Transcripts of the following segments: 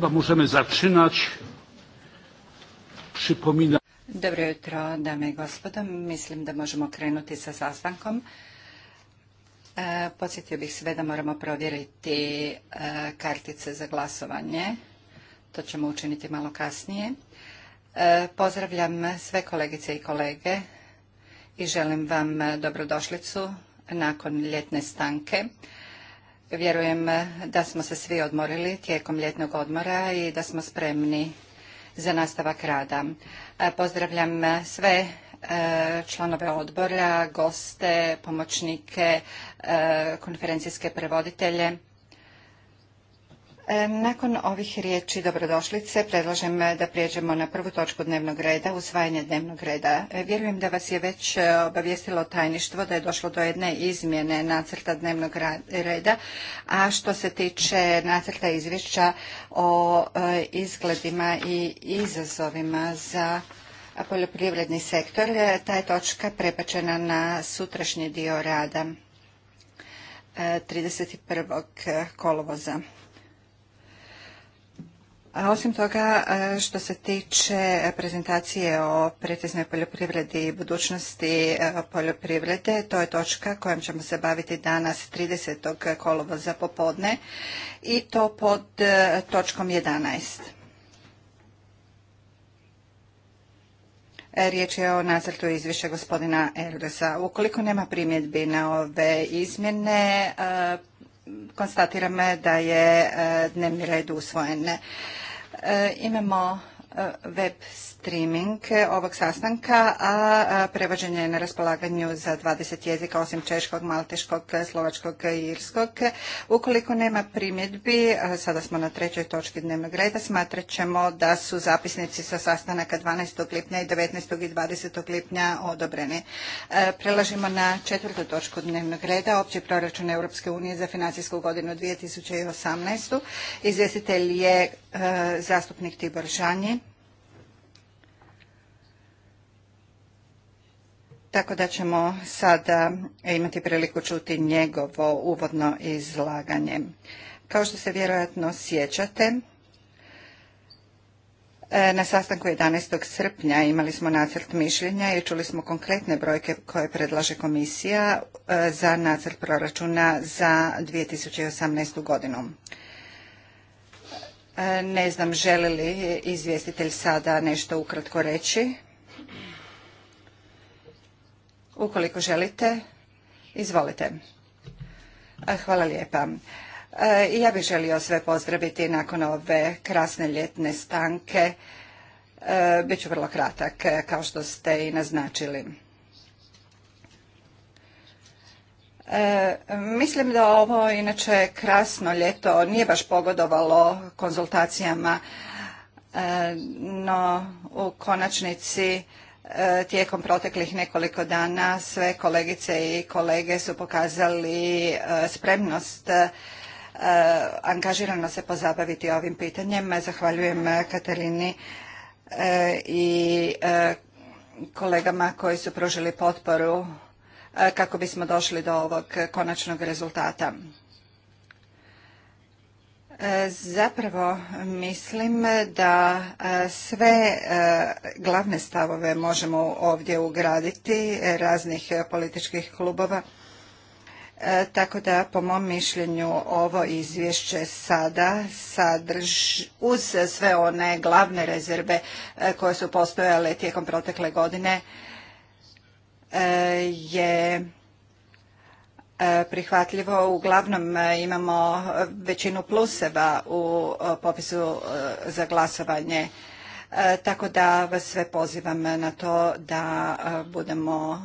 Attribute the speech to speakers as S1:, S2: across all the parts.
S1: Chyba zaczynać.
S2: Dobro jutro, dame i gospodo. Mislim da možemo krenuti sa sastankom. E, podsjetio bih sve da moramo provjeriti e, kartice za glasovanje. To ćemo učiniti malo kasnije. E, pozdravljam sve kolegice i kolege i želim vam dobrodošlicu nakon ljetne stanke. Vjerujem da smo se svi odmorili tijekom ljetnog odmora i da smo spremni za nastavak rada. E, pozdravljam sve e, članove odbora, goste, pomoćnike, e, konferencijske prevoditelje. E, nakon ovih riječi dobrodošlice predlažem e, da prijeđemo na prvu točku dnevnog reda, usvajanje dnevnog reda. E, vjerujem da vas je već obavijestilo tajništvo da je došlo do jedne izmjene nacrta dnevnog reda, a što se tiče nacrta izvješća o izgledima i izazovima za poljoprivredni sektor, ta je točka prepačena na sutrašnji dio rada 31. kolovoza osim toga, e, što se tiče prezentacije o preciznoj poljoprivredi i budućnosti e, poljoprivrede, to je točka kojom ćemo se baviti danas 30. kolova za popodne i to pod e, točkom 11. Riječ je o nacrtu izviše gospodina Erdosa. Ukoliko nema primjedbi na ove izmjene, konstatiram da je e, dnevni red usvojen. E, imamo e, web streaming ovog sastanka, a prevođenje je na raspolaganju za 20 jezika osim češkog, malteškog, slovačkog i irskog. Ukoliko nema primjedbi, sada smo na trećoj točki dnevnog reda, smatrat ćemo da su zapisnici sa sastanaka 12. lipnja i 19. i 20. lipnja odobreni. E, Prelažimo na četvrtu točku dnevnog reda, opći proračun Europske unije za financijsku godinu 2018. Izvjestitelj je e, zastupnik Tibor Žanji. tako da ćemo sada e, imati priliku čuti njegovo uvodno izlaganje. Kao što se vjerojatno sjećate, e, na sastanku 11. srpnja imali smo nacrt mišljenja i čuli smo konkretne brojke koje predlaže komisija e, za nacrt proračuna za 2018. godinu. Ne znam, želi li izvjestitelj sada nešto ukratko reći? Ukoliko želite, izvolite. E, hvala lijepa. E, ja bih želio sve pozdraviti nakon ove krasne ljetne stanke. E, Biću vrlo kratak, kao što ste i naznačili. mislim da ovo inače krasno ljeto nije baš pogodovalo konzultacijama, no u konačnici E, tijekom proteklih nekoliko dana sve kolegice i kolege su pokazali e, spremnost e, angažirano se pozabaviti ovim pitanjem. Zahvaljujem Katarini i kolegama koji su pružili potporu kako bismo došli do ovog konačnog rezultata. Zapravo mislim da e, sve e, glavne stavove možemo ovdje ugraditi raznih političkih klubova. E, tako da po mom mišljenju ovo izvješće sada sadrži uz sve one glavne rezerve koje su postojale tijekom protekle godine je E, prihvatljivo. Uglavnom e, imamo većinu pluseva u e, popisu za glasovanje. Tako da vas sve pozivam na to da budemo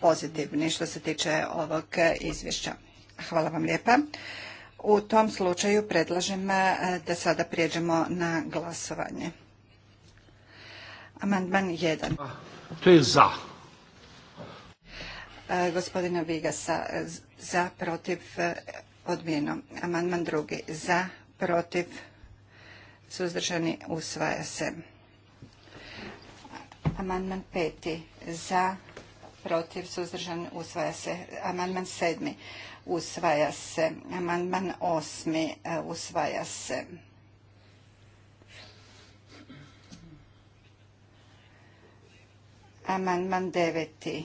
S2: pozitivni što se tiče ovog izvješća. Hvala vam lijepa. U tom slučaju predlažem da sada prijeđemo na glasovanje. Amandman 1. To je za. E, gospodina Vigasa e, za protiv e, odbijeno. Amandman drugi za protiv suzdržani usvaja se. Amandman peti za protiv suzdržani usvaja se. Amandman sedmi usvaja se. Amandman osmi usvaja se. Amandman deveti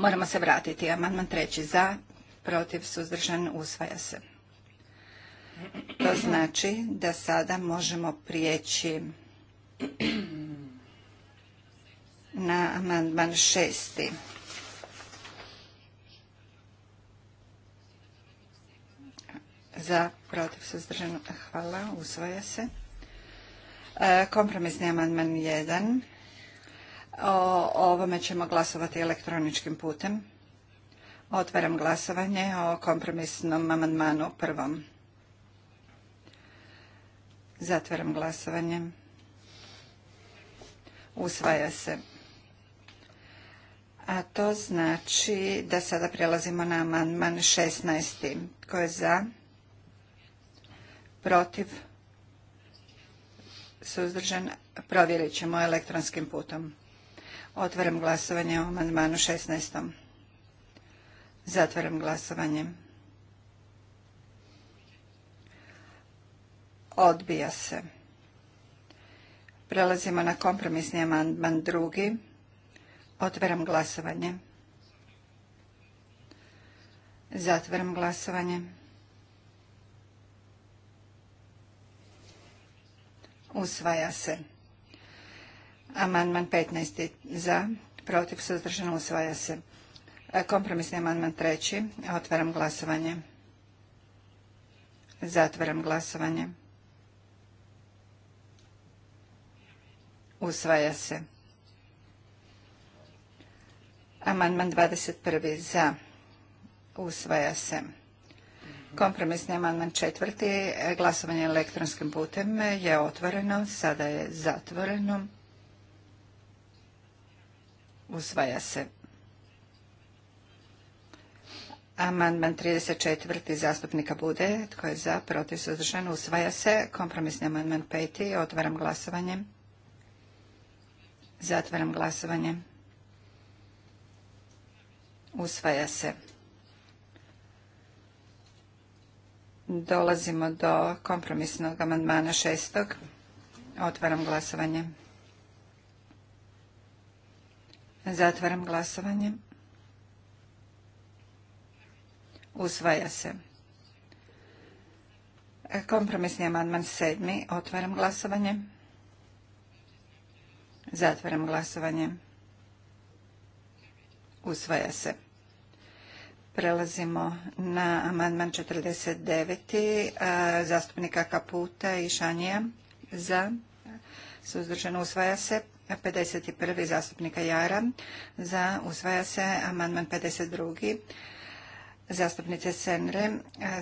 S2: Moramo se vratiti. Amandman treći za, protiv, suzdržan, usvaja se. To znači da sada možemo prijeći na amandman šesti. Za, protiv, suzdržan, hvala, usvaja se. E, kompromisni amandman jedan. O ovome ćemo glasovati elektroničkim putem. Otvaram glasovanje o kompromisnom amandmanu prvom. Zatvaram glasovanje. Usvaja se. A to znači da sada prelazimo na amandman 16. Ko je za? Protiv? Suzdržan? Provjerit ćemo elektronskim putom. Otvaram glasovanje o amandmanu 16. Zatvaram glasovanje. Odbija se. Prelazimo na kompromisni amandman drugi. Otvaram glasovanje. Zatvaram glasovanje. Usvaja se. Amandman 15. za, protiv, suzdržano, usvaja se. E, kompromisni amandman 3. Otvaram glasovanje. Zatvaram glasovanje. Usvaja se. Amandman 21. za. Usvaja se. Kompromisni amandman četvrti. Glasovanje elektronskim putem je otvoreno. Sada je zatvoreno. Usvaja se. Amandman 34. zastupnika Bude. Tko je za? Protiv? Suzdržan? Usvaja se. Kompromisni amandman 5. Otvaram glasovanje. Zatvaram glasovanje. Usvaja se. Dolazimo do kompromisnog amandmana 6. Otvaram glasovanje. Zatvaram glasovanje. Usvaja se. Kompromisni amandman sedmi. Otvaram glasovanje. Zatvaram glasovanje. Usvaja se. Prelazimo na amandman 49. Zastupnika Kaputa i Šanija. Za. Suzdržano usvaja se. 51. zastupnika Jara. Za. Usvaja se. Amandman 52. Zastupnice Senre.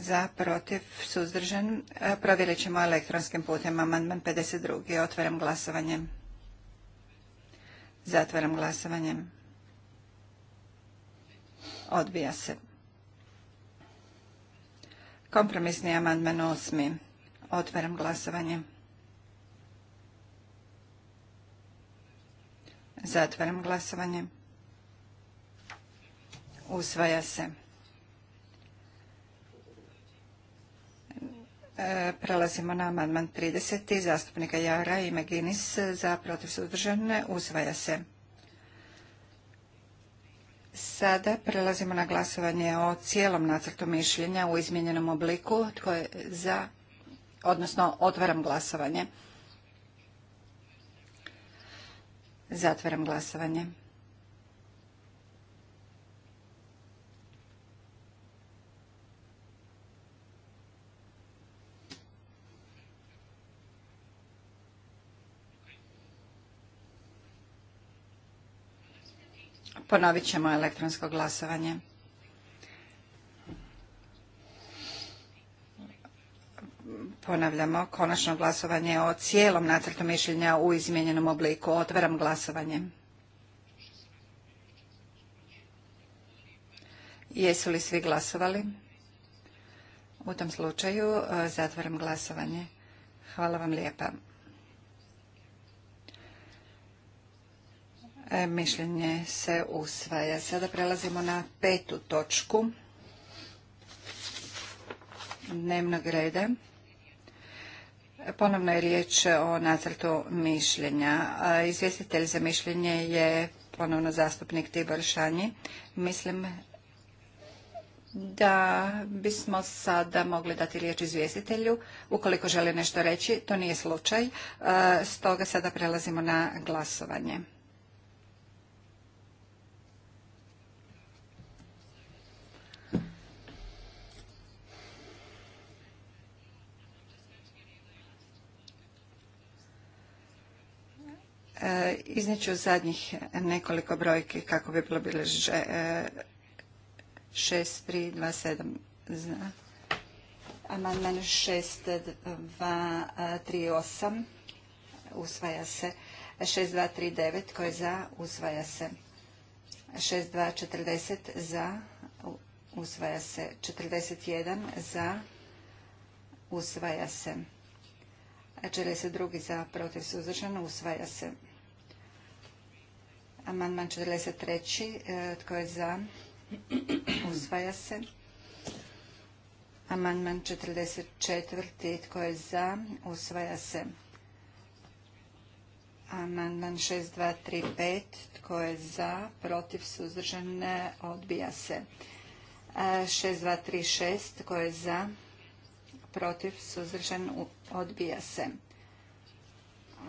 S2: Za. Protiv. Suzdržan. Provjerit ćemo elektronskim putem. Amandman 52. Otvaram glasovanje. Zatvaram glasovanje. Odbija se. Kompromisni amandman 8. Otvaram glasovanje. Zatvaram glasovanje. Usvaja se. E, prelazimo na amandman 30. Zastupnika Jara i Meginis za protiv suzdržane. Usvaja se. Sada prelazimo na glasovanje o cijelom nacrtu mišljenja u izmijenjenom obliku. Tko je za? Odnosno, otvaram glasovanje. Zatvaram glasovanje. Ponovit ćemo elektronsko glasovanje. Ponavljamo, konačno glasovanje o cijelom nacrtu mišljenja u izmijenjenom obliku. Otvaram glasovanje. Jesu li svi glasovali? U tom slučaju e, zatvaram glasovanje. Hvala vam lijepa. E, mišljenje se usvaja. Sada prelazimo na petu točku dnevnog reda. Ponovno je riječ o nacrtu mišljenja. Izvjestitelj za mišljenje je ponovno zastupnik Tibor Šanji. Mislim da bismo sada mogli dati riječ izvjestitelju ukoliko želi nešto reći. To nije slučaj. Stoga sada prelazimo na glasovanje. E, ću zadnjih nekoliko brojki kako bi bilo e, šest, dva, sedam zna. Amandman e, osam usvaja se. 6239 koji je za usvaja se. šest, dva, četrdeset za usvaja se. četrdeset jedan za usvaja se. drugi za protiv suzdržano usvaja se. Amandman 43. E, tko je za? Usvaja se. Amandman 44. Tko je za? Usvaja se. Amandman 6235. E, tko je za? Protiv? Suzdržan? Odbija se. 6236. Tko je za? Protiv? Suzdržan? Odbija se.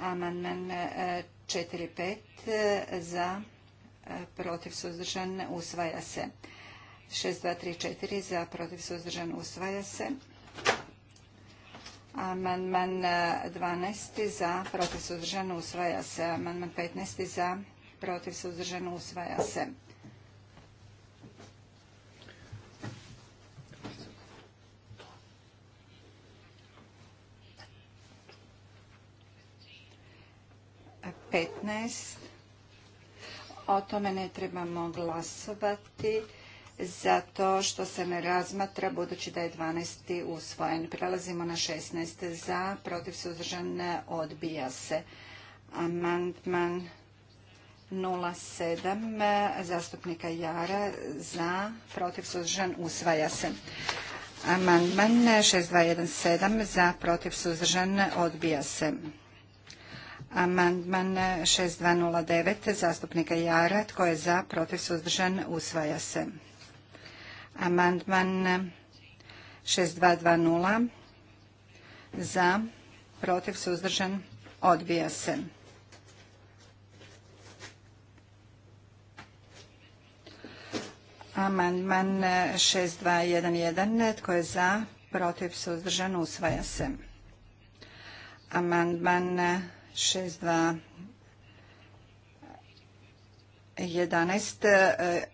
S2: Amandman e, 4, 5 za, e, protiv, suzdržan, usvaja se. 6, 2, 3, 4 za, protiv, suzdržan, usvaja se. Amandman 12 e, za, protiv, suzdržan, usvaja se. Amandman 15 za, protiv, suzdržan, usvaja se. 15. O tome ne trebamo glasovati zato što se ne razmatra budući da je 12. usvojen. Prelazimo na 16. za, protiv suzdržane odbija se. Amandman 07 zastupnika Jara za, protiv suzdržan usvaja se. Amandman 6217 za, protiv suzdržan odbija se. Amandman 6209 zastupnika Jara. Tko je za? Protiv suzdržan? Usvaja se. Amandman 6220 za? Protiv suzdržan? Odbija se. Amandman 6211. Tko je za? Protiv suzdržan? Usvaja se. Amandman 62 11 e, e,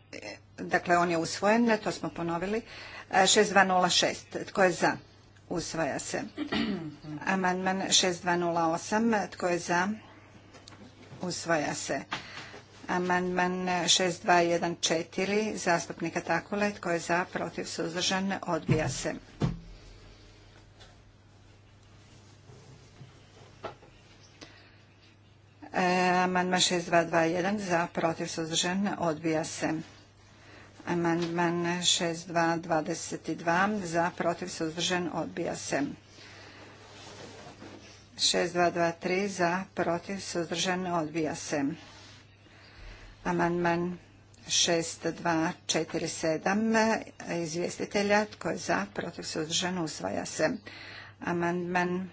S2: dakle on je usvojen to smo ponovili 6206 e, tko je za usvaja se amandman 6208 tko je za usvaja se Amandman 6214 zastupnika Takule. Tko je za, protiv, suzdržan, odbija se. E, amandman 6221 za protiv suzdržan odbija se. Amandman 6222 za protiv suzdržan odbija se. 6223 za protiv suzdržan odbija se. Amandman 6247 izvjestitelja tko je za protiv suzdržan usvaja se. Amandman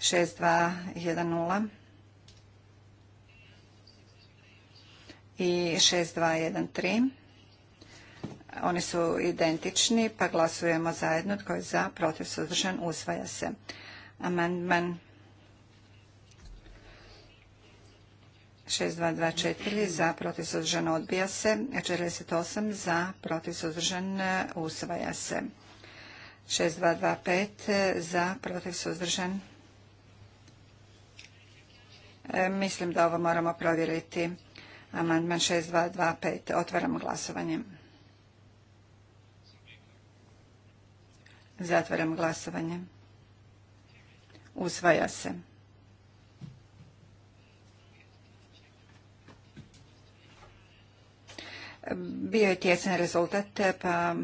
S2: 6210 i 6213. Oni su identični, pa glasujemo zajedno. Tko je za, protiv, suzdržan, usvaja se. Amandman 6224 za, protiv, suzdržan, odbija se. 48 za, protiv, suzdržan, usvaja se. 6225 za, protiv, suzdržan. E, mislim da ovo moramo provjeriti. Amandman 6225. Otvaramo glasovanje. Zatvaram glasovanje. Usvaja se. Bio je tjesan rezultat, pa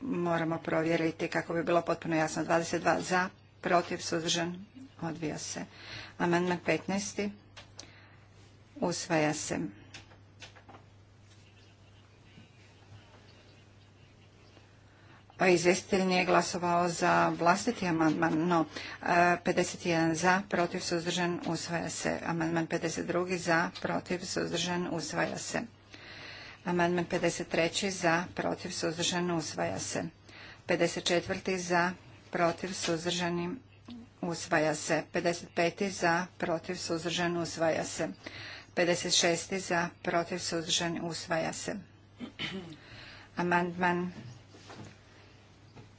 S2: moramo provjeriti kako bi bilo potpuno jasno. 22 za, protiv, suzdržan, odvija se. Amandman 15. Usvaja se. Izvjestitelj nije glasovao za vlastiti amandman, no 51 e, za, protiv, suzdržan, usvaja se. Amandman 52 za, protiv, suzdržan, usvaja se. Amandman 53 za, protiv, suzdržan, usvaja se. 54 za, protiv, suzdržani, usvaja se. 55 za, protiv, suzdržan, usvaja se. 56. za, protiv, suzdržani, usvaja se. Amandman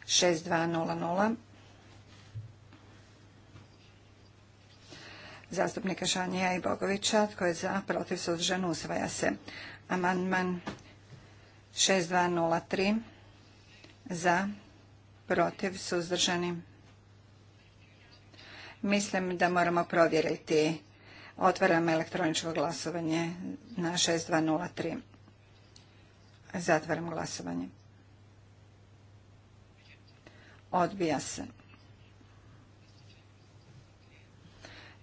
S2: 6200. Zastupnika Šanija i Bogovića, tko je za, protiv, suzdržan, usvaja se. Amandman 6203. Za, protiv, suzdržani. Mislim da moramo provjeriti Otvaram elektroničko glasovanje na 6203. Zatvaram glasovanje. Odbija se.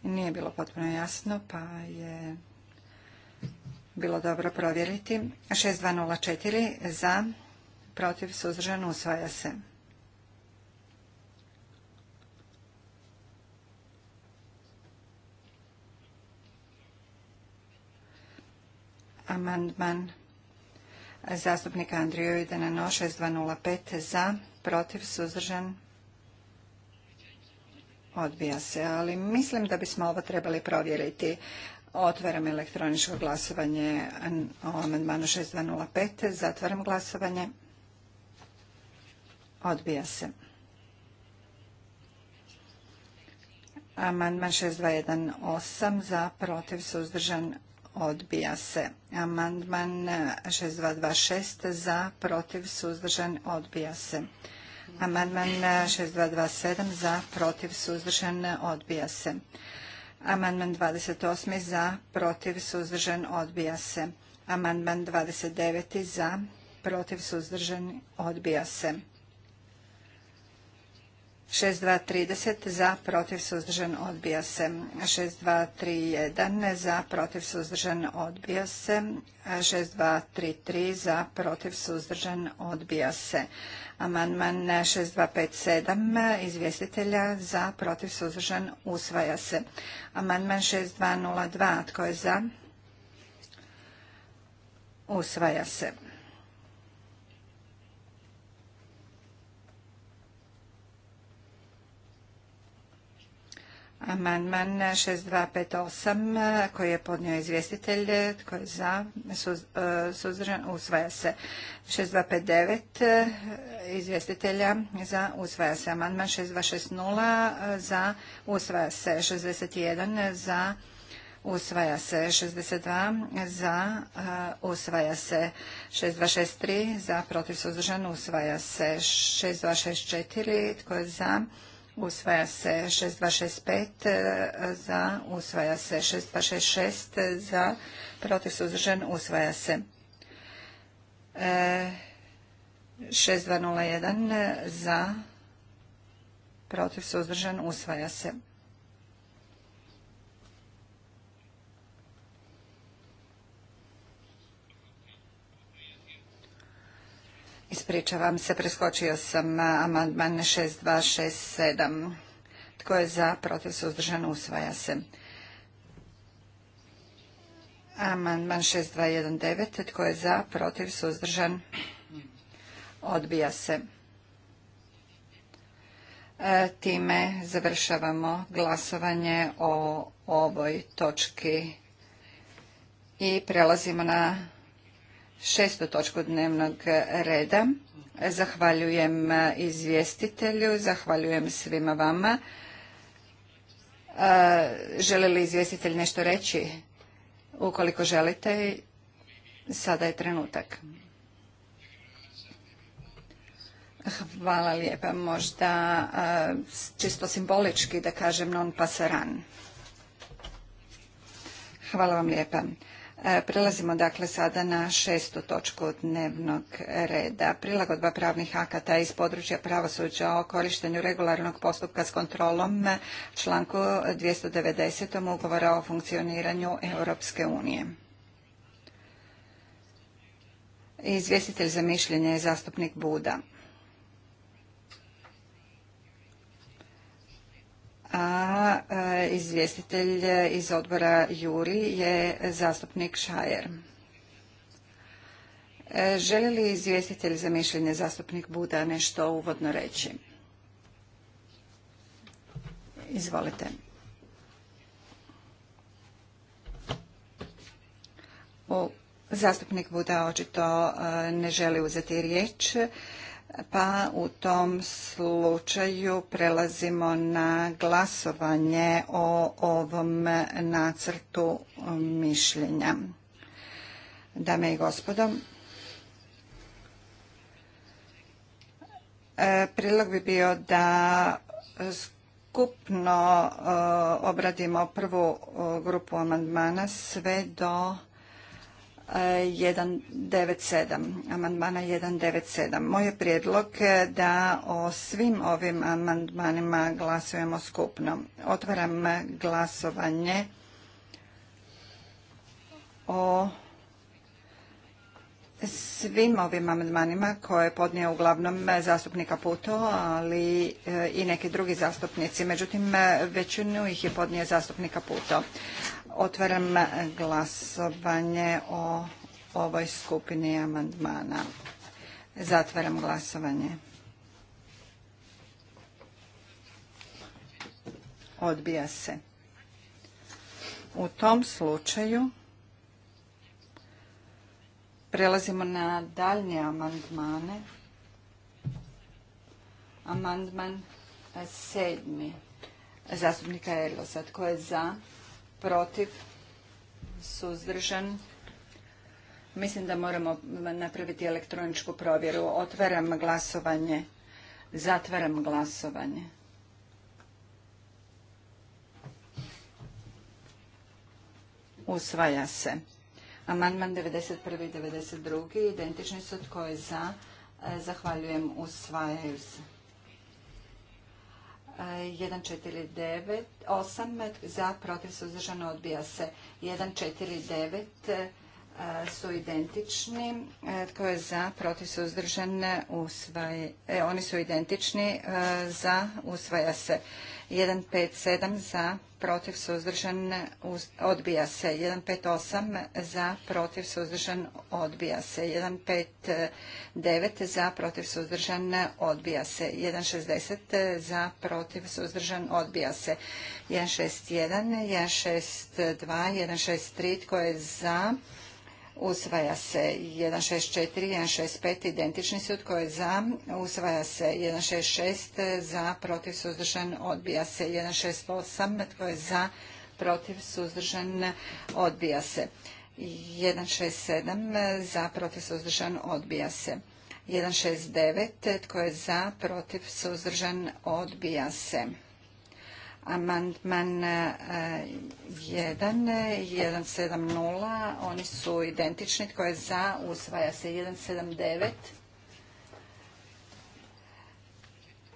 S2: Nije bilo potpuno jasno, pa je bilo dobro provjeriti. 6204 za, protiv, suzdržan, usvaja se. Amandman zastupnika Andriju NO 6205 za, protiv, suzdržan, odbija se. Ali mislim da bismo ovo trebali provjeriti. Otvaram elektroničko glasovanje o amandmanu 6205. Zatvaram glasovanje. Odbija se. Amandman 6218 za, protiv, suzdržan, odbija se. Amandman 6226 za, protiv, suzdržan, odbija se. Amandman 6227 za, protiv, suzdržan, odbija se. Amandman 28 za, protiv, suzdržan, odbija se. Amandman 29 za, protiv, suzdržan, odbija se. 6230 za, protiv, suzdržan, odbija se. 6231 za, protiv, suzdržan, odbija se. 6233 za, protiv, suzdržan, odbija se. Amandman 6257 izvjestitelja za, protiv, suzdržan, usvaja se. Amandman 6202 tko je za? Usvaja se. Amandman 6258 koji je podnio izvjestitelj, tko je za, e, suzdržan, usvaja se. 6259 izvjestitelja za, usvaja se. Amandman 6260 za, usvaja se. 61 za, usvaja se. 62 za, e, usvaja se. 6263 za, protiv suzdržan, usvaja se. 6264 tko je za, usvaja se 6265 e, za, usvaja se 6266 za, protiv suzdržan, usvaja se. 6201 e, za, protiv suzdržan, usvaja se. Ispričavam se, preskočio sam eh, amandman 6267. Tko je za, protiv, suzdržan, usvaja se. Amandman 6219. Tko je za, protiv, suzdržan, odbija se. Eh, time završavamo glasovanje o ovoj točki i prelazimo na šestu točku dnevnog reda. Zahvaljujem e, izvjestitelju, zahvaljujem svima vama. E, želi li izvjestitelj nešto reći? Ukoliko želite, sada je trenutak. Hvala lijepa. Možda e, čisto simbolički da kažem non pasaran. Hvala vam lijepa. E, prelazimo dakle sada na šestu točku dnevnog reda. Prilagodba pravnih akata iz područja pravosuđa o korištenju regularnog postupka s kontrolom članku 290. ugovora o funkcioniranju Europske unije. Izvjestitelj za mišljenje je zastupnik Buda. a e, izvjestitelj iz odbora Juri je zastupnik Šajer. E, želi li izvjestitelj za mišljenje zastupnik Buda nešto uvodno reći? Izvolite. zastupnik Buda očito e, ne želi uzeti riječ pa u tom slučaju prelazimo na glasovanje o ovom nacrtu mišljenja. Dame i gospodo, e, prilog bi bio da skupno e, obradimo prvu e, grupu amandmana sve do 197, amandmana 197. Moj je prijedlog e, da o svim ovim amandmanima glasujemo skupno. Otvaram glasovanje o svim ovim amandmanima koje je podnio uglavnom zastupnika Puto, ali e, i neki drugi zastupnici. Međutim, e, većinu ih je podnio zastupnika Puto. Otvaram glasovanje o ovoj skupini amandmana. Zatvaram glasovanje. Odbija se. U tom slučaju prelazimo na daljnje amandmane. Amandman sedmi zastupnika Erlosa. Tko je za? protiv, suzdržan. Mislim da moramo napraviti elektroničku provjeru. Otvaram glasovanje. Zatvaram glasovanje. Usvaja se. Amandman 91. i 92. Identični su tko je za. E, zahvaljujem. Usvajaju se. 149, za, protiv, uzdržano odbija se. 149 e, su identični. E, tko je za, protiv, se uzdržane e, oni su identični za, usvaja se. 157 za, protiv suzdržan odbija se 158 za protiv suzdržan odbija se 159 za protiv suzdržan odbija se 160 za protiv suzdržan odbija se 161 162 163 tko je za Usvaja se 164, 165, identični sud tko je za. Usvaja se 166, za, protiv, suzdržan, odbija se 168, tko je za, protiv, suzdržan, odbija se. 167, za, protiv, suzdržan, odbija se. 169, tko je za, protiv, suzdržan, odbija se. Amandman 1 e, 170, oni su identični. Tko je za? Usvaja se 179.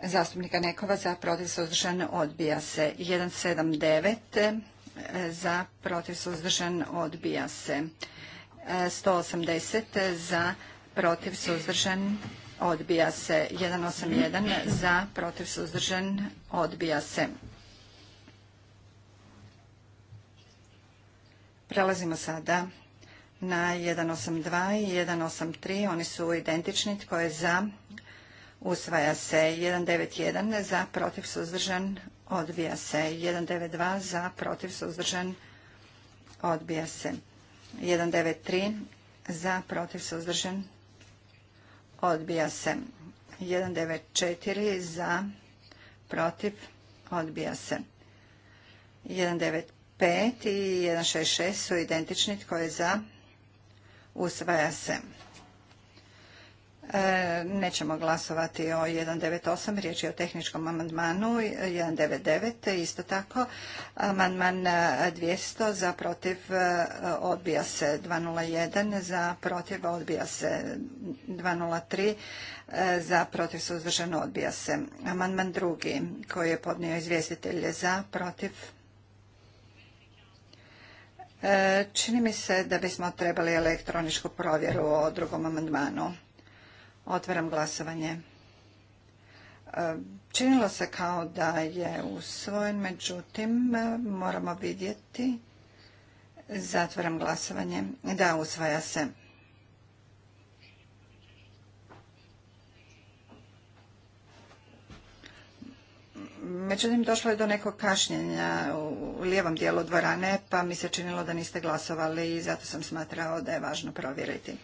S2: Zastupnika Nekova za protiv suzdržan odbija se 179. E, za protiv suzdržan odbija se 180. E, za protiv suzdržan odbija se 181. Za protiv suzdržan odbija se Prelazimo sada na 182 i 183. Oni su identični. Tko je za? Usvaja se 191. Za, protiv, suzdržan. Odbija se 192. Za, protiv, suzdržan. Odbija se 193. Za, protiv, suzdržan. Odbija se 194. Za, protiv, odbija se i 166 su identični. Tko je za? Usvaja se. E, nećemo glasovati o 198, riječ je o tehničkom amandmanu 199, isto tako. Amandman 200 e, e, za protiv odbija se 201, za protiv odbija se 203, za protiv suzdržano odbija se. Amandman drugi koji je podnio izvjestitelj za protiv E, čini mi se da bismo trebali elektroničku provjeru o drugom amandmanu. Otvaram glasovanje. E, činilo se kao da je usvojen, međutim moramo vidjeti. Zatvaram glasovanje. Da, usvaja se. Međutim, došlo je do nekog kašnjenja u lijevom dijelu dvorane, pa mi se činilo da niste glasovali i zato sam smatrao da je važno provjeriti.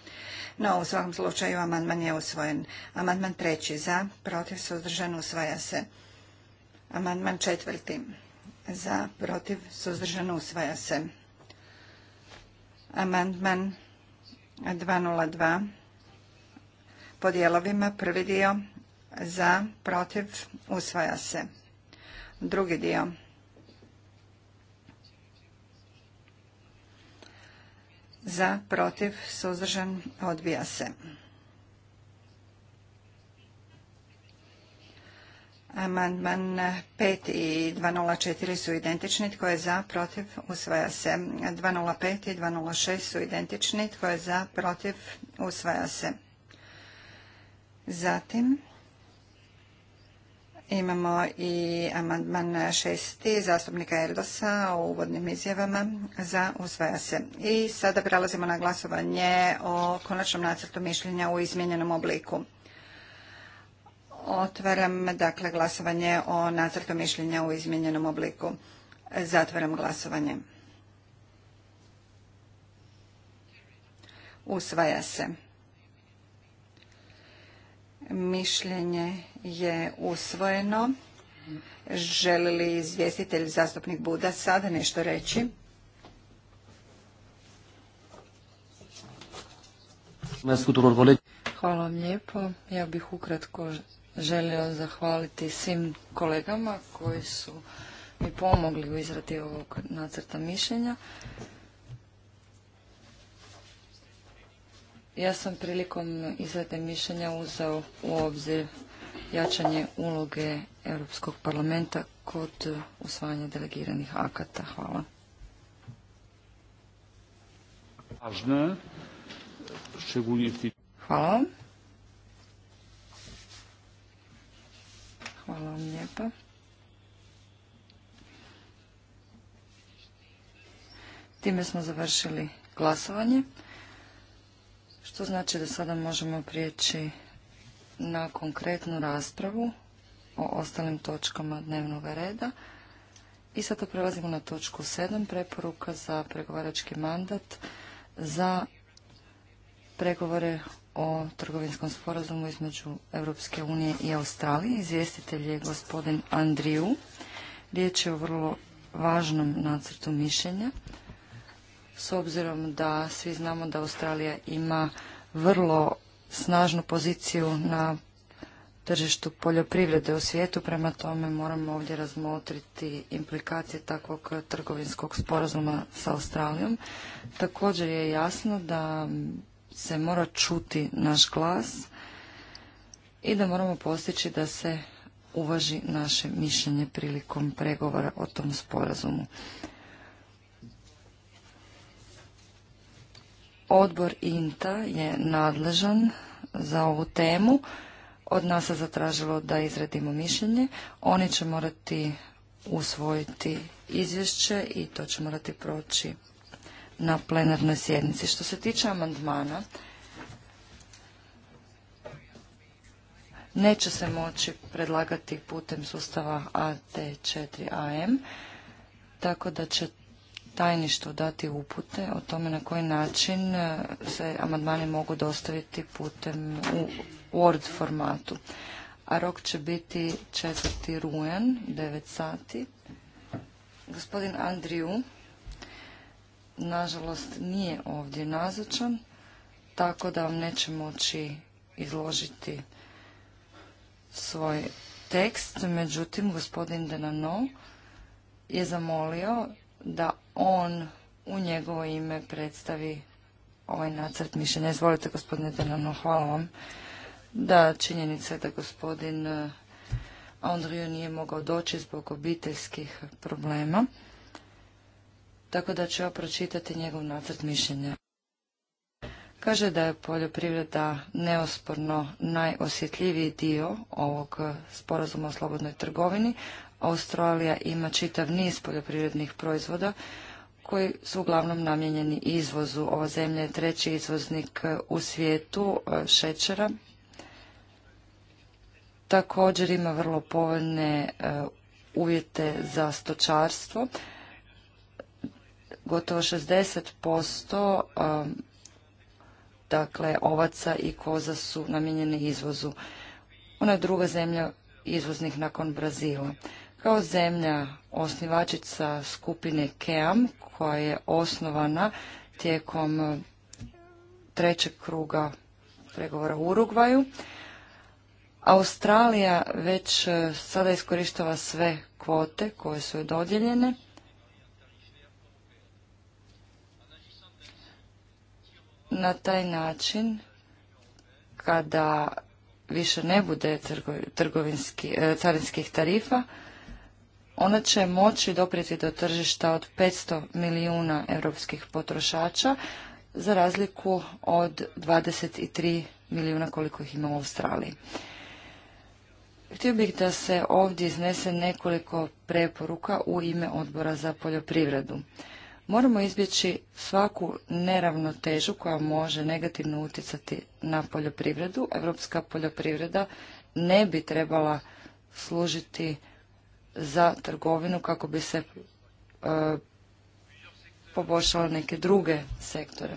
S2: No, u svakom slučaju, amandman je usvojen. Amandman treći za, protiv, suzdržan, usvaja se. Amandman četvrti za, protiv, suzdržan, usvaja se. Amandman 202 po dijelovima, prvi dio za, protiv, usvaja se. Drugi dio. Za, protiv, suzdržan, odbija se. Amandman 5 i 204 su identični. Tko je za, protiv, usvaja se. 205 i 206 su identični. Tko je za, protiv, usvaja se. Zatim, Imamo i amandman šesti zastupnika Erdosa o uvodnim izjavama za usvaja se. I sada prelazimo na glasovanje o konačnom nacrtu mišljenja u izmijenjenom obliku. Otvaram dakle glasovanje o nacrtu mišljenja u izmijenjenom obliku. Zatvaram glasovanje. Usvaja se. Mišljenje je usvojeno. Želi li izvjestitelj zastupnik Buda sada nešto reći?
S3: Hvala vam lijepo. Ja bih ukratko želio zahvaliti svim kolegama koji su mi pomogli u izradi ovog nacrta mišljenja. Ja sam prilikom izrade mišljenja uzeo u obzir jačanje uloge Europskog parlamenta kod usvajanja delegiranih akata. Hvala.
S1: Hvala vam.
S3: Hvala vam lijepa. Time smo završili glasovanje, što znači da sada možemo prijeći na konkretnu raspravu o ostalim točkama dnevnog reda. I sada prelazimo na točku 7, preporuka za pregovarački mandat za pregovore o trgovinskom sporazumu između Europske unije i Australije. Izvjestitelj je gospodin Andriju. Riječ je o vrlo važnom nacrtu mišljenja. S obzirom da svi znamo da Australija ima vrlo snažnu poziciju na tržištu poljoprivrede u svijetu, prema tome moramo ovdje razmotriti implikacije takvog trgovinskog sporazuma sa Australijom. Također je jasno da se mora čuti naš glas i da moramo postići da se uvaži naše mišljenje prilikom pregovora o tom sporazumu. Odbor INTA je nadležan za ovu temu. Od nas se zatražilo da izradimo mišljenje. Oni će morati usvojiti izvješće i to će morati proći na plenarnoj sjednici. Što se tiče amandmana, neće se moći predlagati putem sustava AT4AM, tako da će ...tajništvo dati upute o tome na koji način e, se amandmani mogu dostaviti putem u Word formatu. A rok će biti 4. rujan, 9 sati. Gospodin Andriju, nažalost, nije ovdje nazočan, tako da vam neće moći izložiti svoj tekst. Međutim, gospodin Denano je zamolio da on u njegovo ime predstavi ovaj nacrt mišljenja. Izvolite gospodine Denano, hvala vam. Da, činjenica je da gospodin eh, Andriju nije mogao doći zbog obiteljskih problema, tako da ću ja pročitati njegov nacrt mišljenja. Kaže da je poljoprivreda neosporno najosjetljiviji dio ovog eh, sporazuma o slobodnoj trgovini, Australija ima čitav niz poljoprivrednih proizvoda koji su uglavnom namijenjeni izvozu. Ova zemlja je treći izvoznik e, u svijetu e, šećera. Također ima vrlo povoljne e, uvjete za stočarstvo. Gotovo 60% dakle ovaca i koza su namijenjeni izvozu. Ona je druga zemlja izvoznih nakon Brazila. Kao zemlja osnivačica skupine KEAM koja je osnovana tijekom eh, trećeg kruga pregovora u Urugvaju, Australija već eh, sada iskorištava sve kvote koje su joj dodijeljene. Na taj način, kada više ne bude trgovinski, eh, carinskih tarifa, ona će moći doprijeti do tržišta od 500 milijuna europskih potrošača za razliku od 23 milijuna koliko ih ima u Australiji. Htio bih da se ovdje iznese nekoliko preporuka u ime odbora za poljoprivredu. Moramo izbjeći svaku neravnotežu koja može negativno utjecati na poljoprivredu. Europska poljoprivreda ne bi trebala služiti za trgovinu kako bi se e, poboljšalo neke druge sektore.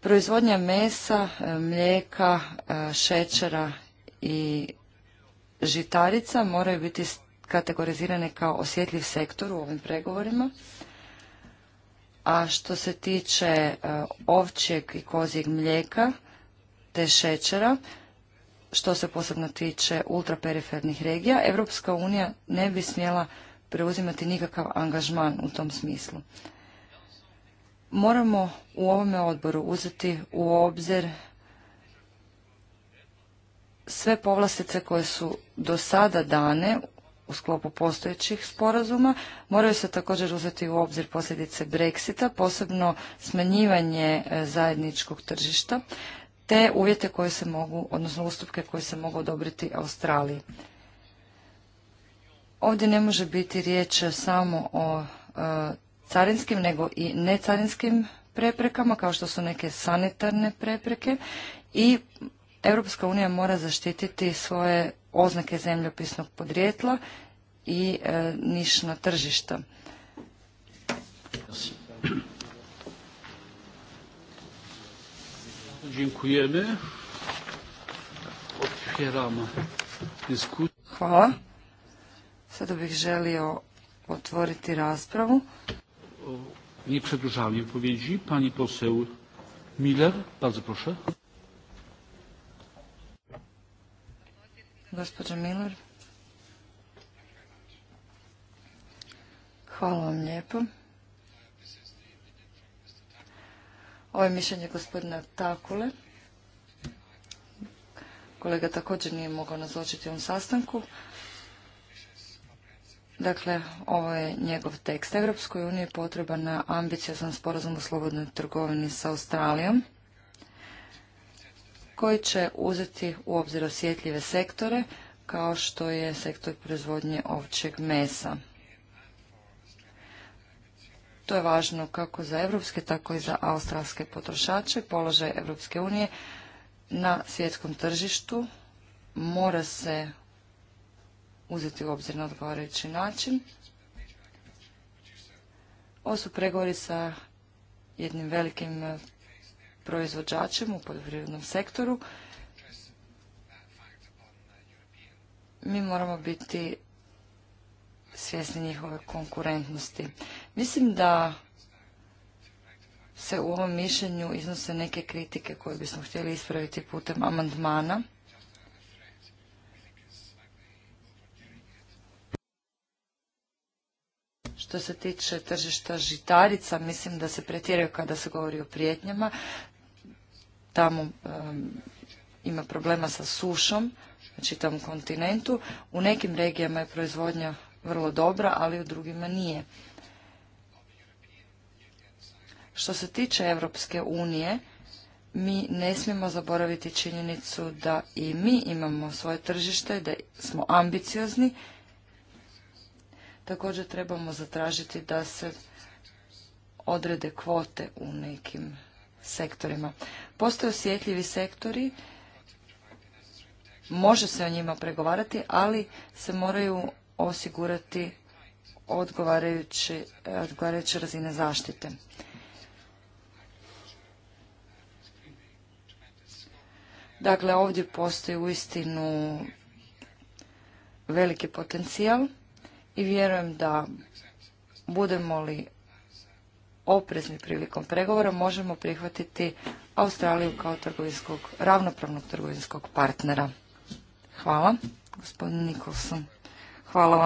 S3: Proizvodnja mesa, e, mlijeka, e, šećera i žitarica moraju biti kategorizirane kao osjetljiv sektor u ovim pregovorima. A što se tiče ovčjeg i kozijeg mlijeka te šećera, što se posebno tiče ultraperifernih regija, Europska unija ne bi smjela preuzimati nikakav angažman u tom smislu. Moramo u ovome odboru uzeti u obzir sve povlastice koje su do sada dane u sklopu postojećih sporazuma. Moraju se također uzeti u obzir posljedice Brexita, posebno smanjivanje e, zajedničkog tržišta te uvjete koje se mogu, odnosno ustupke koje se mogu odobriti Australiji. Ovdje ne može biti riječ samo o e, carinskim, nego i necarinskim preprekama, kao što su neke sanitarne prepreke i Europska unija mora zaštititi svoje oznake zemljopisnog podrijetla i e, nišna tržišta.
S1: Dziękujemy. Otwieram dyskusję. Hvala.
S3: Sada bih želio otvoriti raspravu.
S1: Nie przedłużamy wypowiedzi. Pani poseł Miller, bardzo proszę.
S3: Gospođa Miller. Hvala vam lijepo. Ovo je mišljenje gospodina Takule. Kolega također nije mogao nazočiti ovom sastanku. Dakle, ovo je njegov tekst. Europskoj uniji je potreban ambiciozan sporazum o slobodnoj trgovini sa Australijom koji će uzeti u obzir osjetljive sektore kao što je sektor proizvodnje ovčeg mesa. To je važno kako za evropske, tako i za australske potrošače. Položaj Evropske unije na svjetskom tržištu mora se uzeti u obzir na odgovarajući način. Ovo su pregovori sa jednim velikim proizvođačem u poljoprivrednom sektoru. Mi moramo biti svjesni njihove konkurentnosti. Mislim da se u ovom mišljenju iznose neke kritike koje bismo htjeli ispraviti putem amandmana. Što se tiče tržišta žitarica, mislim da se pretjeraju kada se govori o prijetnjama. Tamo ima problema sa sušom na čitavom kontinentu. U nekim regijama je proizvodnja vrlo dobra, ali u drugima nije. Što se tiče Europske unije, mi ne smijemo zaboraviti činjenicu da i mi imamo svoje tržište, da smo ambiciozni. Također trebamo zatražiti da se odrede kvote u nekim sektorima. Postoje osjetljivi sektori, može se o njima pregovarati, ali se moraju osigurati odgovarajuće, razine zaštite. Dakle, ovdje postoji uistinu veliki potencijal i vjerujem da budemo li oprezni prilikom pregovora možemo prihvatiti Australiju kao ravnopravnog trgovinskog partnera. Hvala, gospodine Nikolson. Hvala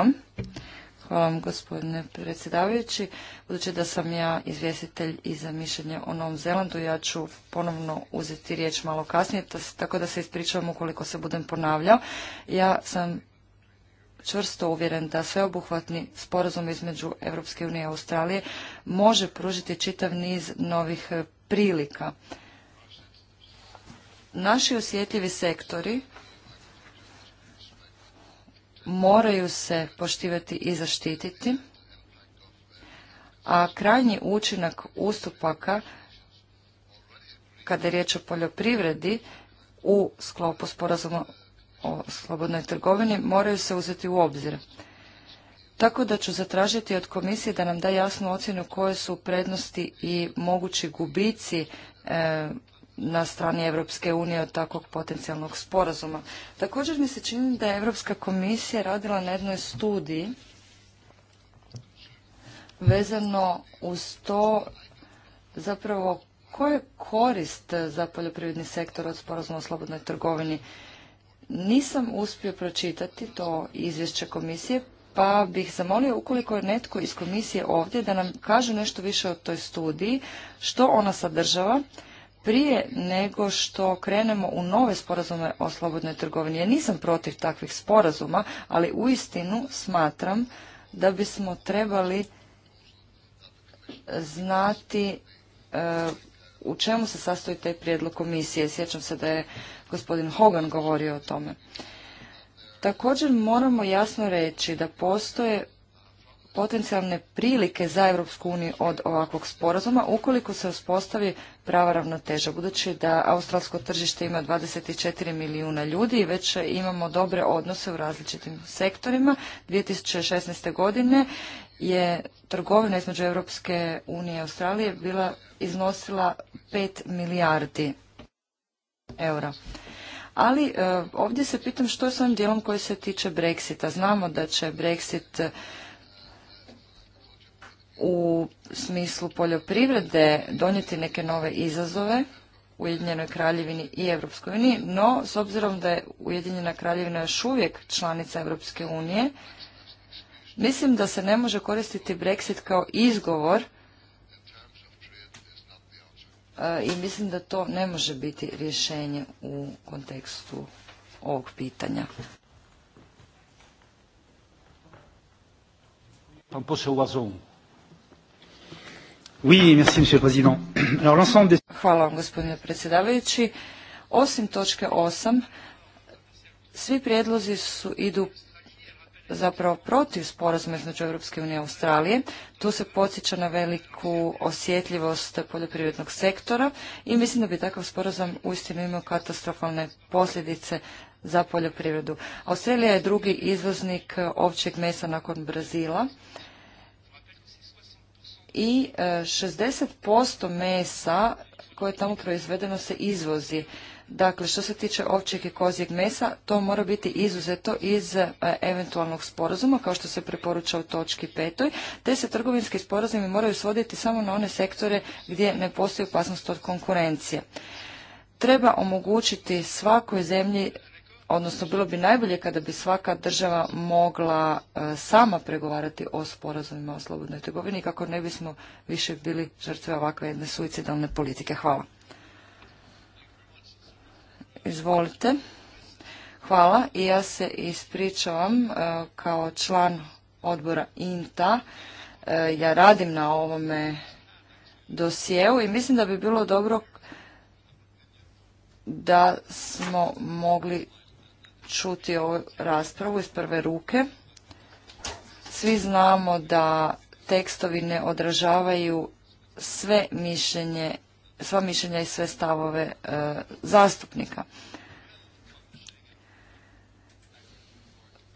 S3: vam. gospodine predsjedavajući. Budući da sam ja izvjestitelj i za mišljenje o Novom Zelandu, ja ću ponovno uzeti riječ malo kasnije, tako da se ispričavam ukoliko se budem ponavljao. Ja sam čvrsto uvjeren da sveobuhvatni sporazum između Europske unije i Australije može pružiti čitav niz novih eh, prilika. Naši osjetljivi sektori moraju se poštivati i zaštititi, a krajnji učinak ustupaka kada je riječ o poljoprivredi u sklopu sporazuma o slobodnoj trgovini moraju se uzeti u obzir. Tako da ću zatražiti od komisije da nam da jasnu ocjenu koje su prednosti i mogući gubici e, na strani Europske unije od takvog potencijalnog sporazuma. Također mi se čini da je Europska komisija radila na jednoj studiji vezano uz to zapravo koje korist za poljoprivredni sektor od sporazuma o slobodnoj trgovini. Nisam uspio pročitati to izvješće komisije, pa bih zamolio ukoliko je netko iz komisije ovdje da nam kaže nešto više o toj studiji, što ona sadržava prije nego što krenemo u nove sporazume o slobodnoj trgovini. Ja nisam protiv takvih sporazuma, ali u istinu smatram da bismo trebali e, znati e, u čemu se sastoji taj prijedlog komisije. Sjećam se da je gospodin Hogan govorio o tome. Također moramo jasno reći da postoje potencijalne prilike za Europsku uniju od ovakvog sporazuma ukoliko se uspostavi prava ravnoteža. Budući da australsko tržište ima 24 milijuna ljudi i već imamo dobre odnose u različitim sektorima, 2016. godine je trgovina između Europske unije i Australije bila iznosila 5 milijardi eura. Ali e, ovdje se pitam što je s ovim dijelom koji se tiče Brexita. Znamo da će Brexit u smislu poljoprivrede donijeti neke nove izazove Ujedinjenoj kraljevini i Europskoj uniji, no s obzirom da je Ujedinjena kraljevina još uvijek članica Europske unije, mislim da se ne može koristiti Brexit kao izgovor e, i mislim da to ne može biti rješenje u kontekstu ovog pitanja.
S1: Pan poseł
S3: Hvala vam, gospodine predsjedavajući. Osim točke 8, svi prijedlozi su idu zapravo protiv sporazuma između Europske unije i Australije. Tu se podsjeća na veliku osjetljivost poljoprivrednog sektora i mislim da bi takav sporazum uistinu imao katastrofalne posljedice za poljoprivredu. Australija je drugi izvoznik eh, ovčeg mesa nakon Brazila i 60% e, mesa koje je tamo proizvedeno se izvozi. Dakle, što se tiče ovčijeg i kozijeg mesa, to mora biti izuzeto iz e, eventualnog sporazuma, kao što se preporuča u točki petoj, te se trgovinski sporazumi moraju svoditi samo na one sektore gdje ne postoji opasnost od konkurencije. Treba omogućiti svakoj zemlji odnosno bilo bi najbolje kada bi svaka država mogla e, sama pregovarati o sporazumima o slobodnoj trgovini kako ne bismo više bili žrtve ovakve jedne suicidalne politike. Hvala. Izvolite. Hvala i ja se ispričavam e, kao član odbora INTA. E, ja radim na ovome dosjeu i mislim da bi bilo dobro da smo mogli čuti ovu raspravu iz prve ruke. Svi znamo da tekstovi ne odražavaju sve mišljenje, sva mišljenja i sve stavove e, zastupnika.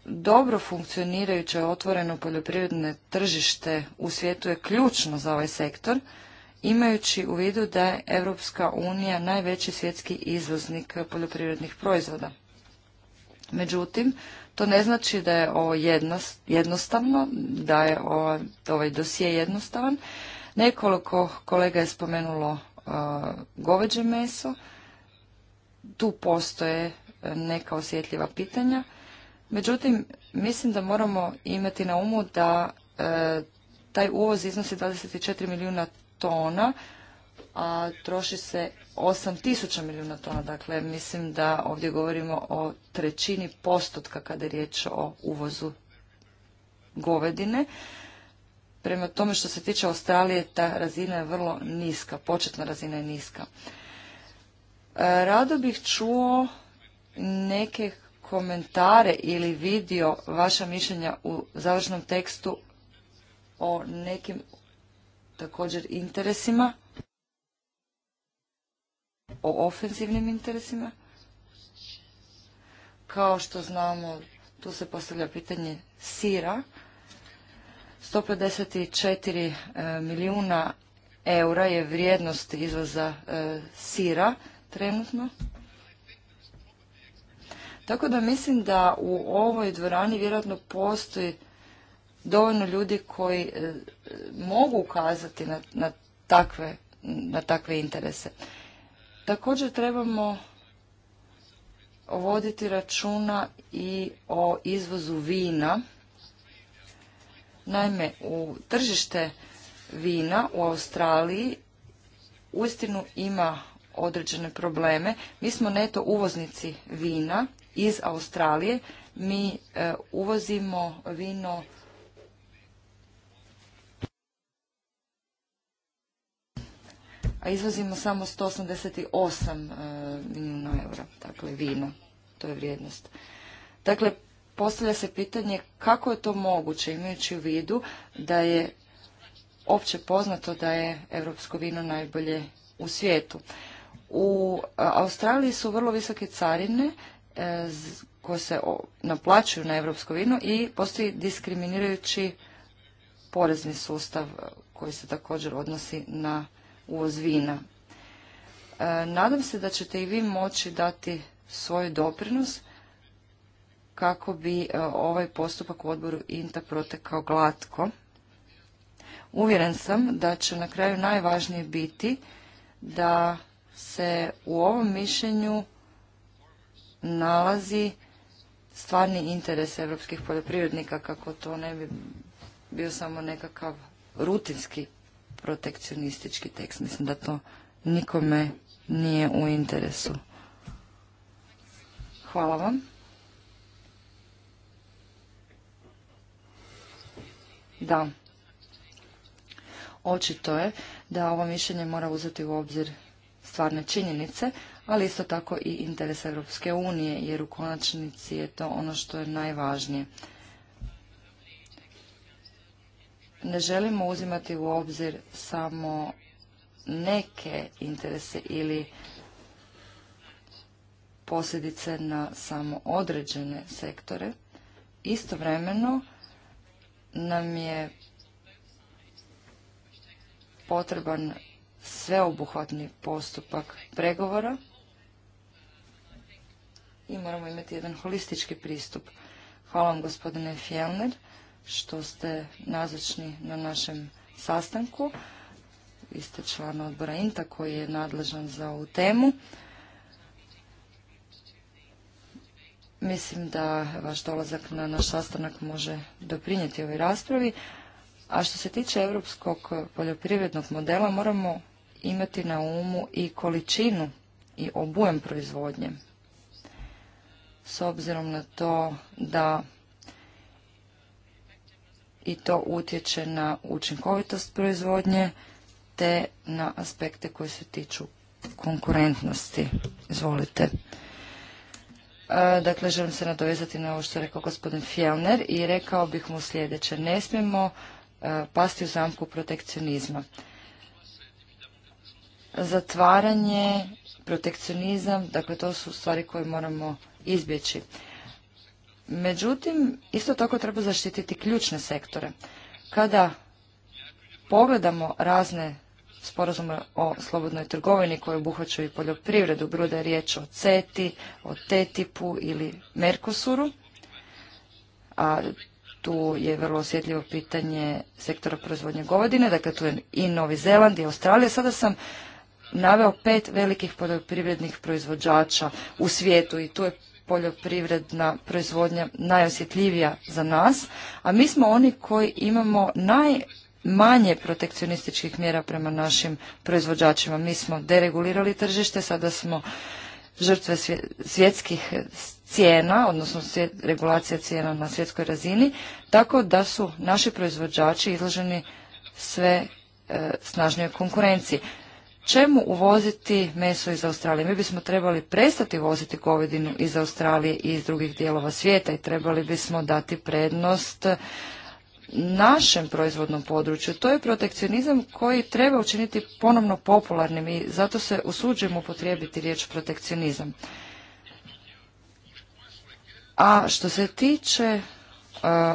S3: Dobro funkcionirajuće otvoreno poljoprivredne tržište u svijetu je ključno za ovaj sektor, imajući u vidu da je Europska unija najveći svjetski izvoznik poljoprivrednih proizvoda. Međutim, to ne znači da je ovo jednostavno, da je ovaj dosije jednostavan. Nekoliko kolega je spomenulo e, goveđe meso. Tu postoje e, neka osjetljiva pitanja. Međutim, mislim da moramo imati na umu da e, taj uvoz iznosi 24 milijuna tona, a troši se tisuća milijuna tona. Dakle, mislim da ovdje govorimo o trećini postotka kada je riječ o uvozu govedine. Prema tome što se tiče Australije, ta razina je vrlo niska, početna razina je niska. E, rado bih čuo neke komentare ili vidio vaša mišljenja u završnom tekstu o nekim također interesima o ofenzivnim interesima. Kao što znamo, tu se postavlja pitanje sira. 154 e, milijuna eura je vrijednost izvoza e, sira trenutno. Tako da mislim da u ovoj dvorani vjerojatno postoji dovoljno ljudi koji e, mogu ukazati na takve interese. Također trebamo voditi računa i o izvozu vina. Naime, u tržište vina u Australiji uistinu ima određene probleme. Mi smo neto uvoznici vina iz Australije. Mi e, uvozimo vino a izvozimo samo 188 e, milijuna eura, dakle vina, to je vrijednost. Dakle, postavlja se pitanje kako je to moguće imajući u vidu da je opće poznato da je europsko vino najbolje u svijetu. U Australiji su vrlo visoke carine e, koje se naplaćuju na europsko vino i postoji diskriminirajući porezni sustav e, koji se također odnosi na uvoz vina. E, nadam se da ćete i vi moći dati svoj doprinos kako bi e, ovaj postupak u odboru INTA protekao glatko. Uvjeren sam da će na kraju najvažnije biti da se u ovom mišljenju nalazi stvarni interes europskih poljoprivrednika kako to ne bi bio samo nekakav rutinski protekcionistički tekst. Mislim da to nikome nije u interesu. Hvala vam. Da. Očito je da ovo mišljenje mora uzeti u obzir stvarne činjenice, ali isto tako i interes Europske unije, jer u konačnici je to ono što je najvažnije. ne želimo uzimati u obzir samo neke interese ili posljedice na samo određene sektore. Istovremeno nam je potreban sveobuhvatni postupak pregovora i moramo imati jedan holistički pristup. Hvala vam gospodine Fjellner što ste nazočni na našem sastanku. Vi ste član odbora INTA koji je nadležan za ovu temu. Mislim da vaš dolazak na naš sastanak može doprinijeti ovoj raspravi. A što se tiče europskog poljoprivrednog modela, moramo imati na umu i količinu i obujem proizvodnje. S obzirom na to da i to utječe na učinkovitost proizvodnje te na aspekte koji se tiču konkurentnosti. Izvolite. Dakle, želim se nadovezati na ovo što je rekao gospodin Fjellner i rekao bih mu sljedeće. Ne smijemo pasti u zamku protekcionizma. Zatvaranje, protekcionizam, dakle to su stvari koje moramo izbjeći. Međutim, isto tako treba zaštititi ključne sektore. Kada pogledamo razne sporazume o slobodnoj trgovini koje obuhvaćaju i poljoprivredu, bilo da je riječ o CETI, o TTIP-u ili Mercosuru, a tu je vrlo osjetljivo pitanje sektora proizvodnje govodine, dakle tu je i Novi Zeland i Australija. Sada sam naveo pet velikih poljoprivrednih proizvođača u svijetu i tu je poljoprivredna proizvodnja najosjetljivija za nas, a mi smo oni koji imamo najmanje protekcionističkih mjera prema našim proizvođačima. Mi smo deregulirali tržište, sada smo žrtve svjetskih cijena, odnosno regulacija cijena na svjetskoj razini, tako da su naši proizvođači izloženi sve e, snažnijoj konkurenciji čemu uvoziti meso iz Australije? Mi bismo trebali prestati voziti govedinu iz Australije i iz drugih dijelova svijeta i trebali bismo dati prednost našem proizvodnom području. To je protekcionizam koji treba učiniti ponovno popularnim i zato se usuđujemo upotrijebiti riječ protekcionizam. A što se tiče e,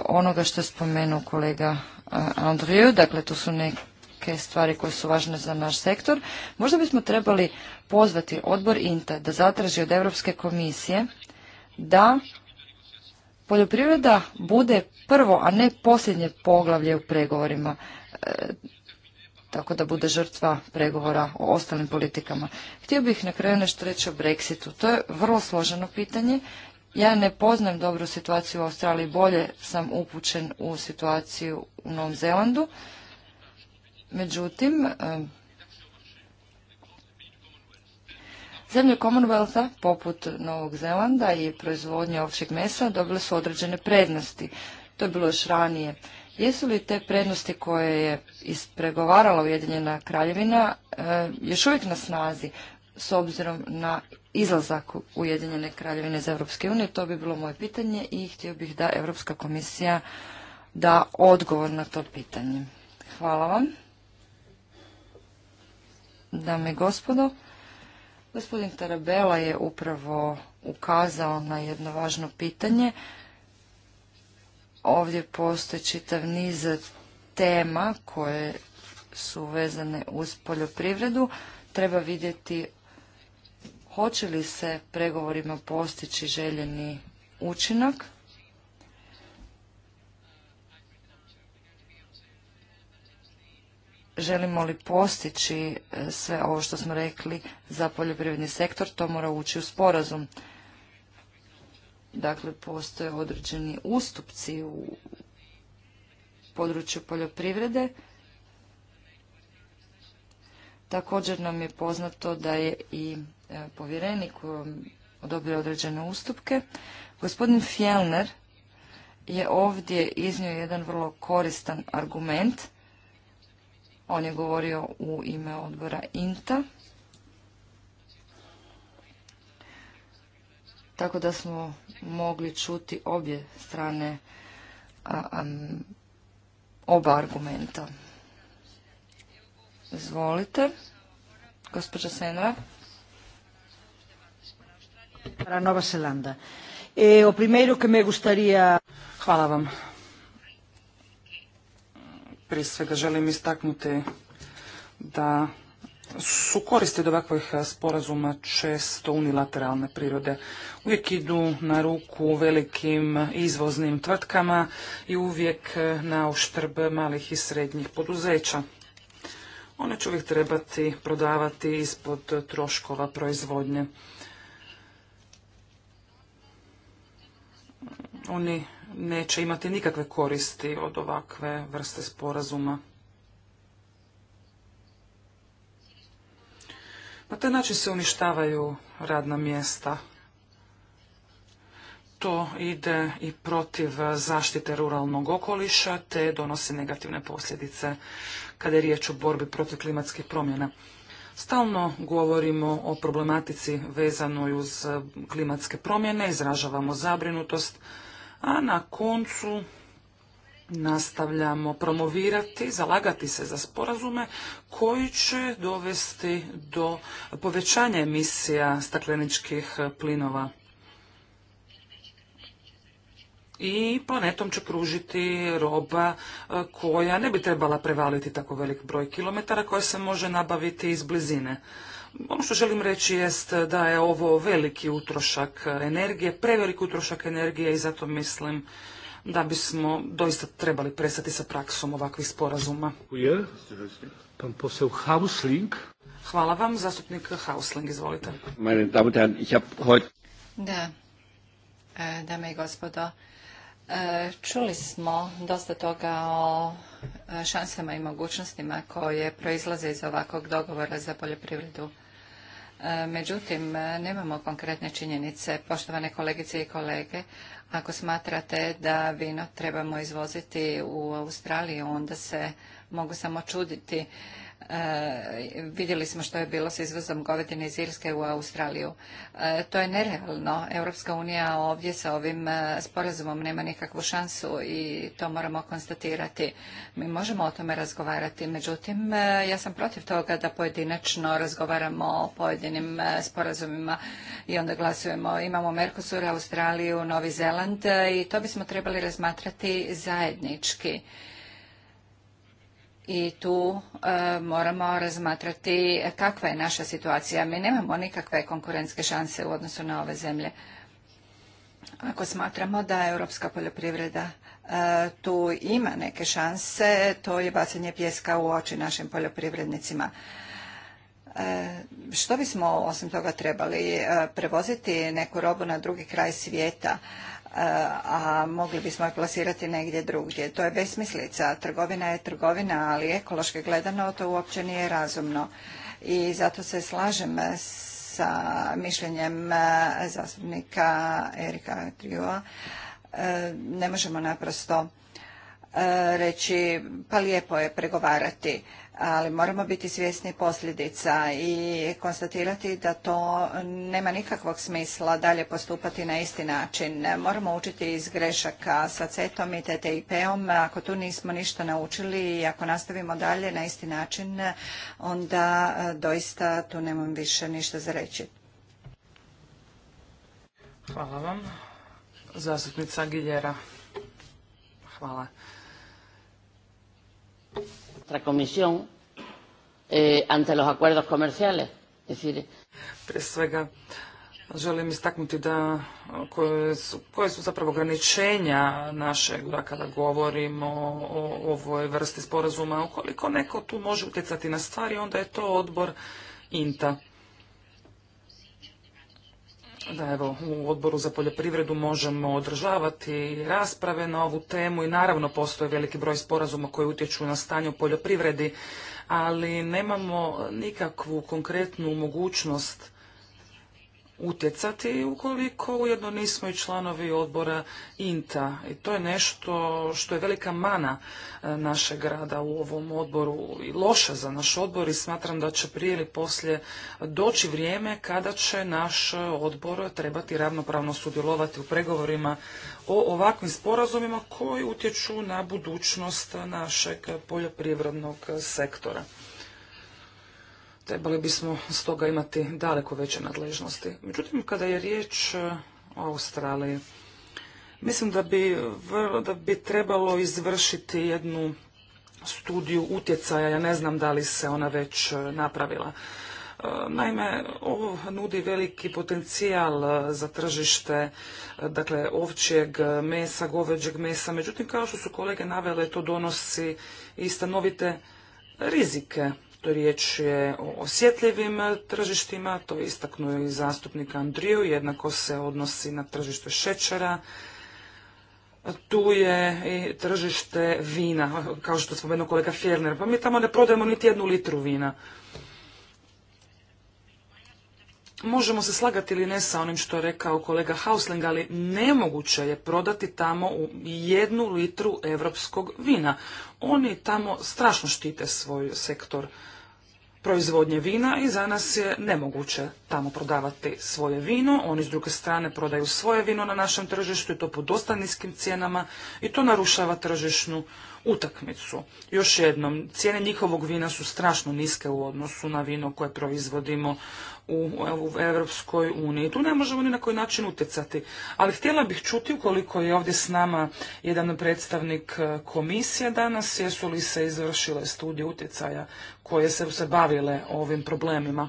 S3: onoga što je spomenuo kolega e, Andriju, dakle to su neki neke stvari koje su važne za naš sektor, možda bismo trebali pozvati odbor INTA da zatraži od Europske komisije da poljoprivreda bude prvo, a ne posljednje poglavlje u pregovorima, e, tako da bude žrtva pregovora o ostalim politikama. Htio bih na kraju nešto reći o Brexitu. To je vrlo složeno pitanje. Ja ne poznajem dobru situaciju u Australiji, bolje sam upućen u situaciju u Novom Zelandu. Međutim, e, zemlje Commonwealtha, poput Novog Zelanda i proizvodnje ovčeg mesa, dobile su određene prednosti. To je bilo još ranije. Jesu li te prednosti koje je ispregovarala Ujedinjena kraljevina e, još uvijek na snazi s obzirom na izlazak Ujedinjene kraljevine iz Europske unije? To bi bilo moje pitanje i htio bih da Europska komisija da odgovor na to pitanje. Hvala vam dame i gospodo. Gospodin Tarabela je upravo ukazao na jedno važno pitanje. Ovdje postoji čitav niz tema koje su vezane uz poljoprivredu. Treba vidjeti hoće li se pregovorima postići željeni učinak želimo li postići e, sve ovo što smo rekli za poljoprivredni sektor, to mora ući u sporazum. Dakle, postoje određeni ustupci u području poljoprivrede. Također nam je poznato da je i e, povjerenik odobrio određene ustupke. Gospodin Fjellner je ovdje iznio jedan vrlo koristan argument – on je govorio u ime odbora INTA. Tako da smo mogli čuti obje strane oba argumenta. Izvolite. Gospođa Senra. Nova Zelanda. E, o primeiro que me Hvala vam.
S1: Prije svega želim istaknuti da su koristi od ovakvih e, sporazuma često unilateralne prirode. Uvijek idu na ruku velikim izvoznim tvrtkama i uvijek e, na uštrb malih i srednjih poduzeća. One će uvijek trebati prodavati ispod troškova proizvodnje. Oni neće imati nikakve koristi od ovakve vrste sporazuma. Na taj način se uništavaju radna mjesta. To ide i protiv zaštite ruralnog okoliša, te donosi negativne posljedice kada je riječ o borbi protiv klimatskih promjena. Stalno govorimo o problematici vezanoj uz klimatske promjene, izražavamo zabrinutost, a na koncu nastavljamo promovirati, zalagati se za sporazume koji će dovesti do povećanja emisija stakleničkih plinova. I planetom će pružiti roba e, koja ne bi trebala prevaliti tako velik broj kilometara koja se može nabaviti iz blizine. Ono što želim reći jest da je ovo veliki utrošak energije, prevelik utrošak energije i zato mislim da bismo doista trebali prestati sa praksom ovakvih sporazuma. Hvala vam, zastupnik Hausling, izvolite. Da, e, dame i gospodo, e, čuli smo
S2: dosta toga o šansama i mogućnostima koje proizlaze iz ovakvog dogovora za poljoprivredu. E, međutim, nemamo konkretne činjenice, poštovane kolegice i kolege. Ako smatrate da vino trebamo izvoziti u Australiju, onda se mogu samo čuditi E, vidjeli smo što je bilo s izvozom govedine iz Irske u Australiju. E, to je nerealno. Europska unija ovdje sa ovim e, sporazumom nema nikakvu šansu i to moramo konstatirati. Mi možemo o tome razgovarati, međutim ja sam protiv toga da pojedinačno razgovaramo o pojedinim sporazumima i onda glasujemo. Imamo Mercosur, Australiju, Novi Zeland i to bismo trebali razmatrati zajednički i tu e, moramo razmatrati kakva je naša situacija. Mi nemamo nikakve konkurentske šanse u odnosu na ove zemlje. Ako smatramo da europska poljoprivreda e, tu ima neke šanse, to je bacanje pjeska u oči našim poljoprivrednicima. E, što bismo osim toga trebali prevoziti neku robu na drugi kraj svijeta? a mogli bismo je plasirati negdje drugdje. To je besmislica. Trgovina je trgovina, ali ekološki gledano to uopće nije razumno. I zato se slažem sa mišljenjem e, zastupnika Erika Triua. E, ne možemo naprosto e, reći pa lijepo je pregovarati ali moramo biti svjesni posljedica i konstatirati da to nema nikakvog smisla dalje postupati na isti način. Moramo učiti iz grešaka sa CET-om i TTIP-om. Ako tu nismo ništa naučili i ako nastavimo dalje na isti način, onda e, doista tu nemam više ništa za reći.
S1: Hvala vam. Zastupnica Giljera. Hvala nuestra comisión eh, ante los acuerdos comerciales. decir... Prije svega želim istaknuti da koje su, koje su zapravo ograničenja našeg kada govorimo o, o ovoj vrsti sporazuma. Ukoliko neko tu može utjecati na stvari, onda je to odbor INTA da evo u odboru za poljoprivredu možemo održavati rasprave na ovu temu i naravno postoje veliki broj sporazuma koji utječu na stanje u poljoprivredi, ali nemamo nikakvu konkretnu mogućnost utjecati ukoliko ujedno nismo i članovi odbora INTA. I to je nešto što je velika mana e, našeg rada u ovom odboru i loše za naš odbor i smatram da će prije ili poslije doći vrijeme kada će naš odbor trebati ravnopravno sudjelovati u pregovorima o ovakvim sporazumima koji utječu na budućnost našeg poljoprivrednog sektora. Trebali bismo stoga imati daleko veće nadležnosti. Međutim, kada je riječ e, o Australiji, mislim da bi, da bi trebalo izvršiti jednu studiju utjecaja, ja ne znam da li se ona već e, napravila. E, naime, ovo nudi veliki potencijal za tržište, dakle, ovčjeg mesa, goveđeg mesa, međutim, kao što su kolege navele, to donosi i stanovite rizike. Riječ je o osjetljivim e, tržištima, to je istaknuo i zastupnik Andriju, jednako se odnosi na tržište šećera, tu je i tržište vina, kao što je spomenuo kolega Fjerner, pa mi tamo ne prodajemo niti jednu litru vina. Možemo se slagati ili ne sa onim što je rekao kolega Hausling, ali nemoguće je prodati tamo jednu litru evropskog vina. Oni tamo strašno štite svoj sektor proizvodnje vina i za nas je nemoguće tamo prodavati svoje vino. Oni s druge strane prodaju svoje vino na našem tržištu i to po dosta niskim cijenama i to narušava tržišnu utakmicu. Još jednom, cijene njihovog vina su strašno niske u odnosu na vino koje proizvodimo u Europskoj uniji. Tu ne možemo ni na koji način utjecati. Ali htjela bih čuti, ukoliko je ovdje s nama jedan predstavnik e, komisije danas, jesu li se izvršile studije utjecaja koje se, se bavile ovim problemima.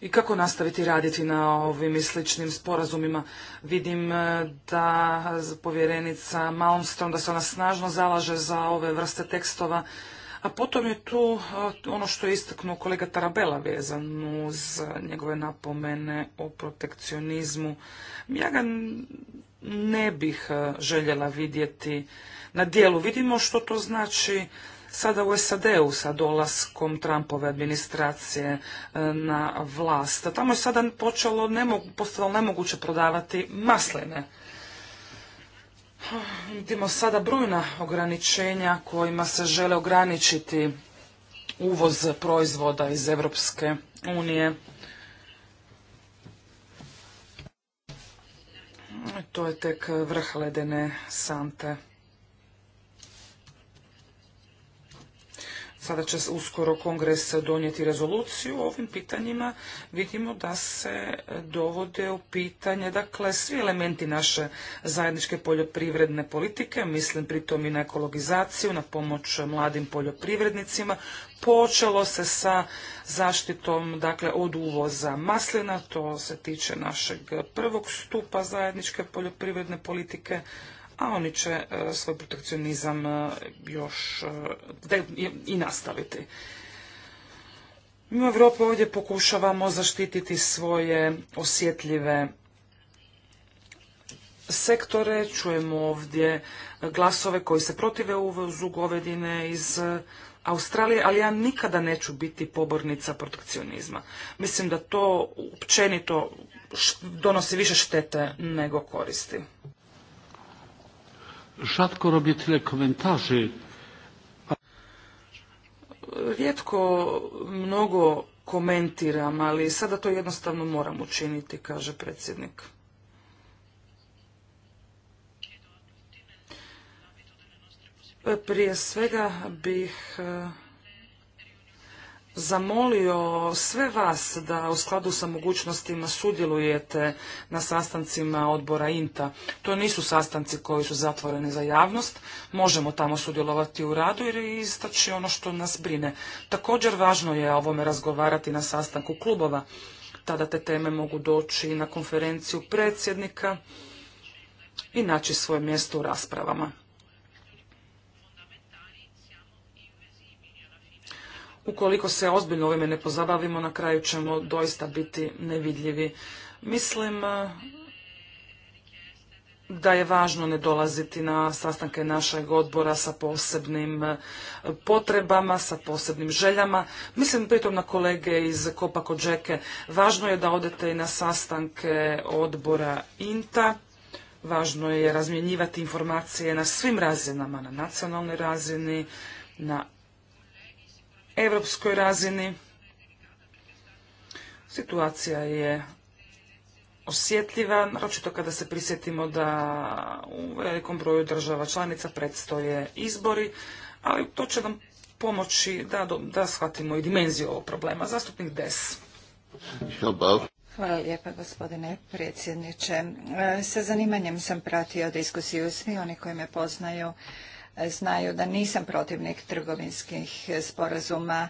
S1: I kako nastaviti raditi na ovim i sličnim sporazumima? Vidim e, da povjerenica Malmström, da se ona snažno zalaže za ove vrste tekstova a potom je tu ono što je istaknuo kolega Tarabela vezan uz njegove napomene o protekcionizmu. Ja ga ne bih željela vidjeti na dijelu. Vidimo što to znači sada u SAD-u sa dolaskom Trumpove administracije na vlast. Tamo je sada počelo postalo nemoguće prodavati masline. Vidimo sada brojna ograničenja kojima se žele ograničiti uvoz proizvoda iz Europske unije. To je tek vrh ledene sante. Sada će uskoro kongres donijeti rezoluciju o ovim pitanjima. Vidimo da se dovode u pitanje, dakle, svi elementi naše zajedničke poljoprivredne politike, mislim pritom i na ekologizaciju, na pomoć mladim poljoprivrednicima. Počelo se sa zaštitom, dakle, od uvoza maslina, to se tiče našeg prvog stupa zajedničke poljoprivredne politike a oni će e, svoj protekcionizam e, još e, i nastaviti. Mi u Europi ovdje pokušavamo zaštititi svoje osjetljive sektore, čujemo ovdje glasove koji se protive uvozu govedine iz Australije, ali ja nikada neću biti pobornica protekcionizma. Mislim da to općenito donosi više štete nego koristi. Rzadko robię tyle komentarzy. Rijetko mnogo komentiram, ali sada to jednostavno moram učiniti, kaže predsjednik. Prije svega bih zamolio sve vas da u skladu sa mogućnostima sudjelujete na sastancima odbora INTA. To nisu sastanci koji su zatvoreni za javnost, možemo tamo sudjelovati u radu i istaći ono što nas brine. Također važno je o ovome razgovarati na sastanku klubova. Tada te teme mogu doći na konferenciju predsjednika i naći svoje mjesto u raspravama. ukoliko se ozbiljno ovime ne pozabavimo, na kraju ćemo doista biti nevidljivi. Mislim da je važno ne dolaziti na sastanke našeg odbora sa posebnim potrebama, sa posebnim željama. Mislim pritom na kolege iz Kopa Džeke. Važno je da odete i na sastanke odbora INTA. Važno je razmjenjivati informacije na svim razinama, na nacionalnoj razini, na europskoj razini. Situacija je osjetljiva, naročito kada se prisjetimo da u velikom broju država članica predstoje izbori, ali to će nam pomoći da, da shvatimo i dimenziju ovog problema. Zastupnik Des. Hvala lijepa
S2: gospodine predsjedniče. E, sa zanimanjem sam pratio diskusiju. Svi oni koji me poznaju E, znaju da nisam protivnik trgovinskih sporazuma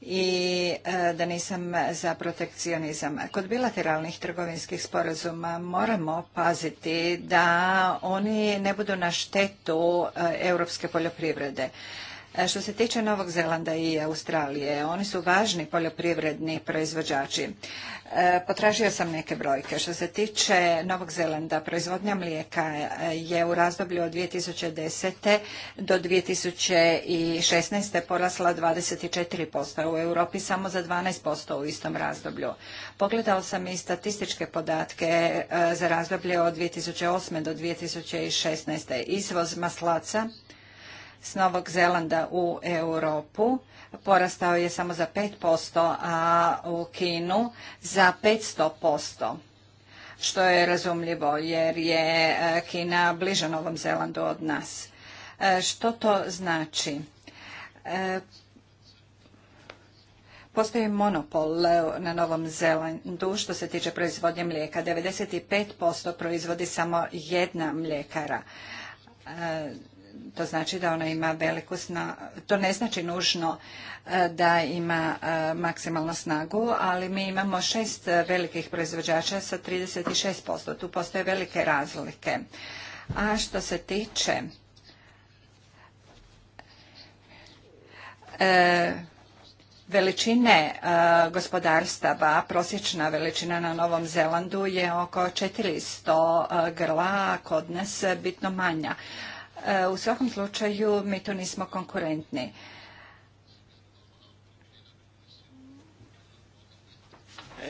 S2: i e, da nisam za protekcionizam. Kod bilateralnih trgovinskih sporazuma moramo paziti da oni ne budu na štetu e, europske poljoprivrede. E, što se tiče Novog Zelanda i Australije, oni su važni poljoprivredni proizvođači. E, potražio sam neke brojke. Što se tiče Novog Zelanda, proizvodnja mlijeka e, je u razdoblju od 2010. do 2016. porasla 24%, u Europi samo za 12% u istom razdoblju. Pogledao sam i statističke podatke za razdoblje od 2008. do 2016. Izvoz maslaca s Novog Zelanda u Europu porastao je samo za 5%, a u Kinu za 500%. Što je razumljivo jer je e, Kina bliža Novom Zelandu od nas. E, što to znači? E, postoji monopol na Novom Zelandu što se tiče proizvodnje mlijeka. 95% proizvodi samo jedna mljekara to znači da ona ima veliku snagu, to ne znači nužno e, da ima e, maksimalnu snagu, ali mi imamo šest e, velikih proizvođača sa 36%. Tu postoje velike razlike. A što se tiče veličine gospodarstava, prosječna veličina na Novom Zelandu je oko 400 grla, a kod nas bitno manja. U svakom slučaju mi tu nismo konkurentni.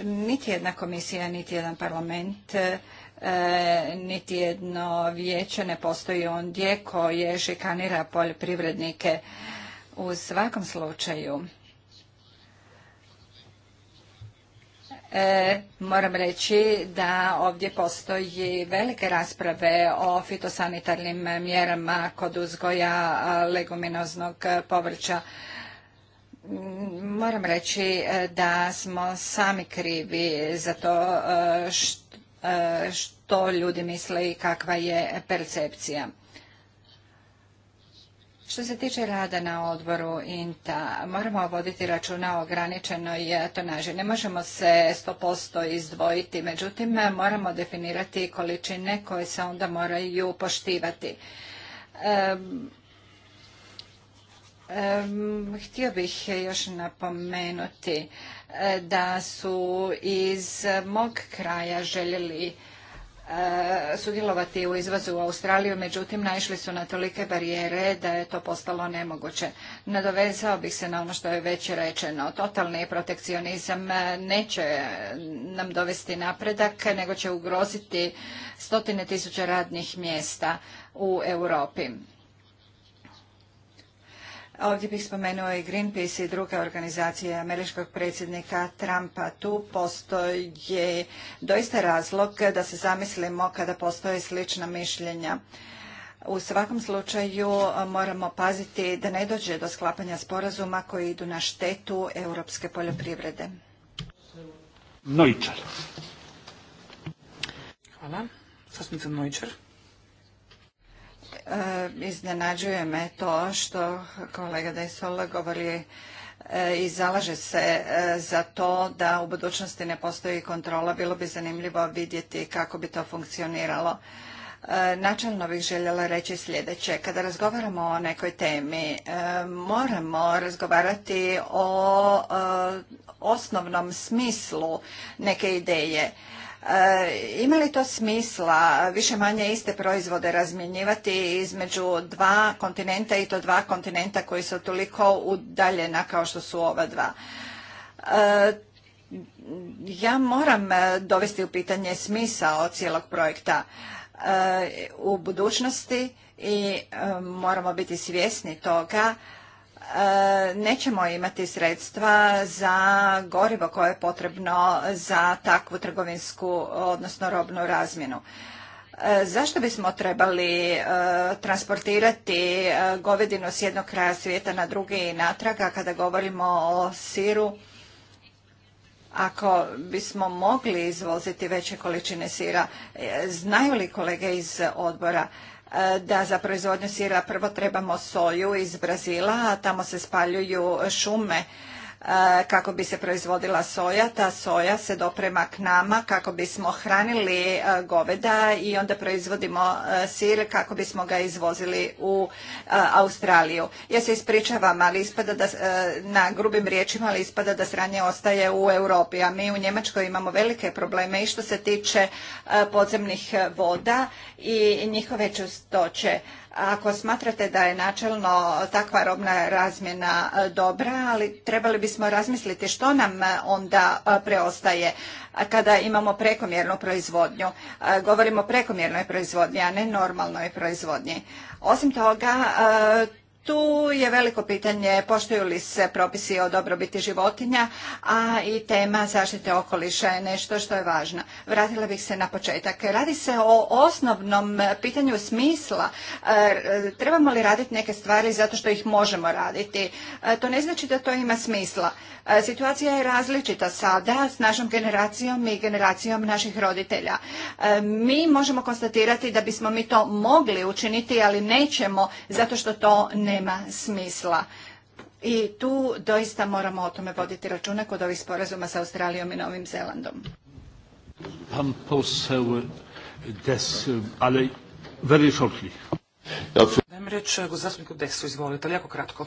S2: Niti jedna komisija, niti jedan parlament e, niti jedno vijeće ne postoji ondje koje šikanira poljoprivrednike. U svakom slučaju E, moram reći da ovdje postoji velike rasprave o fitosanitarnim mjerama kod uzgoja leguminoznog povrća. Moram reći e, da smo sami krivi za to e, što ljudi misle i kakva je percepcija. Što se tiče rada na odboru INTA, moramo voditi računa o ograničenoj tonaži. Ne možemo se 100% izdvojiti, međutim moramo definirati količine koje se onda moraju poštivati. htio bih još napomenuti e, da su iz mog kraja željeli E, sudjelovati u izvozu u Australiju, međutim naišli su na tolike barijere da je to postalo nemoguće. Nadovezao bih se na ono što je već rečeno. Totalni protekcionizam e, neće nam dovesti napredak, nego će ugroziti stotine tisuća radnih mjesta u Europi. Ovdje bih spomenuo i Greenpeace i druge organizacije američkog predsjednika Trumpa. Tu postoji doista razlog da se zamislimo kada postoje slična mišljenja. U svakom slučaju moramo paziti da ne dođe do sklapanja sporazuma koji idu na štetu europske poljoprivrede. Nojčar. Hvala. Nojčar. E, iznenađuje me to što kolega Desola govori e, i zalaže se e, za to da u budućnosti ne postoji kontrola. Bilo bi zanimljivo vidjeti kako bi to funkcioniralo. Načelno bih željela reći sljedeće. Kada razgovaramo o nekoj temi, moramo razgovarati o osnovnom smislu neke ideje. E, ima li to smisla više manje iste proizvode razmjenjivati između dva kontinenta i to dva kontinenta koji su toliko udaljena kao što su ova dva? E, ja moram e, dovesti u pitanje smisao cijelog projekta u budućnosti i moramo biti svjesni toga E, nećemo imati sredstva za gorivo koje je potrebno za takvu trgovinsku, odnosno robnu razmjenu. E, zašto bismo trebali e, transportirati govedinu s jednog kraja svijeta na drugi i natraga kada govorimo o siru? Ako bismo mogli izvoziti veće količine sira, znaju li kolege iz odbora da za proizvodnju sira prvo trebamo soju iz Brazila, a tamo se spaljuju šume kako bi se proizvodila soja. Ta soja se doprema k nama kako bismo hranili e, goveda i onda proizvodimo e, sir kako bismo ga izvozili u e, Australiju. Ja se ispričavam, ali ispada da, na grubim riječima, ali ispada da sranje ostaje u Europi, a mi u Njemačkoj imamo velike probleme i što se tiče podzemnih voda i njihove čustoće. Ako smatrate da je načelno takva robna razmjena e, dobra, ali trebali bismo razmisliti što nam e, onda e, preostaje kada imamo prekomjernu proizvodnju. Govorimo o prekomjernoj proizvodnji, a ne normalnoj proizvodnji. Osim toga, tu je veliko pitanje poštuju li se propisi o dobrobiti životinja, a i tema zaštite okoliša je nešto što je važno. Vratila bih se na početak. Radi se o osnovnom pitanju smisla. E, trebamo li raditi neke stvari zato što ih možemo raditi? E, to ne znači da to ima smisla. E, situacija je različita sada s našom generacijom i generacijom naših roditelja. Mi možemo konstatirati da bismo mi to mogli učiniti, ali nećemo zato što to ne nema smisla. I tu doista moramo o tome voditi računa kod ovih sporazuma sa Australijom i Novim Zelandom. Pan
S1: Des, kratko.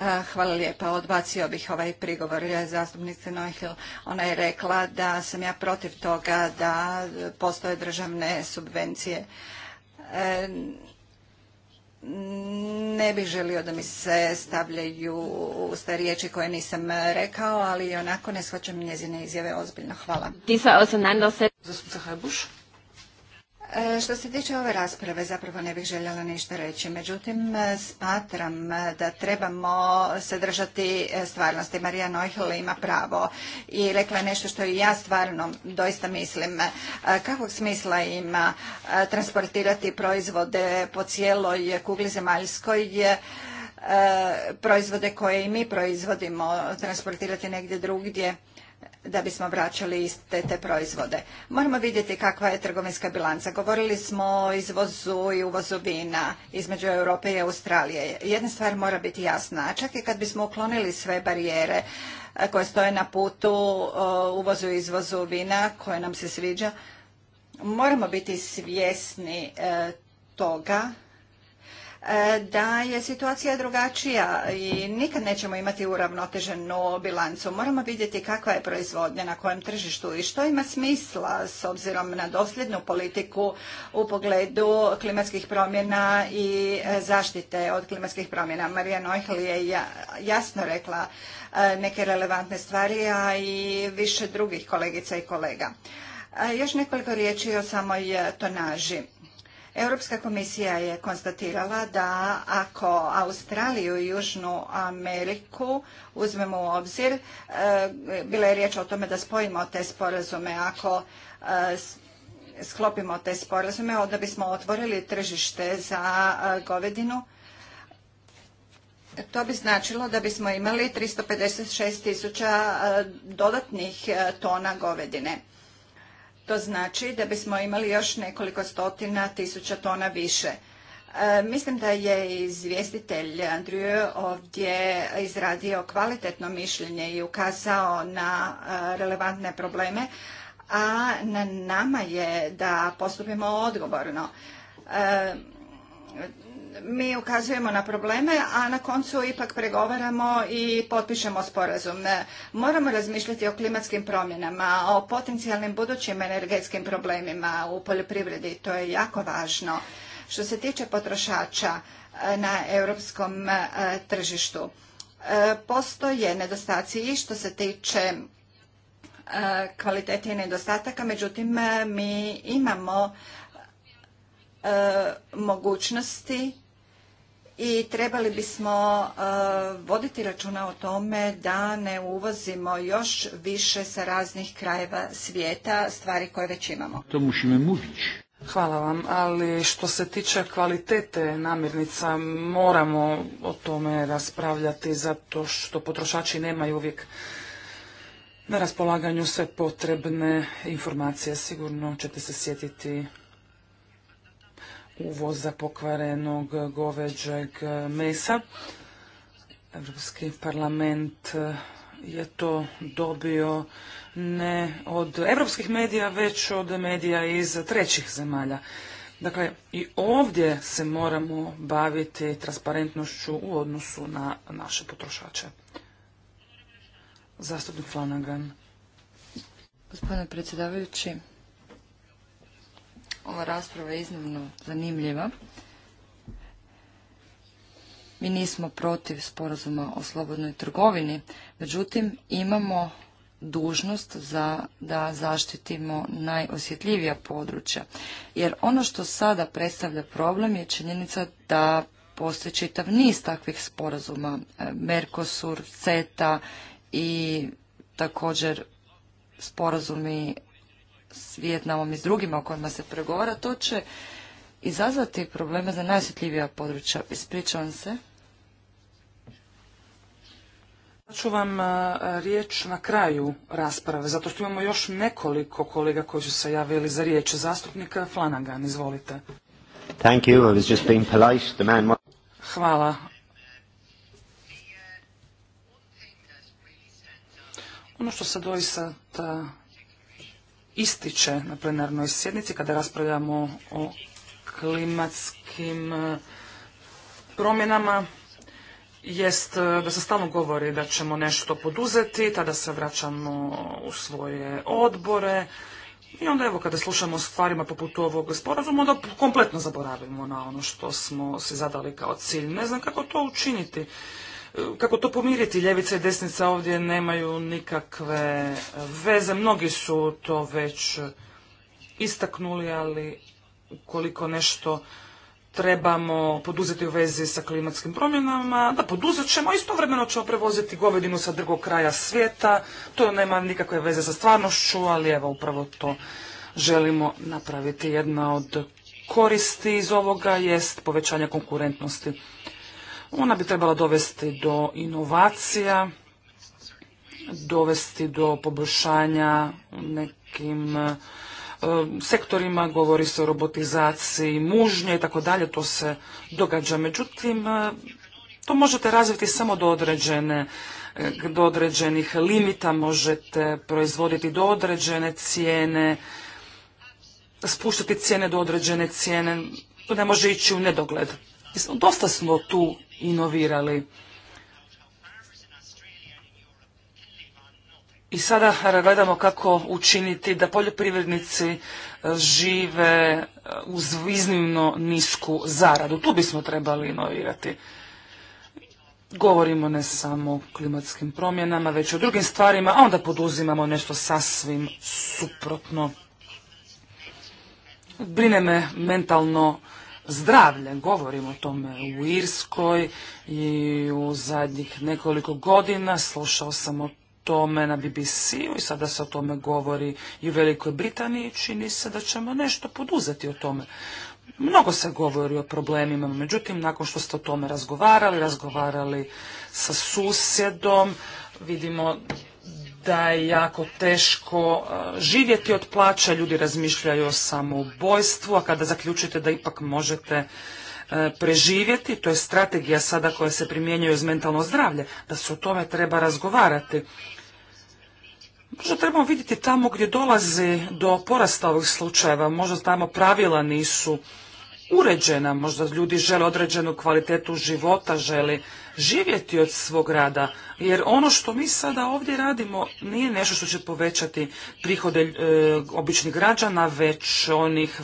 S1: E, hvala lijepa.
S2: Odbacio bih ovaj prigovor e, zastupnice Neuhil. Ona je rekla da sam ja protiv toga da postoje državne subvencije. E, ne bih želio da mi se stavljaju usta riječi koje nisam rekao, ali onako ne shvaćam njezine izjave ozbiljno. Hvala. Hajbuš. E, što se tiče ove rasprave, zapravo ne bih željela ništa reći. Međutim, e, smatram e, da trebamo se držati stvarnosti. Marija Noichel ima pravo i rekla je nešto što i ja stvarno doista mislim. Kakvog smisla ima transportirati proizvode po cijeloj kugli zemaljskoj proizvode koje i mi proizvodimo transportirati negdje drugdje da bismo vraćali iste te proizvode. Moramo vidjeti kakva je trgovinska bilanca. Govorili smo o izvozu i uvozu vina između Europe i Australije. Jedna stvar mora biti jasna. Čak i kad bismo uklonili sve barijere e, koje stoje na putu uvozu i izvozu vina koje nam se sviđa, moramo biti svjesni e, toga E, da je situacija drugačija i nikad nećemo imati uravnoteženu bilancu. Moramo vidjeti kakva je proizvodnja na kojem tržištu i što ima smisla s obzirom na dosljednu politiku u pogledu klimatskih promjena i e, zaštite od klimatskih promjena. Marija Neuhl je jasno rekla e, neke relevantne stvari, a i više drugih kolegica i kolega. Još nekoliko riječi o samoj tonaži. Europska komisija je konstatirala da ako Australiju i Južnu Ameriku uzmemo u obzir, e, bila je riječ o tome da spojimo te sporazume, ako e, sklopimo te sporazume, onda bismo otvorili tržište za e, govedinu. To bi značilo da bismo imali 356 tisuća dodatnih tona govedine. To znači da bismo imali još nekoliko stotina tisuća tona više. E, mislim da je izvjestitelj Andriju ovdje izradio kvalitetno mišljenje i ukazao na e, relevantne probleme, a na nama je da postupimo odgovorno. E, mi ukazujemo na probleme, a na koncu ipak pregovaramo i potpišemo sporazum. Moramo razmišljati o klimatskim promjenama, o potencijalnim budućim energetskim problemima u poljoprivredi. To je jako važno. Što se tiče potrošača eh, na europskom eh, tržištu, eh, postoje nedostaci i što se tiče kvalitete i nedostataka, međutim mi imamo mogućnosti i trebali bismo e, voditi računa o tome da ne uvozimo još više sa raznih krajeva svijeta stvari
S1: koje već imamo. To Hvala vam, ali što se tiče kvalitete namirnica, moramo o tome raspravljati zato što potrošači nemaju uvijek na raspolaganju sve potrebne informacije. Sigurno ćete se sjetiti uvoza pokvarenog goveđeg mesa. Europski parlament je to dobio ne od europskih medija, već od medija iz trećih zemalja. Dakle, i ovdje se moramo baviti transparentnošću u odnosu na naše potrošače. Zastupnik Flanagan. Gospodine predsjedavajući,
S3: ova rasprava je iznimno zanimljiva. Mi nismo protiv sporazuma o slobodnoj trgovini, međutim imamo dužnost za da zaštitimo najosjetljivija područja. Jer ono što sada predstavlja problem je činjenica da postoji čitav niz takvih sporazuma, e, Mercosur, CETA i također sporazumi s Vijetnamom i s drugima o kojima se pregovara, to će izazvati probleme za najosjetljivija
S1: područja. Ispričavam se. Daću vam e, riječ na kraju rasprave, zato što imamo još nekoliko kolega koji su se javili za riječ. Zastupnika Flanagan, izvolite. Thank Hvala. Ono što se doista ističe na plenarnoj sjednici kada raspravljamo o klimatskim e, promjenama jest e, da se stalno govori da ćemo nešto poduzeti, tada se vraćamo u svoje odbore i onda evo kada slušamo o stvarima poput ovog sporazuma onda kompletno zaboravimo na ono što smo se zadali kao cilj. Ne znam kako to učiniti kako to pomiriti, ljevica i desnica ovdje nemaju nikakve veze, mnogi su to već istaknuli, ali koliko nešto trebamo poduzeti u vezi sa klimatskim promjenama, da poduzet ćemo, istovremeno ćemo prevoziti govedinu sa drugog kraja svijeta, to nema nikakve veze sa stvarnošću, ali evo upravo to želimo napraviti. Jedna od koristi iz ovoga jest povećanje konkurentnosti ona bi trebala dovesti do inovacija, dovesti do poboljšanja nekim e, sektorima, govori se o robotizaciji, mužnje i tako dalje, to se događa. Međutim, e, to možete razviti samo do određene e, do određenih limita možete proizvoditi do određene cijene, spuštati cijene do određene cijene, to ne može ići u nedogled dosta smo tu inovirali. I sada gledamo kako učiniti da poljoprivrednici e, žive e, uz iznimno nisku zaradu. Tu bismo trebali inovirati. Govorimo ne samo o klimatskim promjenama, već i o drugim stvarima, a onda poduzimamo nešto sasvim suprotno. Brine me mentalno zdravlje. Govorimo o tome u Irskoj i u zadnjih nekoliko godina slušao sam o tome na BBC-u i sada se o tome govori i u Velikoj Britaniji. Čini se da ćemo nešto poduzeti o tome. Mnogo se govori o problemima, međutim, nakon što ste o tome razgovarali, razgovarali sa susjedom, vidimo da je jako teško uh, živjeti od plaća, ljudi razmišljaju o samoubojstvu, a kada zaključite da ipak možete uh, preživjeti, to je strategija sada koja se primjenjuje uz mentalno zdravlje, da se o tome treba razgovarati. Možda trebamo vidjeti tamo gdje dolazi do porasta ovih slučajeva, možda tamo pravila nisu uređena, možda ljudi žele određenu kvalitetu života, žele živjeti od svog rada, jer ono što mi sada ovdje radimo nije nešto što će povećati prihode e, običnih građana, već, onih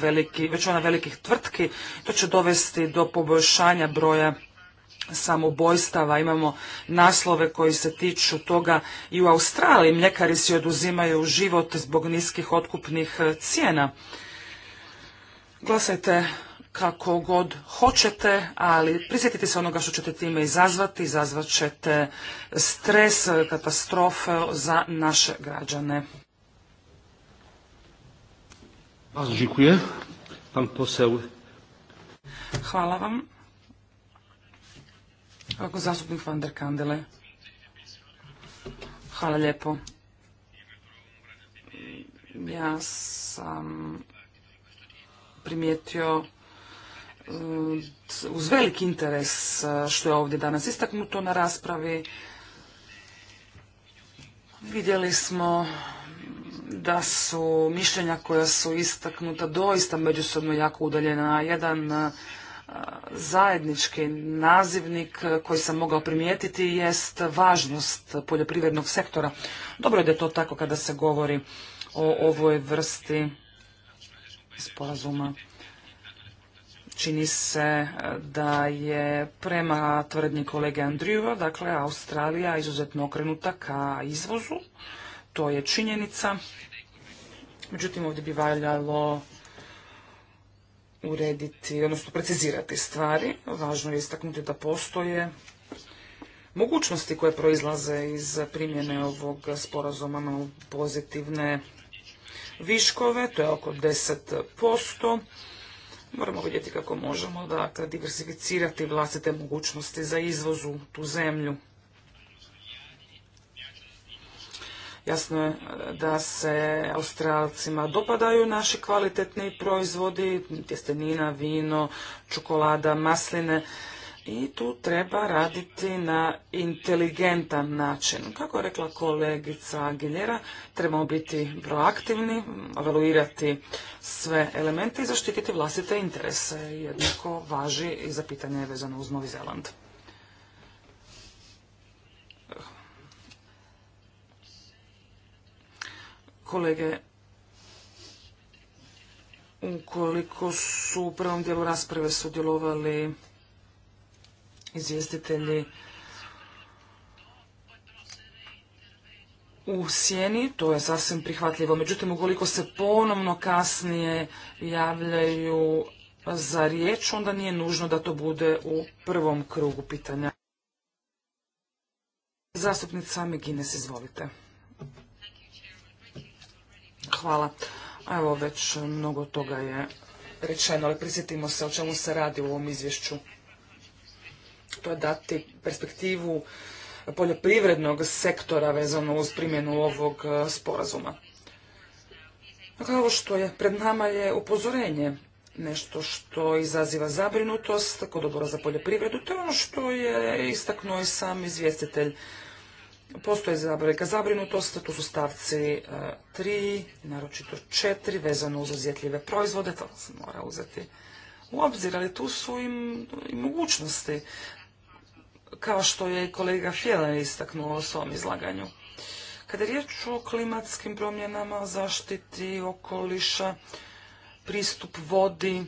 S1: već ona velikih tvrtki, to će dovesti do poboljšanja broja samobojstava, imamo naslove koji se tiču toga i u Australiji mljekari si oduzimaju život zbog niskih otkupnih e, cijena. Glasajte kako god hoćete, ali prisjetite se onoga što ćete time izazvati, izazvat ćete stres, katastrofe za naše građane. Hvala vam. Kako zastupnik Van der Hvala lijepo. Ja sam primijetio uz velik interes e, što je ovdje danas istaknuto na raspravi. Vidjeli smo da su mišljenja koja su istaknuta doista međusobno jako udaljena. Jedan e, zajednički nazivnik koji sam mogao primijetiti jest važnost poljoprivrednog sektora. Dobro je da je to tako kada se govori o ovoj vrsti sporazuma. Čini se e, da je prema tvrdnji kolege Andrijeva, dakle Australija izuzetno okrenuta ka izvozu, to je činjenica. Međutim, ovdje bi valjalo urediti, odnosno precizirati stvari. Važno je istaknuti da postoje mogućnosti koje proizlaze iz primjene ovog sporazuma na pozitivne viškove, to je oko 10%. Moramo vidjeti kako možemo dakle, diversificirati vlastite mogućnosti za izvoz u tu zemlju. Jasno je e, da se Australcima dopadaju naši kvalitetni proizvodi, tjestenina, vino, čokolada, masline i tu treba raditi na inteligentan način. Kako je rekla kolegica Giljera, trebamo biti proaktivni, evaluirati sve elemente i zaštititi vlastite interese. Jednako važi i za pitanje vezano uz Novi Zeland. Kolege, ukoliko su u prvom dijelu rasprave sudjelovali izvjestitelji u sjeni, to je sasvim prihvatljivo. Međutim, ukoliko se ponovno kasnije javljaju za riječ, onda nije nužno da to bude u prvom krugu pitanja. Zastupnica Megines, izvolite. Hvala. Evo, već mnogo toga je rečeno, ali prisjetimo se o čemu se radi u ovom izvješću to je dati perspektivu poljoprivrednog sektora vezano uz primjenu ovog e, sporazuma. Kao dakle, što je pred nama je upozorenje, nešto što izaziva zabrinutost kod odbora za poljoprivredu, to je ono što je istaknuo i sam izvjestitelj. Postoje zabrinutost, tu su stavci e, tri, naročito četiri, vezano uz osjetljive proizvode, to se mora uzeti u obzir, ali tu su im i mogućnosti kao što je i kolega Fjela istaknuo u svom izlaganju. Kada je riječ o klimatskim promjenama, zaštiti okoliša, pristup vodi,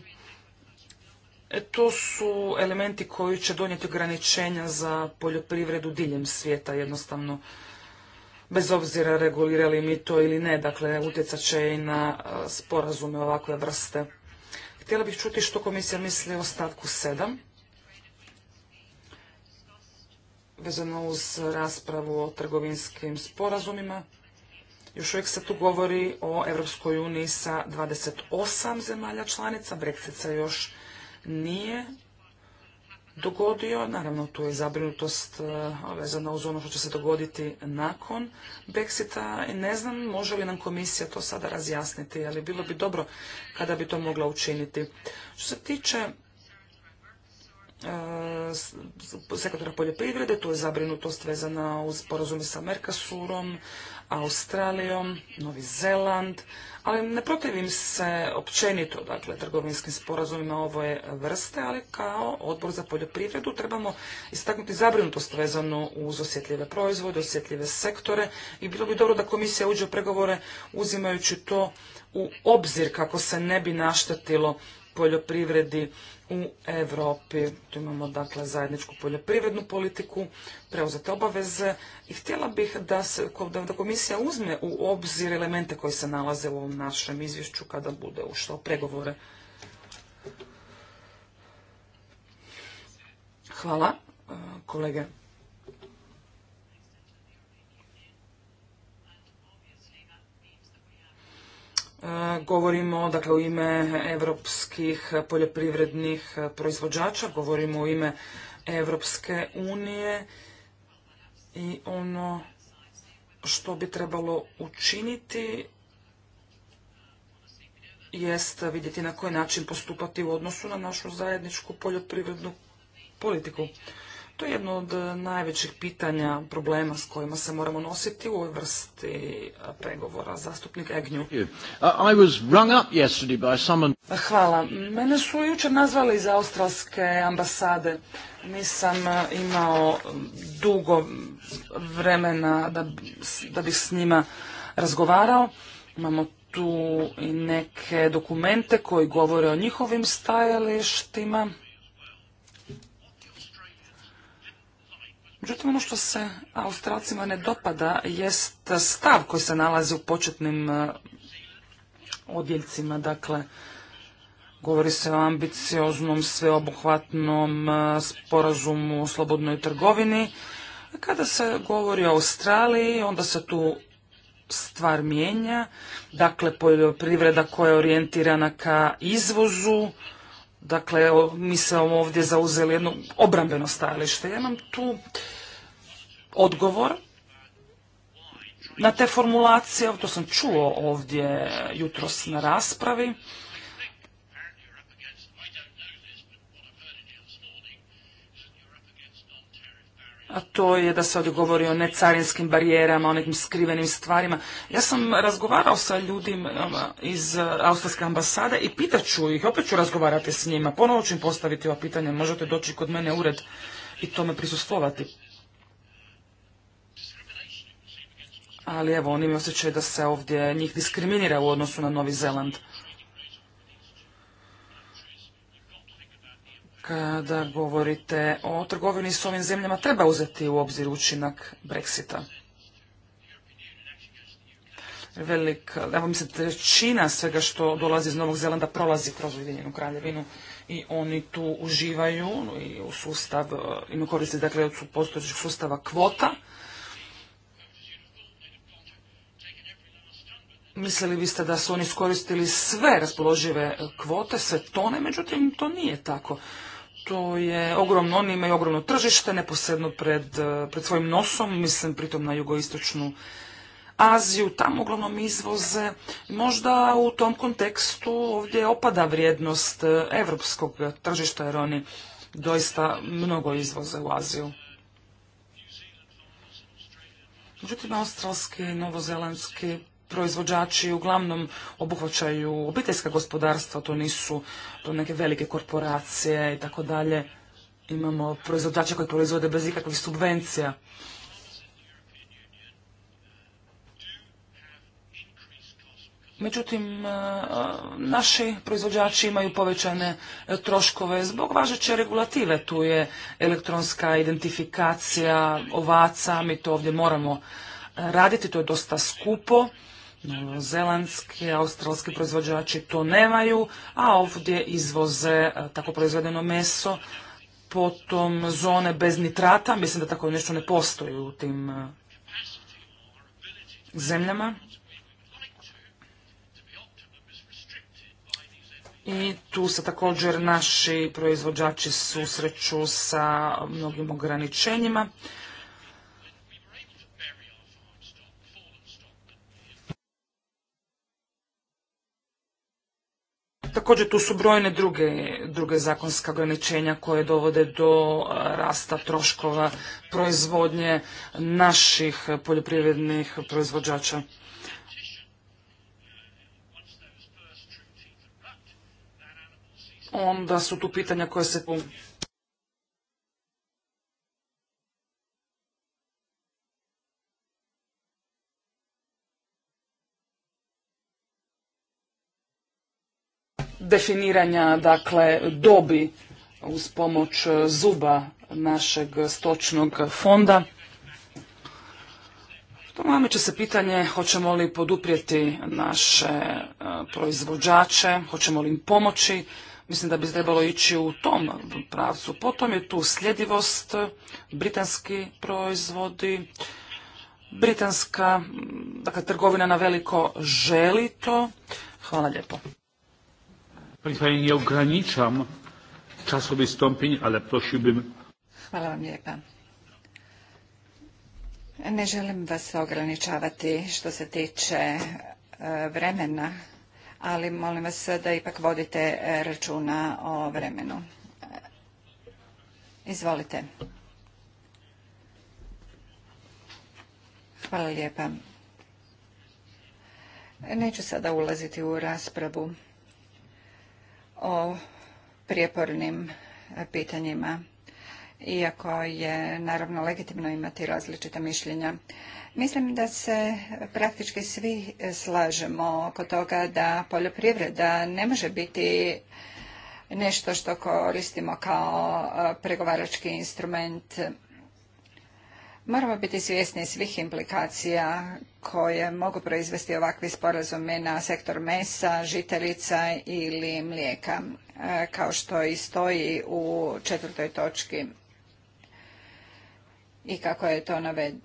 S1: e, to su elementi koji će donijeti ograničenja za poljoprivredu diljem svijeta jednostavno bez obzira regulirali mi to ili ne, dakle utjecat će i na e, sporazume ovakve vrste. Htjela bih čuti što komisija misli o stavku 7. vezano uz raspravu o trgovinskim sporazumima. Još uvijek se tu govori o Europskoj uniji sa 28 zemalja članica. Brexit se još nije dogodio. Naravno, tu je zabrinutost e, vezana uz ono što će se dogoditi nakon Brexita. Ne znam, može li nam komisija to sada razjasniti, ali bilo bi dobro kada bi to mogla učiniti. Što se tiče E, sektora poljoprivrede, tu je zabrinutost vezana uz sporazume sa Merkasurom, Australijom, Novi Zeland, ali ne protivim se općenito, dakle, trgovinskim sporazumima ove vrste, ali kao odbor za poljoprivredu trebamo istaknuti zabrinutost vezano uz osjetljive proizvode, osjetljive sektore i bilo bi dobro da komisija uđe u pregovore uzimajući to u obzir kako se ne bi naštetilo poljoprivredi u Europi. Tu imamo dakle zajedničku poljoprivrednu politiku, preuzete obaveze i htjela bih da, se, da komisija uzme u obzir elemente koji se nalaze u ovom našem izvješću kada bude ušla u pregovore. Hvala e, kolege E, govorimo dakle u ime europskih poljoprivrednih proizvođača, govorimo u ime Evropske unije i ono što bi trebalo učiniti jest vidjeti na koji način postupati u odnosu na našu zajedničku poljoprivrednu politiku. To je jedno od eh, najvećih pitanja, problema s kojima se moramo nositi u ovoj vrsti eh, pregovora. Zastupnik Egnju. Uh, eh, hvala. Mene su jučer nazvali iz australske ambasade. Nisam imao mm, dugo vremena da, da bih s njima razgovarao. Imamo tu i neke dokumente koji govore o njihovim stajalištima. Međutim, ono što se Australcima ne dopada jest stav koji se nalazi u početnim e, odjeljcima, dakle, Govori se o ambicioznom, sveobuhvatnom e, sporazumu o slobodnoj trgovini. Kada se govori o Australiji, onda se tu stvar mijenja. Dakle, poljoprivreda koja je orijentirana ka izvozu. Dakle, mi se ovdje zauzeli jedno obrambeno stajalište. Ja imam tu odgovor na te formulacije, to sam čuo ovdje jutros na raspravi. A to je da se ovdje govori o necarinskim barijerama, o nekim skrivenim stvarima. Ja sam razgovarao sa ljudima um, iz Austrijske ambasade i pitat ću ih, opet ću razgovarati s njima, ponovo ću im postaviti ova pitanja, možete doći kod mene u ured i tome prisustvovati. ali evo oni mi osjećaju da se ovdje njih diskriminira u odnosu na Novi Zeland. Kada govorite o trgovini s ovim zemljama, treba uzeti u obzir učinak Brexita. Velika, evo mislim, trećina svega što dolazi iz Novog Zelanda prolazi kroz Ujedinjenu kraljevinu i oni tu uživaju i u sustav, e, imaju koristi dakle od postojećeg sustava kvota Mislili biste da su oni iskoristili sve raspoložive e, kvote, sve tone, međutim to nije tako. To je ogromno, oni imaju ogromno tržište, neposredno pred, e, pred svojim nosom, mislim pritom na jugoistočnu Aziju, tamo uglavnom izvoze. Možda u tom kontekstu ovdje opada vrijednost e, evropskog tržišta jer oni doista mnogo izvoze u Aziju. Međutim, australski, novozelandski proizvođači uglavnom obuhvaćaju obiteljska gospodarstva, to nisu to neke velike korporacije i tako dalje. Imamo proizvođače koji proizvode bez ikakvih subvencija. Međutim, e, naši proizvođači imaju povećane e, troškove zbog važeće regulative. Tu je elektronska identifikacija ovaca, mi to ovdje moramo e, raditi, to je dosta skupo. Zelandski, australski proizvođači to nemaju, a ovdje izvoze e, tako proizvedeno meso, potom zone bez nitrata, mislim da tako nešto ne postoji u tim e, zemljama. I tu se također naši proizvođači susreću sa mnogim ograničenjima. Također tu su brojne druge, druge zakonska ograničenja koje dovode do e, rasta troškova proizvodnje naših poljoprivrednih proizvođača. Onda su tu pitanja koje se definiranja dakle dobi uz pomoć e, zuba našeg stočnog fonda. mame će se pitanje hoćemo li poduprijeti naše e, proizvođače, hoćemo li im pomoći. Mislim da bi trebalo ići u tom pravcu. Potom je tu sljedivost, britanski proizvodi, britanska, dakle trgovina na veliko želi to. Hvala lijepo ale prosiłbym...
S2: Hvala vam lijepa. Ne želim vas ograničavati što se tiče e, vremena, ali molim vas da ipak vodite e, računa o vremenu. E, izvolite. Hvala lijepa. Neću sada ulaziti u raspravu o prijepornim e, pitanjima, iako je naravno legitimno imati različita mišljenja. Mislim da se praktički svi e, slažemo oko toga da poljoprivreda ne može biti nešto što koristimo kao e, pregovarački instrument Moramo biti svjesni svih implikacija koje mogu proizvesti ovakvi sporazumi na sektor mesa, žitarica ili mlijeka, e, kao što i stoji u četvrtoj točki i kako je to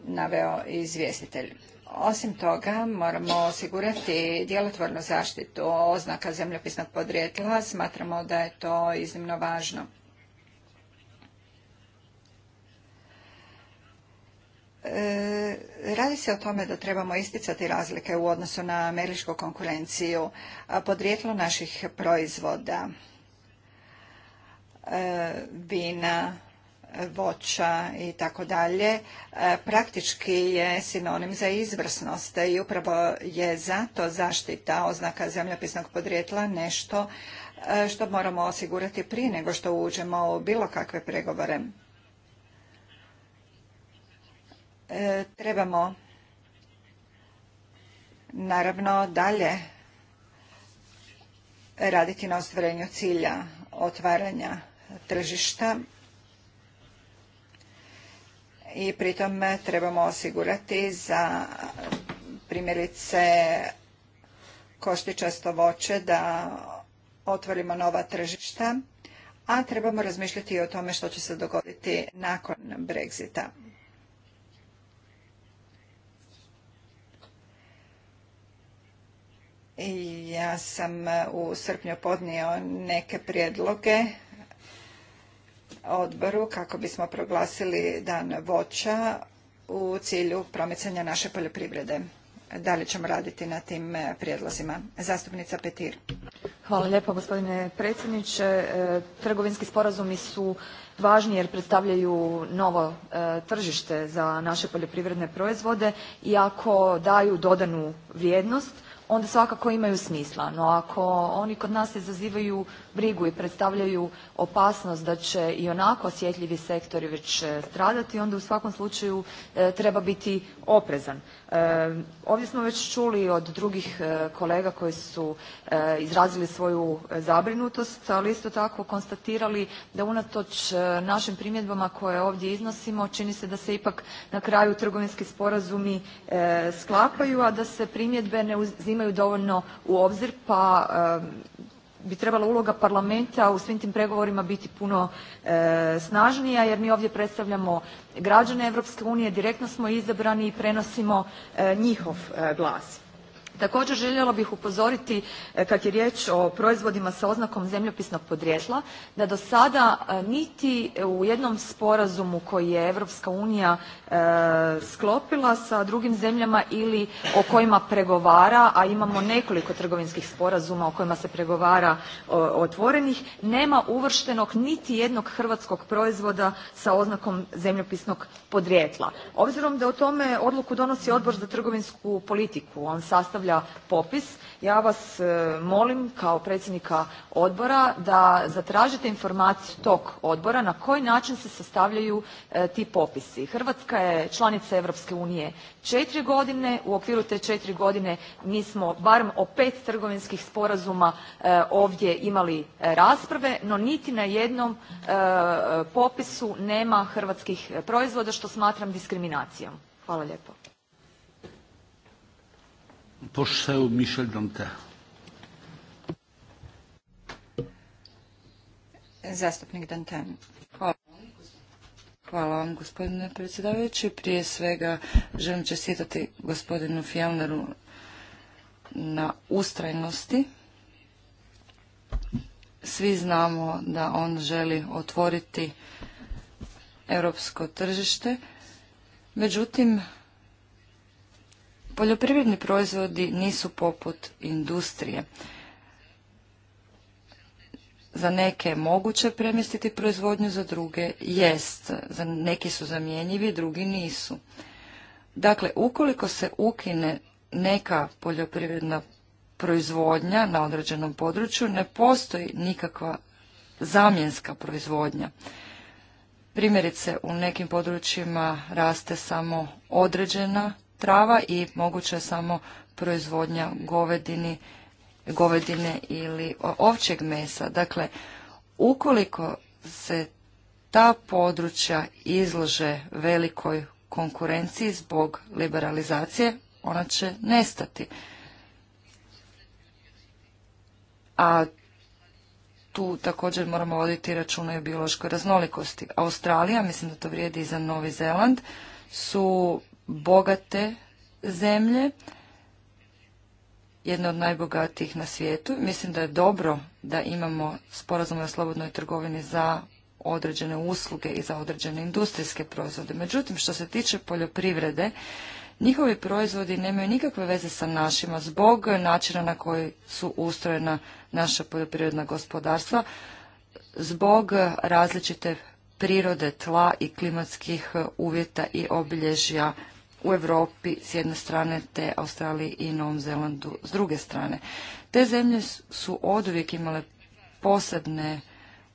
S2: naveo izvjestitelj. Osim toga, moramo osigurati djelotvornu zaštitu oznaka zemljopisnog podrijetla. Smatramo da je to iznimno važno. E, radi se o tome da trebamo isticati razlike u odnosu na američku konkurenciju, podrijetlo naših proizvoda, e, vina, voća i tako dalje, e, praktički je sinonim za izvrsnost i upravo je zato zaštita oznaka zemljopisnog podrijetla nešto što moramo osigurati prije nego što uđemo u bilo kakve pregovore. E, trebamo naravno dalje raditi na ostvarenju cilja otvaranja tržišta i pritom trebamo osigurati za primjerice koštičasto voće da otvorimo nova tržišta, a trebamo razmišljati i o tome što će se dogoditi nakon Brexita. Ja sam e, u srpnju podnio neke prijedloge odboru kako bismo proglasili dan voća u cilju promicanja naše poljoprivrede. Da li ćemo raditi na tim e, prijedlozima. Zastupnica Petir.
S4: Hvala lijepo gospodine predsjedniče. E, trgovinski sporazumi su važni jer predstavljaju novo tržište za naše poljoprivredne proizvode i ako daju dodanu vrijednost onda svakako imaju smisla. No ako oni kod nas izazivaju brigu i predstavljaju opasnost da će ionako osjetljivi sektori već e, stradati onda u svakom slučaju e, treba biti oprezan. E, ovdje smo već čuli od drugih kolega koji su izrazili svoju zabrinutost, ali isto tako konstatirali da unatoč našim primjedbama koje ovdje iznosimo čini se da se ipak na kraju trgovinski sporazumi sklapaju, a da se primjedbe ne uzimaju dovoljno u obzir pa bi trebala uloga parlamenta u svim tim pregovorima biti puno e, snažnija jer mi ovdje predstavljamo građane Europske unije, direktno smo izabrani i prenosimo e, njihov e, glas. Također željela bih upozoriti e, kad je riječ o proizvodima sa oznakom zemljopisnog podrijetla da do sada e, niti u jednom sporazumu koji je Europska unija e, sklopila sa drugim zemljama ili o kojima pregovara, a imamo nekoliko trgovinskih sporazuma o kojima se pregovara otvorenih, nema uvrštenog niti jednog hrvatskog proizvoda sa oznakom zemljopisnog podrijetla. Obzirom da o tome odluku donosi Odbor za trgovinsku politiku, on sastavlja popis. Ja vas e, molim kao predsjednika odbora da zatražite informaciju tog odbora na koji način se sastavljaju e, ti popisi. Hrvatska je članica Europske unije četiri godine, u okviru te četiri godine mi smo barem o pet trgovinskih sporazuma e, ovdje imali rasprave, no niti na jednom popisu nema hrvatskih proizvoda što smatram diskriminacijom. Hvala lijepo.
S1: Pošao Michel
S3: Zastupnik Dante. Hvala. Hvala vam gospodine predsjedavajući. Prije svega želim čestitati gospodinu Fjellneru na ustrajnosti. Svi znamo da on želi otvoriti europsko tržište. Međutim, Poljoprivredni proizvodi nisu poput industrije. Za neke je moguće premjestiti proizvodnju, za druge jest. Za neki su zamjenjivi, drugi nisu. Dakle, ukoliko se ukine neka poljoprivredna proizvodnja na određenom području, ne postoji nikakva zamjenska proizvodnja. Primjerice, u nekim područjima raste samo određena trava i moguće je samo proizvodnja govedini, govedine ili ovčeg mesa. Dakle, ukoliko se ta područja izlože velikoj konkurenciji zbog liberalizacije, ona će nestati. A tu također moramo voditi računa i o biološkoj raznolikosti. Australija, mislim da to vrijedi i za Novi Zeland, su bogate zemlje, jedna od najbogatijih na svijetu. Mislim da je dobro da imamo sporazum o slobodnoj trgovini za određene usluge i za određene industrijske proizvode. Međutim, što se tiče poljoprivrede, njihovi proizvodi nemaju nikakve veze sa našima zbog načina na koji su ustrojena naša poljoprivredna gospodarstva, zbog različite prirode, tla i klimatskih uvjeta i obilježja u Europi s jedne strane te Australiji i Novom Zelandu s druge strane. Te zemlje su oduvijek imale posebne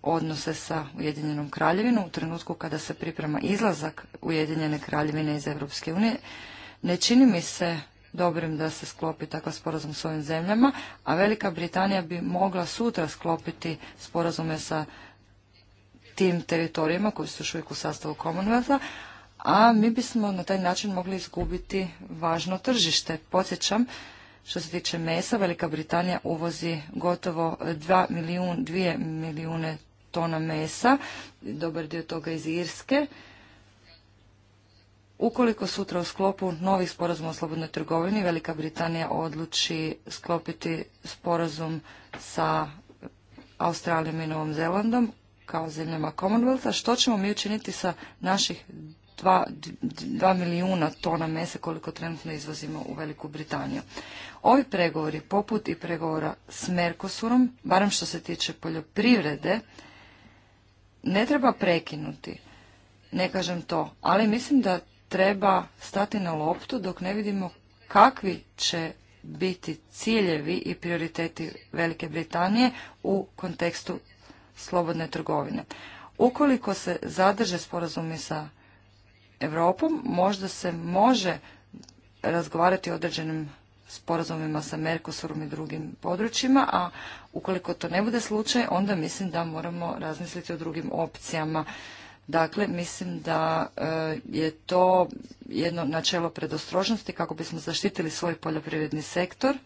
S3: odnose sa Ujedinjenom kraljevinom u trenutku kada se priprema izlazak Ujedinjene kraljevine iz Europske unije. Ne čini mi se dobrim da se sklopi takav sporazum s ovim zemljama, a Velika Britanija bi mogla sutra sklopiti sporazume sa tim teritorijima koji su još uvijek u sastavu Commonwealtha, a mi bismo na taj način mogli izgubiti važno tržište. Podsjećam, što se tiče mesa, Velika Britanija uvozi gotovo 2 milijun, 2 milijune tona mesa, dobar dio toga iz Irske. Ukoliko sutra u sklopu novih sporazuma o slobodnoj trgovini Velika Britanija odluči sklopiti sporazum sa Australijom i Novom Zelandom kao zemljama Commonwealtha, što ćemo mi učiniti sa naših dva milijuna tona mesa koliko trenutno izvozimo u Veliku Britaniju. Ovi pregovori, poput i pregovora s Mercosurom, barem što se tiče poljoprivrede, ne treba prekinuti. Ne kažem to, ali mislim da treba stati na loptu dok ne vidimo kakvi će biti ciljevi i prioriteti Velike Britanije u kontekstu slobodne trgovine. Ukoliko se zadrže sporazumi sa Europom, možda se može razgovarati o određenim sporazumima sa Mercosurom i drugim područjima, a ukoliko to ne bude slučaj, onda mislim da moramo razmisliti o drugim opcijama. Dakle, mislim da e, je to jedno načelo predostrožnosti kako bismo zaštitili svoj poljoprivredni sektor.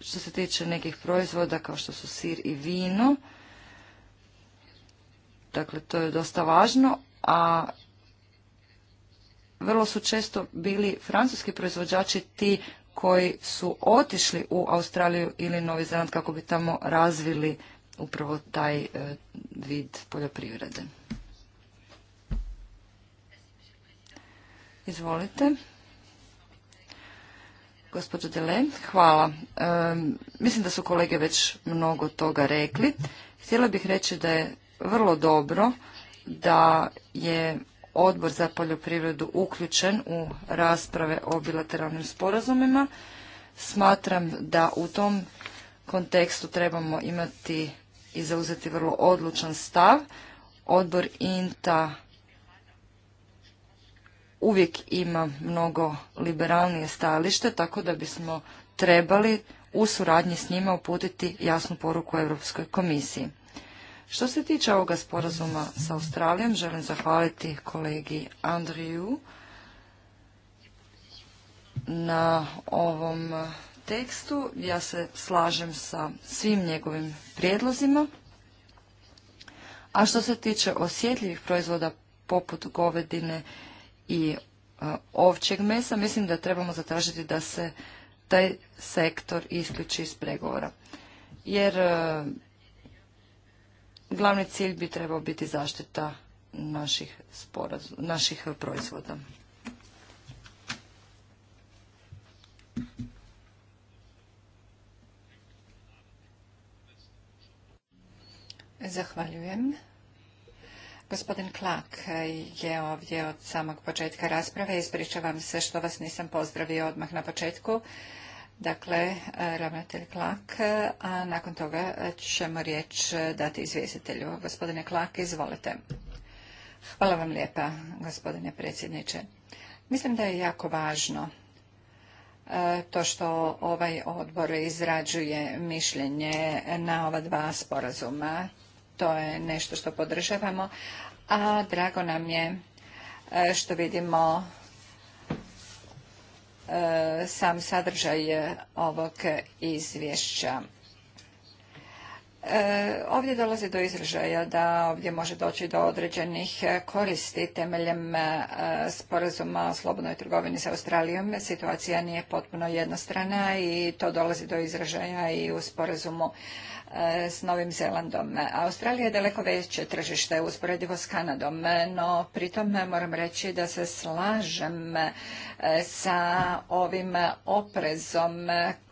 S3: Što se tiče nekih proizvoda kao što su sir i vino, dakle to je dosta važno, a vrlo su često bili francuski proizvođači ti koji su otišli u Australiju ili Novi Zeland kako bi tamo razvili upravo taj e, vid poljoprivrede. Izvolite. Gospođo Dele, hvala. E, mislim da su kolege već mnogo toga rekli. Htjela bih reći da je vrlo dobro da je Odbor za poljoprivredu uključen u rasprave o bilateralnim sporazumima. Smatram da u tom kontekstu trebamo imati i zauzeti vrlo odlučan stav. Odbor INTA uvijek ima mnogo liberalnije stajalište, tako da bismo trebali u suradnji s njima uputiti jasnu poruku Europskoj komisiji. Što se tiče ovoga sporazuma sa Australijom, želim zahvaliti kolegi Andriju na ovom tekstu. Ja se slažem sa svim njegovim prijedlozima. A što se tiče osjetljivih proizvoda poput govedine i e, ovčeg mesa, mislim da trebamo zatražiti da se taj sektor isključi iz pregovora. Jer e, glavni cilj bi trebao biti zaštita naših, naših proizvoda.
S2: Zahvaljujem. Gospodin Klak je ovdje od samog početka rasprave. Ispričavam se što vas nisam pozdravio odmah na početku. Dakle, e, ravnatelj Klak, e, a nakon toga ćemo riječ dati izvjestitelju. Gospodine Klak, izvolite. Hvala vam lijepa, gospodine predsjedniče. Mislim da je jako važno e, to što ovaj odbor izrađuje mišljenje na ova dva sporazuma. To je nešto što podržavamo, a drago nam je što vidimo E, sam sadržaj ovog izvješća. E, ovdje dolazi do izražaja da ovdje može doći do određenih koristi temeljem e, sporazuma o slobodnoj trgovini sa Australijom. Situacija nije potpuno jednostrana i to dolazi do izražaja i u sporazumu s Novim Zelandom. Australija je daleko veće tržište usporedivo s Kanadom, no pritom moram reći da se slažem e, sa ovim oprezom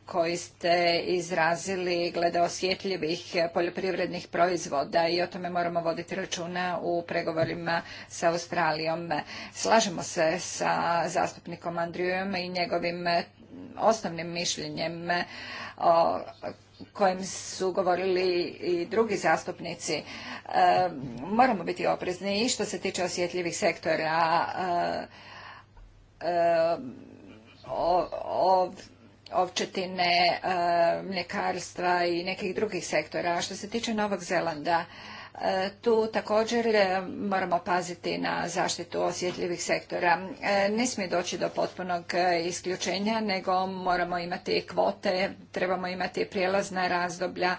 S2: koji ste izrazili glede osjetljivih poljoprivrednih proizvoda i o tome moramo voditi računa u pregovorima sa Australijom. Slažemo se sa zastupnikom Andrijom i njegovim osnovnim mišljenjem o kojem su govorili i drugi zastupnici. E, moramo biti oprezni i što se tiče osjetljivih sektora. E, e, o, ovčetine, mljekarstva i nekih drugih sektora. A što se tiče Novog Zelanda, tu također e, moramo paziti na zaštitu osjetljivih sektora. E, ne smije doći do potpunog e, isključenja, nego moramo imati kvote, trebamo imati prijelazna razdoblja,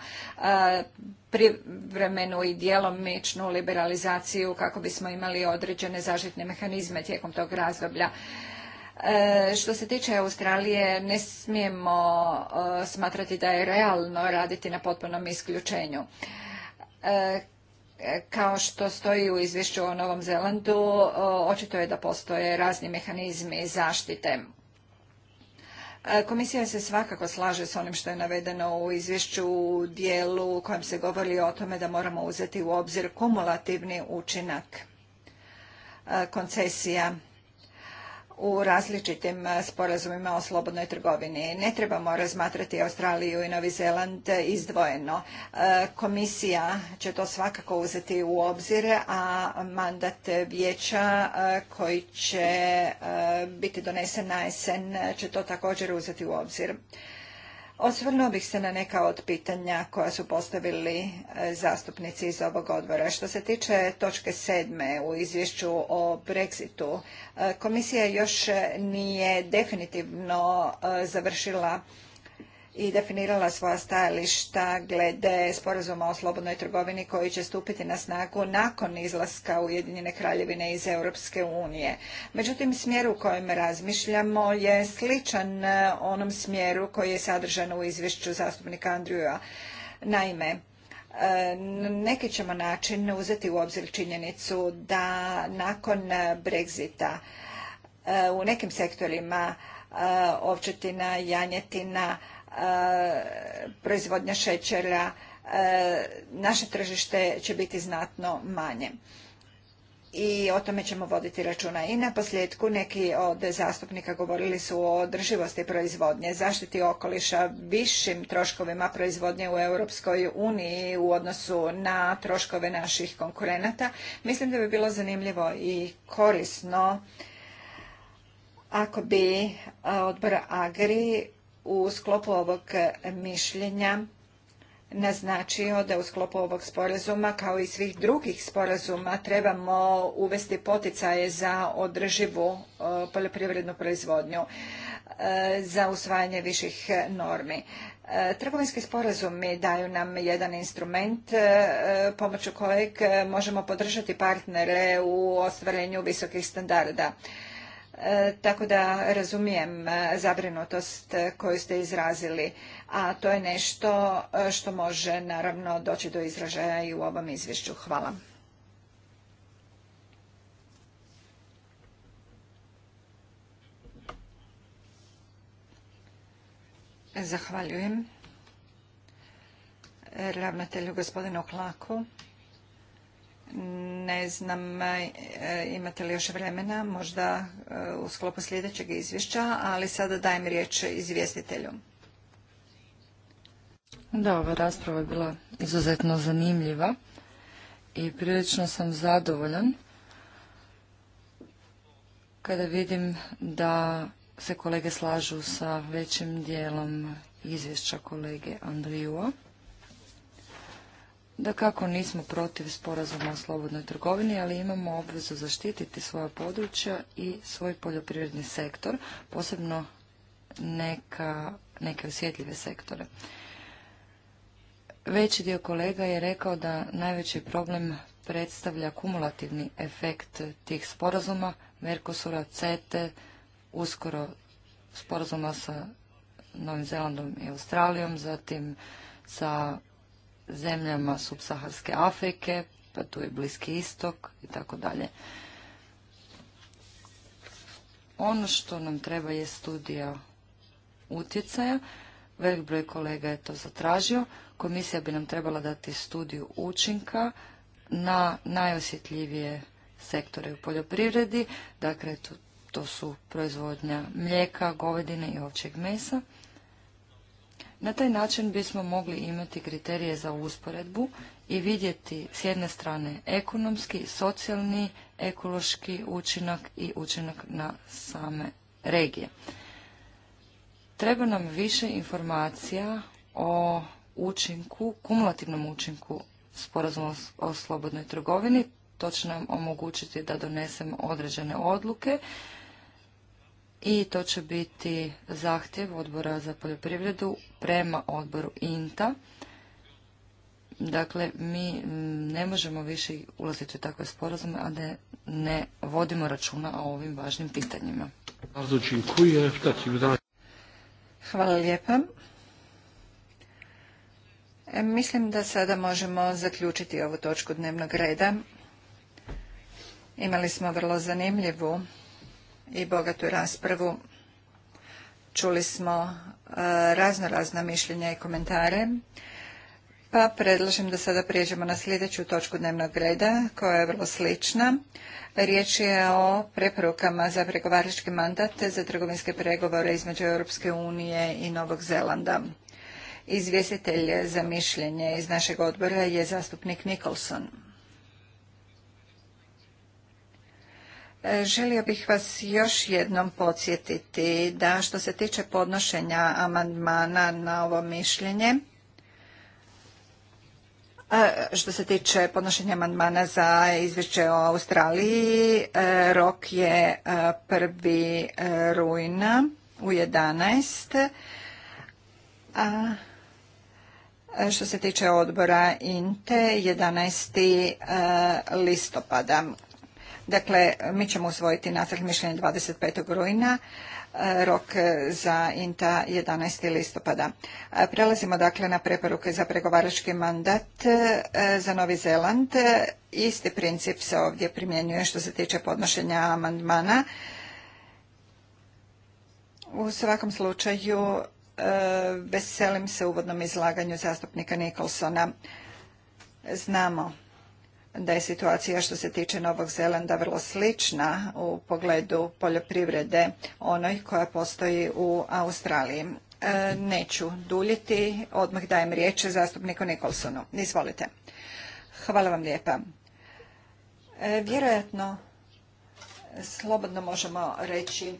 S2: privremenu i djelomičnu liberalizaciju kako bismo imali određene zaštitne mehanizme tijekom tog razdoblja. Što se tiče Australije, ne smijemo smatrati da je realno raditi na potpunom isključenju kao što stoji u izvješću o Novom Zelandu, očito je da postoje razni mehanizmi zaštite. E, komisija se svakako slaže s onim što je navedeno u izvješću u dijelu u kojem se govori o tome da moramo uzeti u obzir kumulativni učinak e, koncesija u različitim e, sporazumima o slobodnoj trgovini. Ne trebamo razmatrati Australiju i Novi Zeland izdvojeno. E, komisija će to svakako uzeti u obzir, a mandat vijeća e, koji će biti donesen na jesen će to također uzeti u obzir. Osvrnuo bih se na neka od pitanja koja su postavili e, zastupnici iz ovog odbora. Što se tiče točke sedme u izvješću o Brexitu, e, komisija još nije definitivno e, završila i definirala svoja stajališta glede sporazuma o slobodnoj trgovini koji će stupiti na snagu nakon izlaska Ujedinjene kraljevine iz Europske unije. Međutim, smjer u kojem razmišljamo je sličan eh, onom smjeru koji je sadržan u izvješću zastupnika Andrija. Naime, eh, neki ćemo način uzeti u obzir činjenicu da nakon Brexita eh, u nekim sektorima ovčetina, janjetina, E, proizvodnja šećera, e, naše tržište će biti znatno manje. I o tome ćemo voditi računa. I na posljedku neki od zastupnika govorili su o održivosti proizvodnje, zaštiti okoliša, višim troškovima proizvodnje u Europskoj uniji u odnosu na troškove naših konkurenata. Mislim da bi bilo zanimljivo i korisno ako bi odbor Agri u sklopu ovog mišljenja naznačio da u sklopu ovog sporazuma kao i svih drugih sporazuma trebamo uvesti poticaje za održivu e, poljoprivrednu proizvodnju e, za usvajanje viših normi. E, trgovinski sporazumi daju nam jedan instrument pomoću kojeg možemo podržati partnere u ostvarenju visokih standarda. E, tako da razumijem e, zabrinutost e, koju ste izrazili, a to je nešto što može naravno doći do izražaja i u ovom izvješću. Hvala. Zahvaljujem ravnatelju gospodinu Klaku. Ne znam e, imate li još vremena, možda e, u sklopu sljedećeg izvješća, ali sada dajem riječ izvjestitelju.
S3: Da, ova rasprava je bila izuzetno zanimljiva i prilično sam zadovoljan kada vidim da se kolege slažu sa većim dijelom izvješća kolege Andrijua. Da kako nismo protiv sporazuma o slobodnoj trgovini, ali imamo obvezu zaštititi svoja područja i svoj poljoprivredni sektor, posebno neka, neke osjetljive sektore. Veći dio kolega je rekao da najveći problem predstavlja kumulativni efekt tih sporazuma, Merkosura, CETE, uskoro sporazuma sa Novim Zelandom i Australijom, zatim sa zemljama subsaharske Afrike, pa tu je Bliski istok i tako dalje. Ono što nam treba je studija utjecaja. Velik broj kolega je to zatražio. Komisija bi nam trebala dati studiju učinka na najosjetljivije sektore u poljoprivredi. Dakle, to, su proizvodnja mlijeka, govedine i ovčeg mesa. Na taj način bismo mogli imati kriterije za usporedbu i vidjeti s jedne strane ekonomski, socijalni, ekološki učinak i učinak na same regije. Treba nam više informacija o učinku, kumulativnom učinku sporazuma o slobodnoj trgovini. To će nam omogućiti da donesemo određene odluke i to će biti zahtjev odbora za poljoprivredu prema odboru INTA. Dakle, mi ne možemo više ulaziti u takve sporazume, a da ne vodimo računa o ovim važnim pitanjima. Hvala lijepa.
S2: E, mislim da sada možemo zaključiti ovu točku dnevnog reda. Imali smo vrlo zanimljivu i bogatu raspravu. Čuli smo e, razno razna mišljenja i komentare. Pa predlažem da sada prijeđemo na sljedeću točku dnevnog reda koja je vrlo slična. Riječ je o preporukama za pregovarački mandat za trgovinske pregovore između Europske unije i Novog Zelanda. Izvjestitelj za mišljenje iz našeg odbora je zastupnik Nikolson. Želio bih vas još jednom podsjetiti da što se tiče podnošenja amandmana na ovo mišljenje, što se tiče podnošenja amandmana za izvješće o Australiji, e, rok je 1. E, e, rujna u 11. A što se tiče odbora INTE, 11. listopada. Dakle, mi ćemo usvojiti nacrt mišljenja 25. rujna, e, rok e, za INTA 11. listopada. E, prelazimo dakle na preporuke za pregovarački mandat za Novi Zeland. Isti princip se ovdje primjenjuje što se tiče podnošenja amandmana. U svakom slučaju veselim se uvodnom izlaganju zastupnika Nikolsona. Znamo da je situacija što se tiče Novog Zelanda vrlo slična u pogledu poljoprivrede onoj koja postoji u Australiji. E, neću duljiti, odmah dajem riječ zastupniku Nikolsonu. Izvolite. Hvala vam lijepa. E, vjerojatno slobodno možemo reći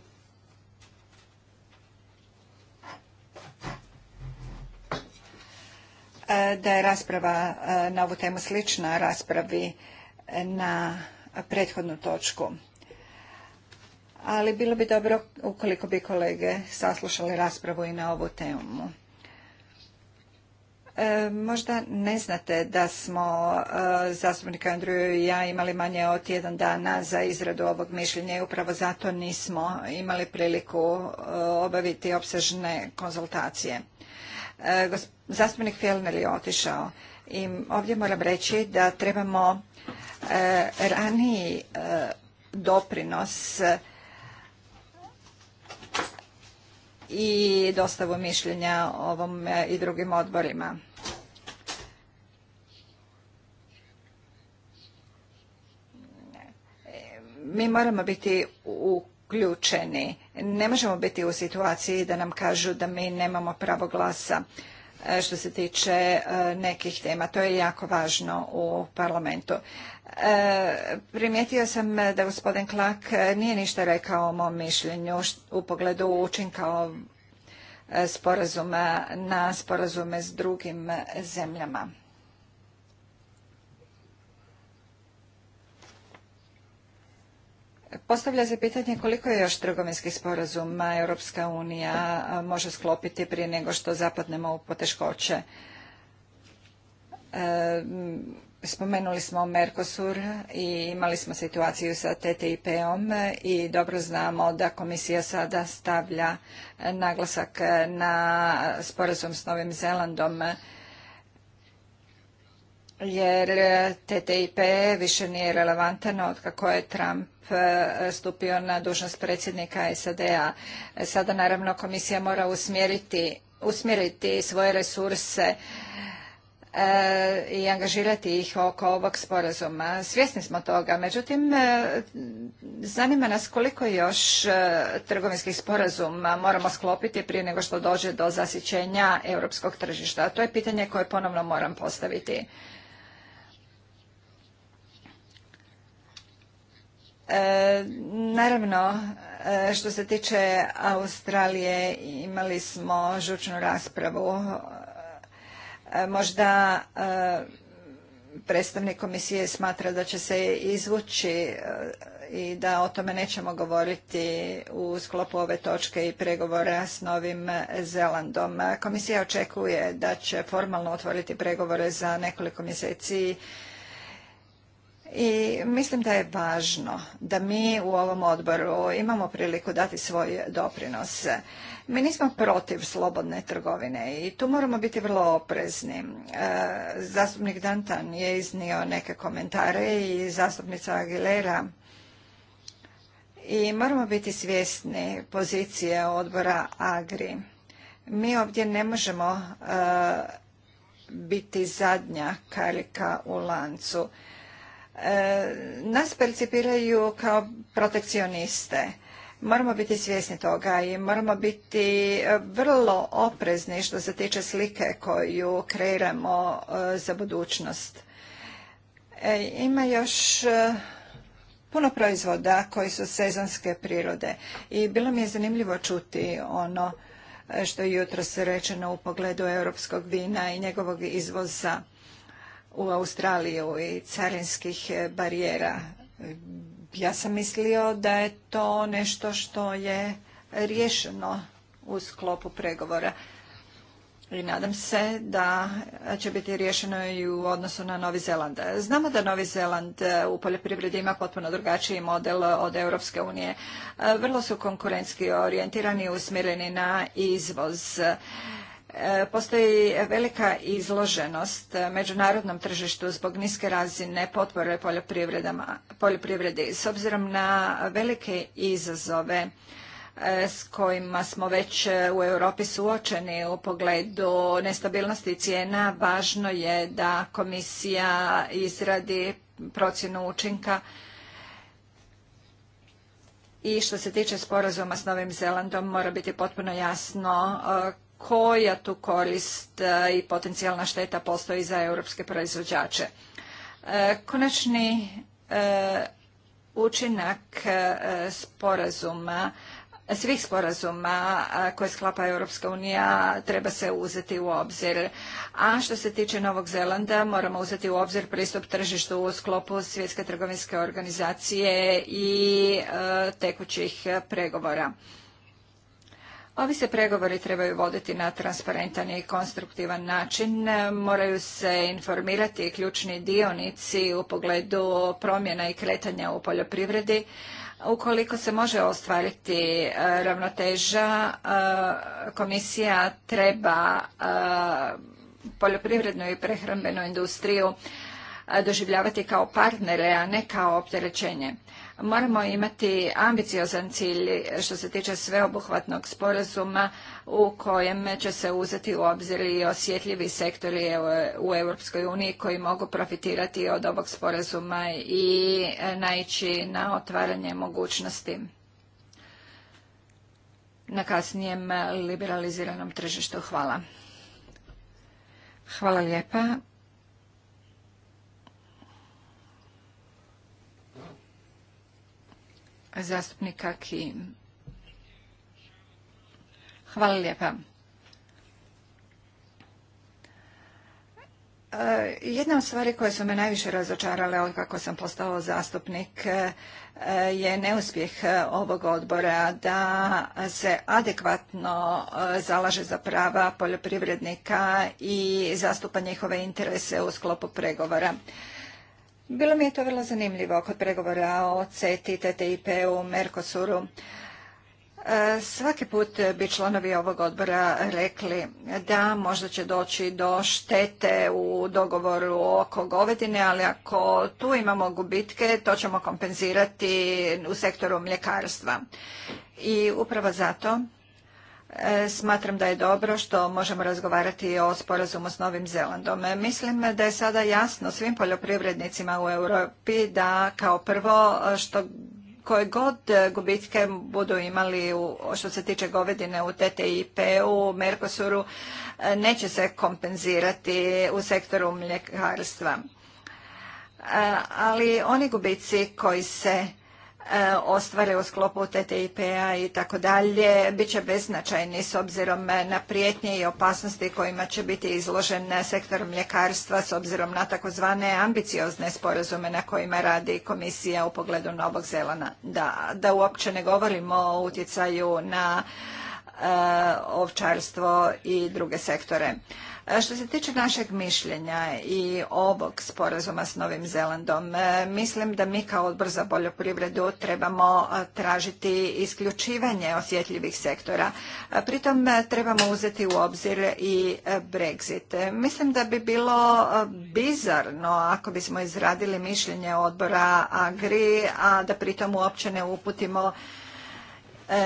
S2: E, da je rasprava e, na ovu temu slična raspravi na prethodnu točku. Ali bilo bi dobro ukoliko bi kolege saslušali raspravu i na ovu temu. E, možda ne znate da smo e, zastupnik i ja imali manje od jedan dana za izradu ovog mišljenja i upravo zato nismo imali priliku obaviti opsežne konzultacije. E, zastupnik Fjellner je otišao i ovdje moram reći da trebamo e, raniji e, doprinos i dostavu mišljenja ovom i drugim odborima. Mi moramo biti uključeni ne možemo biti u situaciji da nam kažu da mi nemamo pravo glasa e, što se tiče e, nekih tema. To je jako važno u parlamentu. E, primijetio sam da gospodin Klak nije ništa rekao o mom mišljenju u pogledu učinka sporazuma na sporazume s drugim zemljama. Postavlja se pitanje koliko je još trgovinskih sporazuma Europska unija može sklopiti prije nego što zapadnemo u poteškoće. E, spomenuli smo Mercosur i imali smo situaciju sa TTIP-om i dobro znamo da komisija sada stavlja naglasak na sporazum s Novim Zelandom jer e, TTIP više nije relevantan od kako je Trump e, stupio na dužnost predsjednika SAD-a. E, sada naravno komisija mora usmjeriti, usmjeriti svoje resurse i angažirati ih oko ovog sporazuma. Svjesni smo toga, međutim zanima nas koliko još trgovinskih sporazuma moramo sklopiti prije nego što dođe do zasićenja europskog tržišta. To je pitanje koje ponovno moram postaviti. E, naravno, e, što se tiče Australije, imali smo žučnu raspravu. E, možda predstavnik komisije smatra da će se izvući i da o tome nećemo govoriti u sklopu ove točke i pregovora s Novim Zelandom. Komisija očekuje da će formalno otvoriti pregovore za nekoliko mjeseci i mislim da je važno da mi u ovom odboru imamo priliku dati svoj doprinos. Mi nismo protiv slobodne trgovine i tu moramo biti vrlo oprezni. E, zastupnik Dantan je iznio neke komentare i zastupnica Aguilera i moramo biti svjesni pozicije odbora Agri. Mi ovdje ne možemo e, biti zadnja karika u lancu nas percipiraju kao protekcioniste. Moramo biti svjesni toga i moramo biti e, vrlo oprezni što se tiče slike koju kreiramo e, za budućnost. E, ima još puno proizvoda koji su sezonske prirode i bilo mi je zanimljivo čuti ono što je jutros rečeno u pogledu europskog vina i njegovog izvoza u Australiju i carinskih e, barijera. Ja sam mislio da je to nešto što je riješeno u sklopu pregovora. I nadam se da će biti riješeno i u odnosu na Novi Zeland. Znamo da Novi Zeland e, u poljoprivredi ima potpuno drugačiji model od Europske unije. E, vrlo su konkurentski orijentirani i usmjereni na izvoz. E, postoji velika izloženost e, međunarodnom tržištu zbog niske razine potpore poljoprivredi. S obzirom na velike izazove e, s kojima smo već u Europi suočeni u pogledu nestabilnosti cijena, važno je da komisija izradi procjenu učinka i što se tiče sporazuma s Novim Zelandom mora biti potpuno jasno koja tu korist e, i potencijalna šteta postoji za europske proizvođače. E, konačni e, učinak sporazuma svih sporazuma koje sklapa Europska unija treba se uzeti u obzir. A što se tiče Novog Zelanda, moramo uzeti u obzir pristup tržištu u sklopu Svjetske trgovinske organizacije i tekućih pregovora. Ovi se pregovori trebaju voditi na transparentan i konstruktivan način. Moraju se informirati ključni dionici u pogledu promjena i kretanja u poljoprivredi. Ukoliko se može ostvariti e, ravnoteža, e, komisija treba e, poljoprivrednu i prehrambenu industriju doživljavati kao partnere, a ne kao opterećenje. Moramo imati ambiciozan cilj što se tiče sveobuhvatnog sporazuma u kojem će se uzeti u obzir i osjetljivi sektori u Europskoj uniji koji mogu profitirati od ovog sporazuma i e, naići na otvaranje mogućnosti na kasnijem e, liberaliziranom tržištu. Hvala. Hvala lijepa. zastupnika Kim. Hvala lijepa. E, jedna od stvari koje su me najviše razočarale od kako sam postao zastupnik e, je neuspjeh e, ovog odbora da se adekvatno zalaže za prava poljoprivrednika i zastupa njihove interese u sklopu pregovora. Bilo mi je to vrlo zanimljivo kod pregovora o CETI, TTIP-u, Mercosuru. E, svaki put bi članovi ovog odbora rekli da možda će doći do štete u dogovoru oko govedine, ali ako tu imamo gubitke, to ćemo kompenzirati u sektoru mljekarstva. I upravo zato Smatram da je dobro što možemo razgovarati o sporazumu s Novim Zelandom. Mislim da je sada jasno svim poljoprivrednicima u Europi da kao prvo što koje god gubitke budu imali što se tiče govedine u TTIP-u, Merkosuru, Mercosuru, neće se kompenzirati u sektoru mljekarstva. Ali oni gubici koji se Eh, ostvare u sklopu TTIP-a i tako dalje, bit će beznačajni s obzirom na prijetnje i opasnosti kojima će biti izložen sektor mljekarstva s obzirom na takozvane ambiciozne sporazume na kojima radi komisija u pogledu Novog Zelana. Da, uopće ne govorimo o utjecaju na eh, ovčarstvo i druge sektore. E, što se tiče našeg mišljenja i ovog sporazuma s Novim Zelandom, e, mislim da mi kao odbor za poljoprivredu trebamo e, tražiti isključivanje osjetljivih sektora. Pritom trebamo uzeti u obzir i Brexit. Mislim da bi bilo bizarno ako bismo izradili mišljenje odbora Agri, a da pritom uopće ne uputimo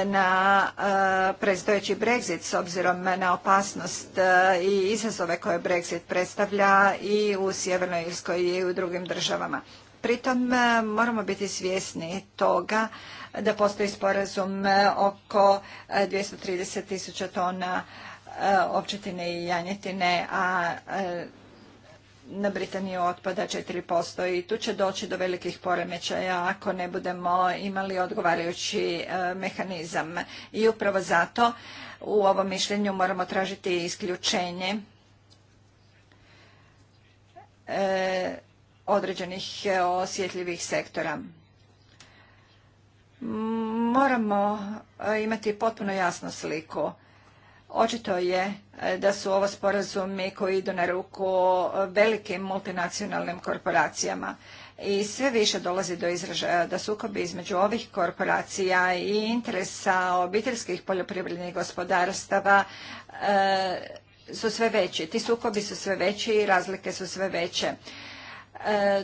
S2: na e, predstojeći Brexit s obzirom na opasnost e, i izazove koje Brexit predstavlja i u Sjevernoj Irskoj i u drugim državama. Pritom e, moramo biti svjesni toga da postoji sporazum oko 230 tisuća tona općetine i janjetine, a na Britaniju otpada 4% i tu će doći do velikih poremećaja ako ne budemo imali odgovarajući e, mehanizam. I upravo zato u ovom mišljenju moramo tražiti isključenje e, određenih e, osjetljivih sektora. Moramo imati potpuno jasnu sliku. Očito je E, da su ovo sporazumi koji idu na ruku e, velikim multinacionalnim korporacijama i sve više dolazi do izražaja e, da sukobi između ovih korporacija i interesa obiteljskih poljoprivrednih gospodarstava su sve veći. Ti sukobi su sve veći i razlike su sve veće.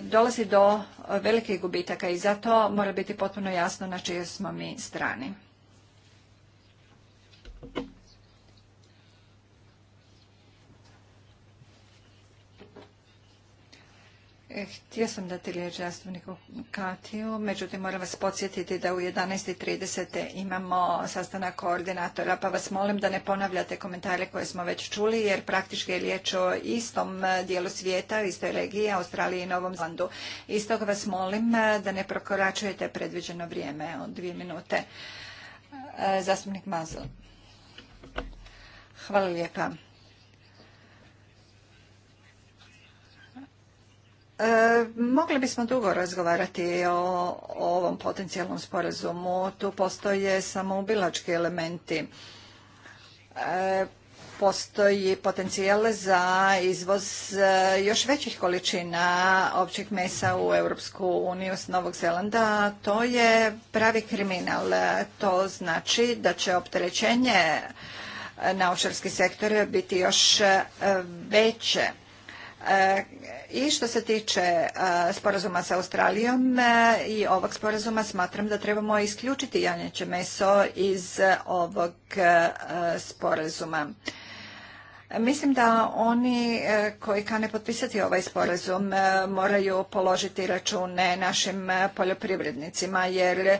S2: dolazi do velikih gubitaka i zato mora biti potpuno jasno na čijoj smo mi strani. E, htio sam dati riječ zastupniku Katiju, međutim moram vas podsjetiti da u 11.30 imamo sastanak koordinatora, pa vas molim da ne ponavljate komentare koje smo već čuli, jer praktički je riječ o istom dijelu svijeta, istoj regiji, Australiji i Novom Zelandu. Istog vas molim e, da ne prokoračujete predviđeno vrijeme od dvije minute. E, zastupnik Mazel. Hvala lijepa. E, mogli bismo dugo razgovarati o, ovom potencijalnom sporazumu. Tu postoje samo samoubilački elementi. E, postoji potencijal za izvoz e, još većih količina općeg mesa u Europsku uniju s Novog Zelanda. To je pravi kriminal. To znači da će opterećenje na ošarski sektor biti još veće i što se tiče e, sporazuma sa Australijom e, i ovog sporazuma smatram da trebamo isključiti janjeće meso iz ovog e, sporazuma. Mislim da oni koji kane potpisati ovaj sporazum moraju položiti račune našim poljoprivrednicima jer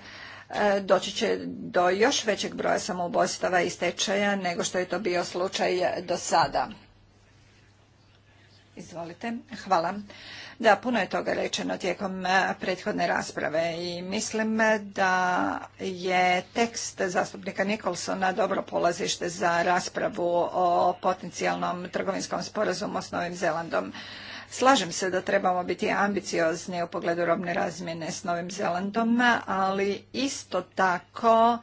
S2: doći će do još većeg broja samoubojstava i stečaja nego što je to bio slučaj do sada. Izvolite. Hvala. Da, puno je toga rečeno tijekom e, prethodne rasprave i mislim e, da je tekst zastupnika Nikolsona dobro polazište za raspravu o potencijalnom trgovinskom sporazumu s Novim Zelandom. Slažem se da trebamo biti ambiciozni u pogledu robne razmjene s Novim Zelandom, ali isto tako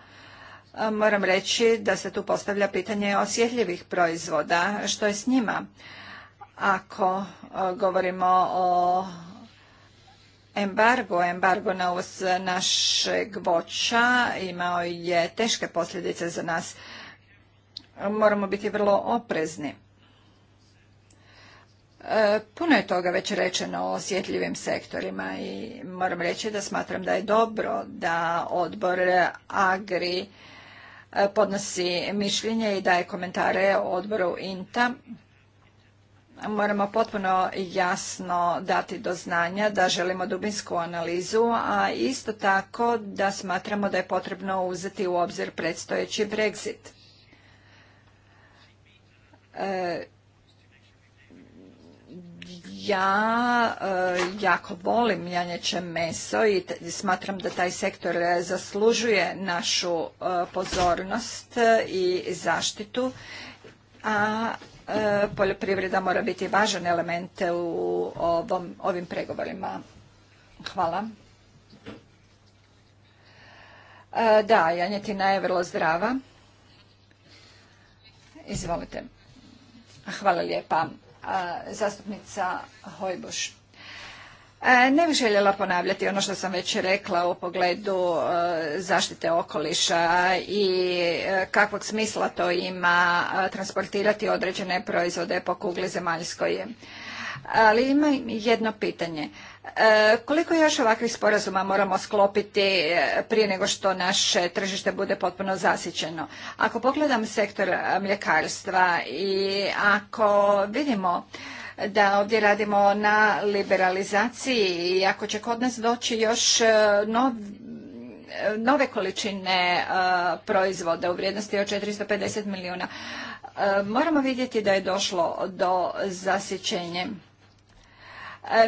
S2: e, moram reći da se tu postavlja pitanje osjetljivih proizvoda. Što je s njima? Ako e, govorimo o embargu, embargo na uvoz našeg voća imao je teške posljedice za nas. Moramo biti vrlo oprezni. E, puno je toga već rečeno o osjetljivim sektorima i moram reći da smatram da je dobro da odbor Agri e, podnosi mišljenje i daje komentare o odboru INTA moramo potpuno jasno dati do znanja da želimo dubinsku analizu, a isto tako da smatramo da je potrebno uzeti u obzir predstojeći Brexit. E, ja e, jako volim janječe meso i smatram da taj sektor zaslužuje našu e, pozornost i zaštitu, a E, poljoprivreda mora biti važan element u ovim pregovorima. Hvala. E, da, janjetina je vrlo zdrava. Izvolite. Hvala lijepa. Zastupnica Hojboš. E, ne bih željela ponavljati ono što sam već rekla u pogledu e, zaštite okoliša i e, kakvog smisla to ima transportirati određene proizvode po kugli zemaljskoj. Ali ima jedno pitanje. Koliko još ovakvih sporazuma moramo sklopiti prije nego što naše tržište bude potpuno zasićeno? Ako pogledam sektor mljekarstva i ako vidimo da ovdje radimo na liberalizaciji i ako će kod nas doći još e, e, nove količine e, proizvoda u vrijednosti od 450 milijuna, moramo vidjeti da je došlo do zasićenja.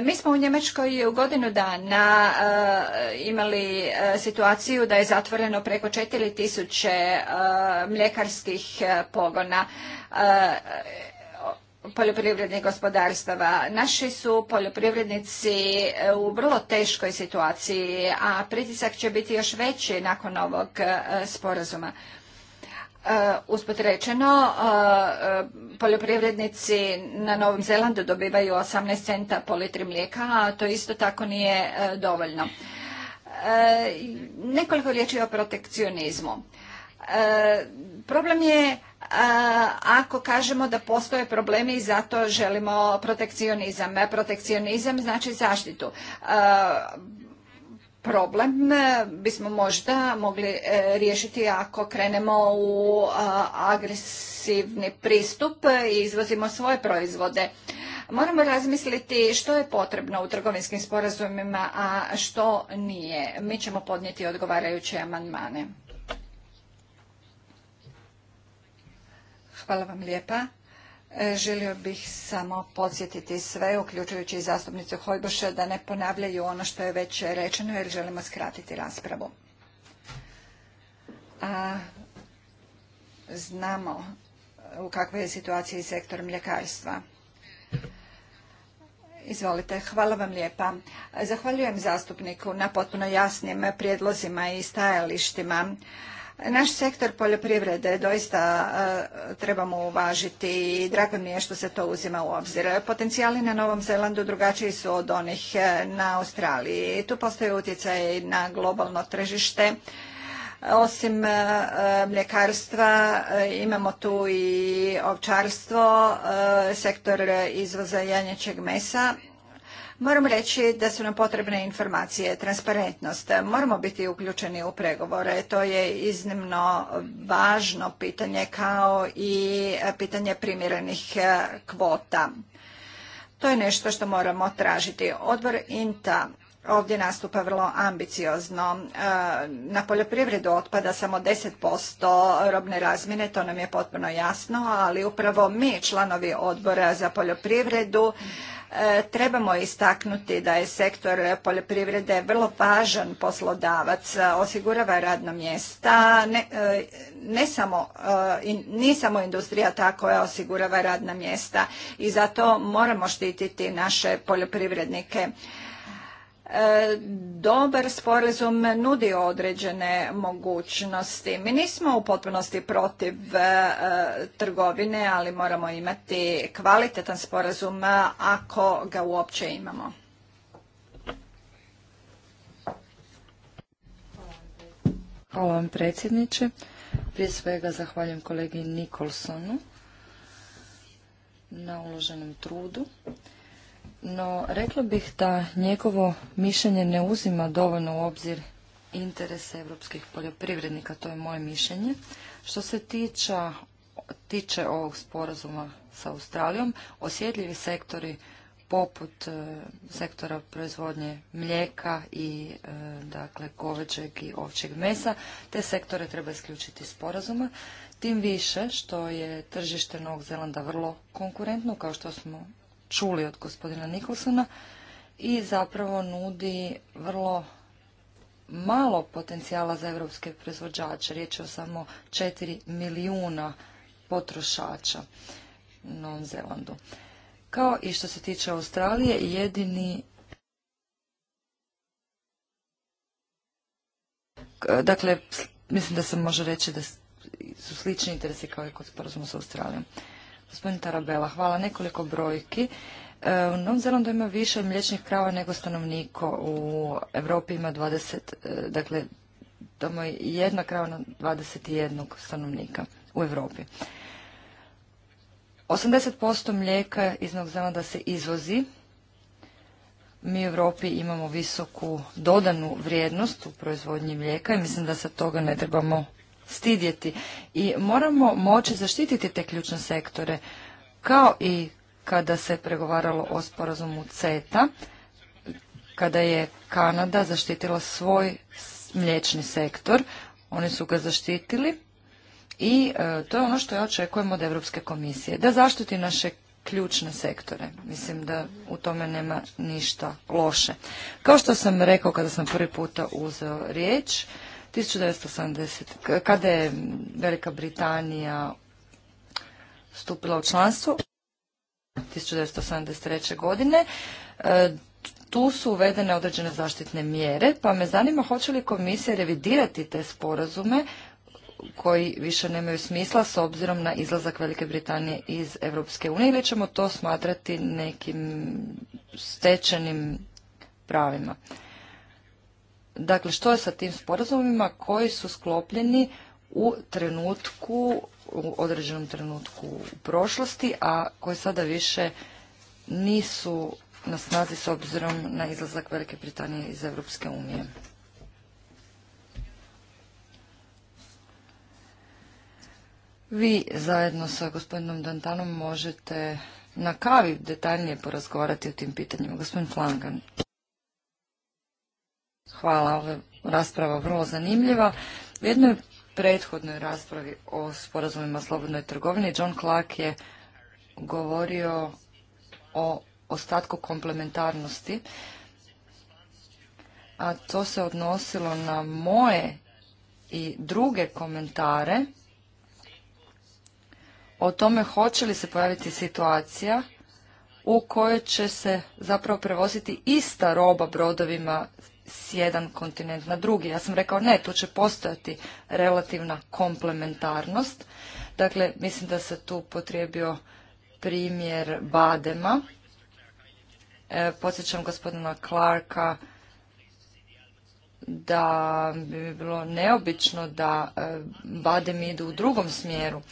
S2: Mi smo u Njemačkoj u godinu dana imali situaciju da je zatvoreno preko 4000 mljekarskih pogona poljoprivrednih gospodarstava. Naši su poljoprivrednici e, u vrlo teškoj situaciji, a pritisak će biti još veći nakon ovog e, sporazuma. E, usput rečeno, poljoprivrednici na Novom Zelandu dobivaju 18 centa po litri mlijeka, a to isto tako nije dovoljno. Nekoliko riječi o protekcionizmu. E, problem je e, ako kažemo da postoje problemi i zato želimo protekcionizam. E, protekcionizam znači zaštitu. Problem bismo možda mogli riješiti ako krenemo u agresivni pristup i izvozimo svoje proizvode. Moramo razmisliti što je potrebno u trgovinskim sporazumima, a što nije. Mi ćemo podnijeti odgovarajuće amandmane. Hvala vam lijepa. E, želio bih samo podsjetiti sve, uključujući i zastupnicu Hojboše, da ne ponavljaju ono što je već rečeno jer želimo skratiti raspravu. znamo e, u kakvoj je situaciji sektor mljekarstva. Izvolite, hvala vam lijepa. Zahvaljujem zastupniku na potpuno jasnim prijedlozima i stajalištima. Naš sektor poljoprivrede doista e, trebamo uvažiti i drago mi je što se to uzima u obzir. Potencijali na Novom Zelandu drugačiji su od onih e, na Australiji. Tu postoje utjecaj na globalno tržište. Osim e, mljekarstva imamo tu i ovčarstvo, sektor izvoza janjećeg mesa Moram reći da su nam potrebne informacije, transparentnost. Moramo biti uključeni u pregovore. To je iznimno važno pitanje kao i pitanje primjerenih e, kvota. To je nešto što moramo tražiti. Odbor INTA ovdje nastupa vrlo ambiciozno. E, na poljoprivredu otpada samo 10% robne razmine, to nam je potpuno jasno, ali upravo mi, članovi odbora za poljoprivredu, E, trebamo istaknuti da je sektor poljoprivrede vrlo važan poslodavac, e, osigurava radna mjesta, ne, e, samo, nije samo industrija ta koja osigurava radna mjesta i zato moramo štititi naše poljoprivrednike. E, dobar sporazum nudi određene mogućnosti. Mi nismo u potpunosti protiv e, trgovine, ali moramo imati kvalitetan sporazum e, ako ga uopće imamo.
S3: Hvala vam predsjedniče. Prije svega zahvaljujem kolegi Nikolsonu na uloženom trudu no rekla bih da njegovo mišljenje ne uzima dovoljno u obzir interese europskih poljoprivrednika, to je moje mišljenje. Što se tiče, tiče ovog sporazuma sa Australijom, osjetljivi sektori poput e, sektora proizvodnje mlijeka i e, dakle goveđeg i ovčeg mesa, te sektore treba isključiti iz sporazuma. Tim više što je tržište Novog Zelanda vrlo konkurentno, kao što smo čuli od gospodina Nikolsona i zapravo nudi vrlo malo potencijala za europske proizvođače. Riječ je o samo 4 milijuna potrošača u Novom Zelandu. Kao i što se tiče Australije, jedini Dakle, mislim da se može reći da su slični interesi kao i kod sporazuma sa Australijom. Gospodin Tarabela, hvala. Nekoliko brojki. E, u Novom Zelandu ima više mliječnih krava nego stanovnika. U Europi ima 20, e, dakle, tamo je jedna krava na 21 stanovnika u Europi. 80% mlijeka iz Novog Zelanda se izvozi. Mi u Europi imamo visoku dodanu vrijednost u proizvodnji mlijeka i mislim da se toga ne trebamo stidjeti i moramo moći zaštititi te ključne sektore. Kao i kada se pregovaralo o sporazumu CETA, kada je Kanada zaštitila svoj mliječni sektor, oni su ga zaštitili i e, to je ono što ja očekujem od Europske komisije, da zaštiti naše ključne sektore. Mislim da u tome nema ništa loše. Kao što sam rekao kada sam prvi puta uzeo riječ, 1970, kada je Velika Britanija stupila u članstvo 1973. godine, e, tu su uvedene određene zaštitne mjere, pa me zanima hoće li komisija revidirati te sporazume koji više nemaju smisla s obzirom na izlazak Velike Britanije iz Europske unije ili ćemo to smatrati nekim stečenim pravima. Dakle, što je sa tim sporazumima koji su sklopljeni u trenutku, u određenom trenutku u prošlosti, a koji sada više nisu na snazi s obzirom na izlazak Velike Britanije iz Europske unije. Vi zajedno sa gospodinom Dantanom možete na kavi detaljnije porazgovarati o tim pitanjima. Gospodin Flangan. Hvala, ova rasprava vrlo zanimljiva. U jednoj prethodnoj raspravi o sporazumima slobodnoj trgovini John Clark je govorio o ostatku komplementarnosti, a to se odnosilo na moje i druge komentare o tome hoće li se pojaviti situacija u kojoj će se zapravo prevoziti ista roba brodovima s jedan kontinent na drugi. Ja sam rekao ne, tu će postojati relativna komplementarnost. Dakle, mislim da se tu potrebio primjer Badema. E, podsjećam gospodina Clarka da bi bilo neobično da e, Badem idu u drugom smjeru.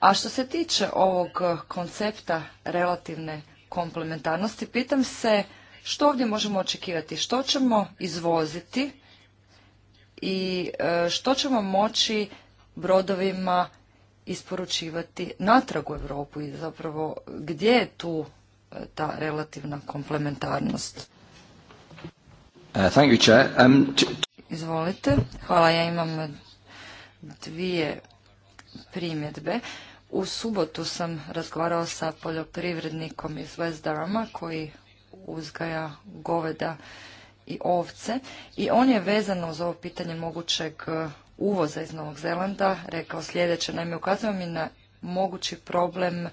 S3: A što se tiče ovog koncepta relativne komplementarnosti, pitam se što ovdje možemo očekivati? Što ćemo izvoziti i e, što ćemo moći brodovima isporučivati natrag u Europu i zapravo gdje je tu e, ta relativna komplementarnost?
S1: Uh, um,
S3: Izvolite. Hvala, ja imam dvije primjedbe. U subotu sam razgovarao sa poljoprivrednikom iz West koji uzgaja goveda i ovce i on je vezano uz ovo pitanje mogućeg e, uvoza iz Novog Zelanda rekao sljedeće, naime ukazujemo mi na mogući problem, e,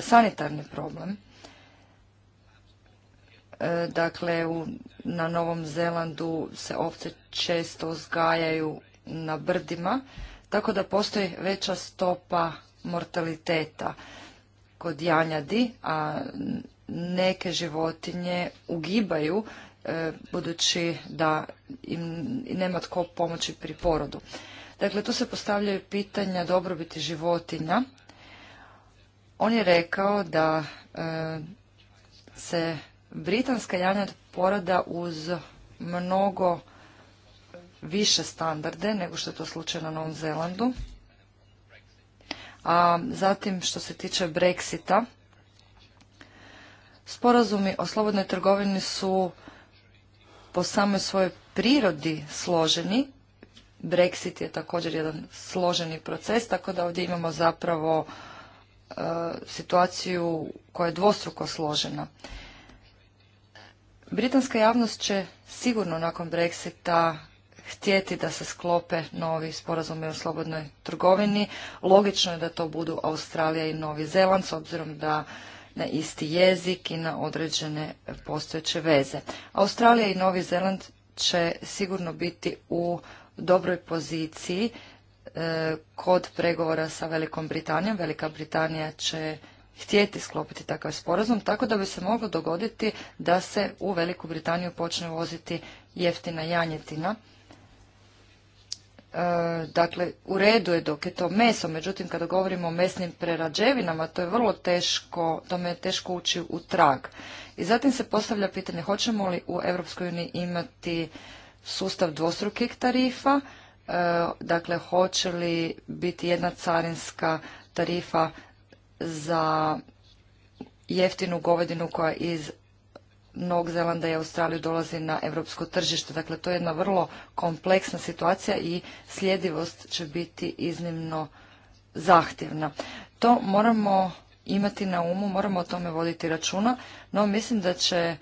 S3: sanitarni problem. E, dakle, na Novom Zelandu se ovce često uzgajaju na brdima, tako da postoji veća stopa mortaliteta kod janjadi, a neke životinje ugibaju e, budući da im nema tko pomoći pri porodu. Dakle, tu se postavljaju pitanja dobrobiti životinja. On je rekao da e, se britanska janjad porada uz mnogo više standarde nego što je to slučaj na Novom Zelandu. A zatim što se tiče Brexita, Sporazumi o slobodnoj trgovini su po samoj svojoj prirodi složeni. Brexit je također jedan složeni proces, tako da ovdje imamo zapravo e, situaciju koja je dvostruko složena. Britanska javnost će sigurno nakon Brexita htjeti da se sklope novi sporazumi o slobodnoj trgovini. Logično je da to budu Australija i Novi Zeland, s obzirom da na isti jezik i na određene postojeće veze. Australija i Novi Zeland će sigurno biti u dobroj poziciji e, kod pregovora sa Velikom Britanijom. Velika Britanija će htjeti sklopiti takav sporazum, tako da bi se moglo dogoditi da se u Veliku Britaniju počne voziti jeftina janjetina E, dakle u redu je dok je to meso, međutim kada govorimo o mesnim prerađevinama to je vrlo teško, tome je teško ući u trag. I zatim se postavlja pitanje hoćemo li u EU imati sustav dvostrukih tarifa, e, dakle hoće li biti jedna carinska tarifa za jeftinu govedinu koja iz Novog Zelanda i Australiju dolazi na europsko tržište. Dakle, to je jedna vrlo kompleksna situacija i sljedivost će biti iznimno zahtjevna. To moramo imati na umu, moramo o tome voditi računa, no mislim da će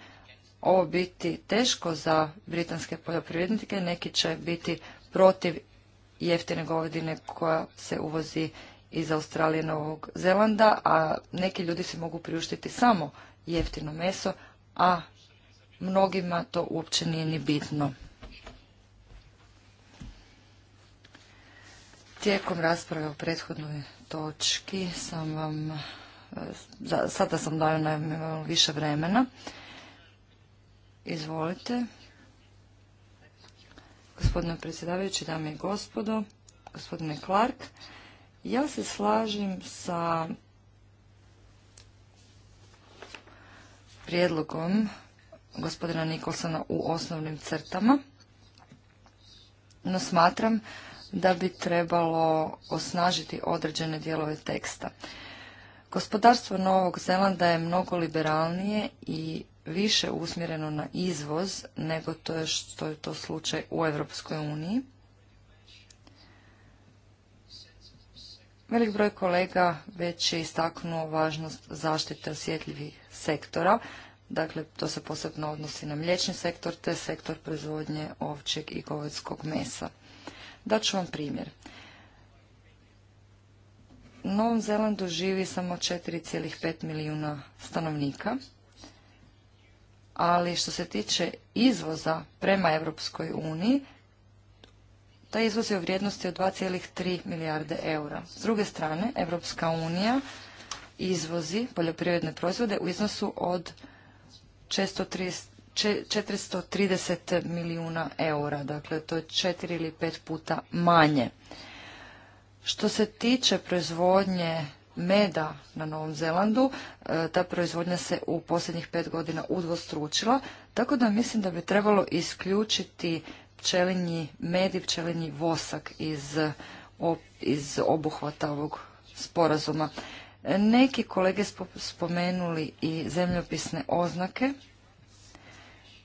S3: ovo biti teško za britanske poljoprivrednike, neki će biti protiv jeftine govedine koja se uvozi iz Australije i Novog Zelanda, a neki ljudi se mogu priuštiti samo jeftino meso, a mnogima to uopće nije ni bitno. Tijekom rasprave o prethodnoj točki sam vam, e, sada sam dao nam više vremena. Izvolite. Gospodine predsjedavajući, dame i gospodo, gospodine Clark, ja se slažem sa prijedlogom gospodina Nikolsona u osnovnim crtama, no smatram da bi trebalo osnažiti određene dijelove teksta. Gospodarstvo Novog Zelanda je mnogo liberalnije i više usmjereno na izvoz nego to je što je to slučaj u Europskoj uniji. Velik broj kolega već je istaknuo važnost zaštite osjetljivih sektora. Dakle, to se posebno odnosi na mliječni sektor te sektor proizvodnje ovčeg i govedskog mesa. Daću vam primjer. U Novom Zelandu živi samo 4,5 milijuna stanovnika, ali što se tiče izvoza prema Europskoj uniji, taj izvoz je u vrijednosti od 2,3 milijarde eura. S druge strane, Europska unija izvozi poljoprivredne proizvode u iznosu od 430 milijuna eura. Dakle, to je četiri ili pet puta manje. Što se tiče proizvodnje meda na Novom Zelandu, e, ta proizvodnja se u posljednjih pet godina udvostručila, tako da mislim da bi trebalo isključiti pčelinji med i pčelinji vosak iz, iz obuhvata ovog sporazuma. Neki kolege spomenuli i zemljopisne oznake.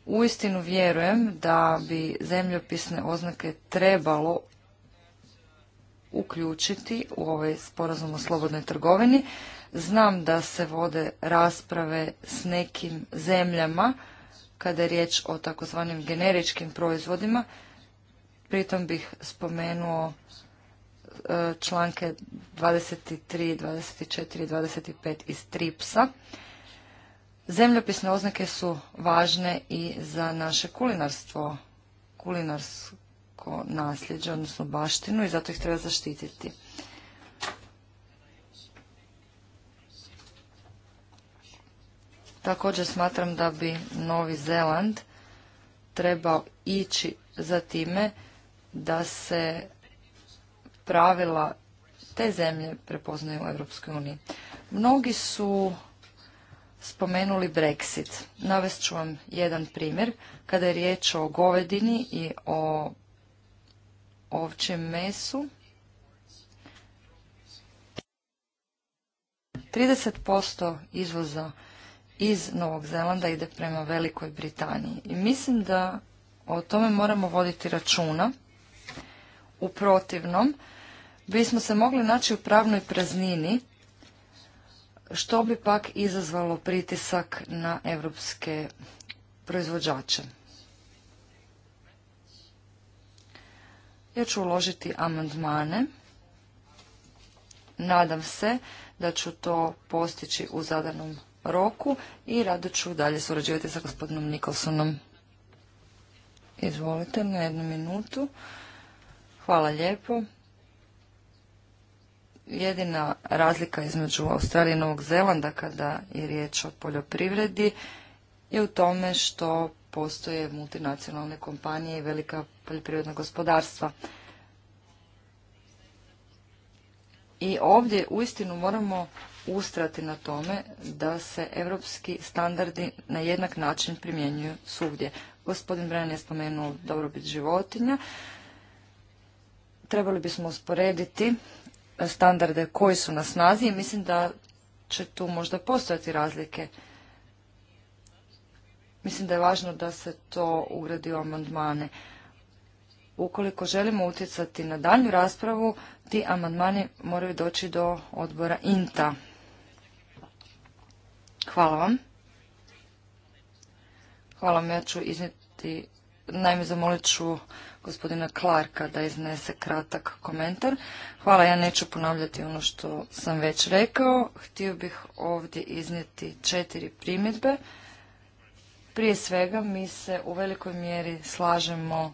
S3: Uistinu vjerujem da bi zemljopisne oznake trebalo uključiti u ovaj sporazum o slobodnoj trgovini. Znam da se vode rasprave s nekim zemljama kada je riječ o takozvanim generičkim proizvodima. Pritom bih spomenuo e, članke 23, 24 i 25 iz TRIPS-a. Zemljopisne oznake su važne i za naše kulinarstvo, kulinarsko nasljeđe, odnosno baštinu i zato ih treba zaštititi. Također smatram da bi Novi Zeland trebao ići za time da se pravila te zemlje prepoznaju u Europskoj uniji. Mnogi su spomenuli Brexit. Navest ću vam jedan primjer. Kada je riječ o govedini i o ovčjem mesu, 30% izvoza iz Novog Zelanda ide prema Velikoj Britaniji. I mislim da o tome moramo voditi računa. U protivnom, bismo se mogli naći u pravnoj praznini, što bi pak izazvalo pritisak na evropske proizvođače. Ja ću uložiti amandmane. Nadam se da ću to postići u zadanom roku i rado ću dalje surađivati sa gospodinom Nikolsonom. Izvolite na jednu minutu. Hvala lijepo. Jedina razlika između Australije i Novog Zelanda kada je riječ o poljoprivredi je u tome što postoje multinacionalne kompanije i velika poljoprivredna gospodarstva. I ovdje uistinu moramo ustrati na tome da se europski standardi na jednak način primjenjuju svugdje. Gospodin Bren je spomenuo dobrobit životinja. Trebali bismo usporediti standarde koji su na snazi i mislim da će tu možda postojati razlike. Mislim da je važno da se to ugradi u amandmane. Ukoliko želimo utjecati na dalju raspravu, ti amandmani moraju doći do odbora INTA. Hvala vam. Hvala vam, ja ću iznijeti, naime zamolit ću gospodina Clarka da iznese kratak komentar. Hvala, ja neću ponavljati ono što sam već rekao. Htio bih ovdje iznijeti četiri primjedbe. Prije svega mi se u velikoj mjeri slažemo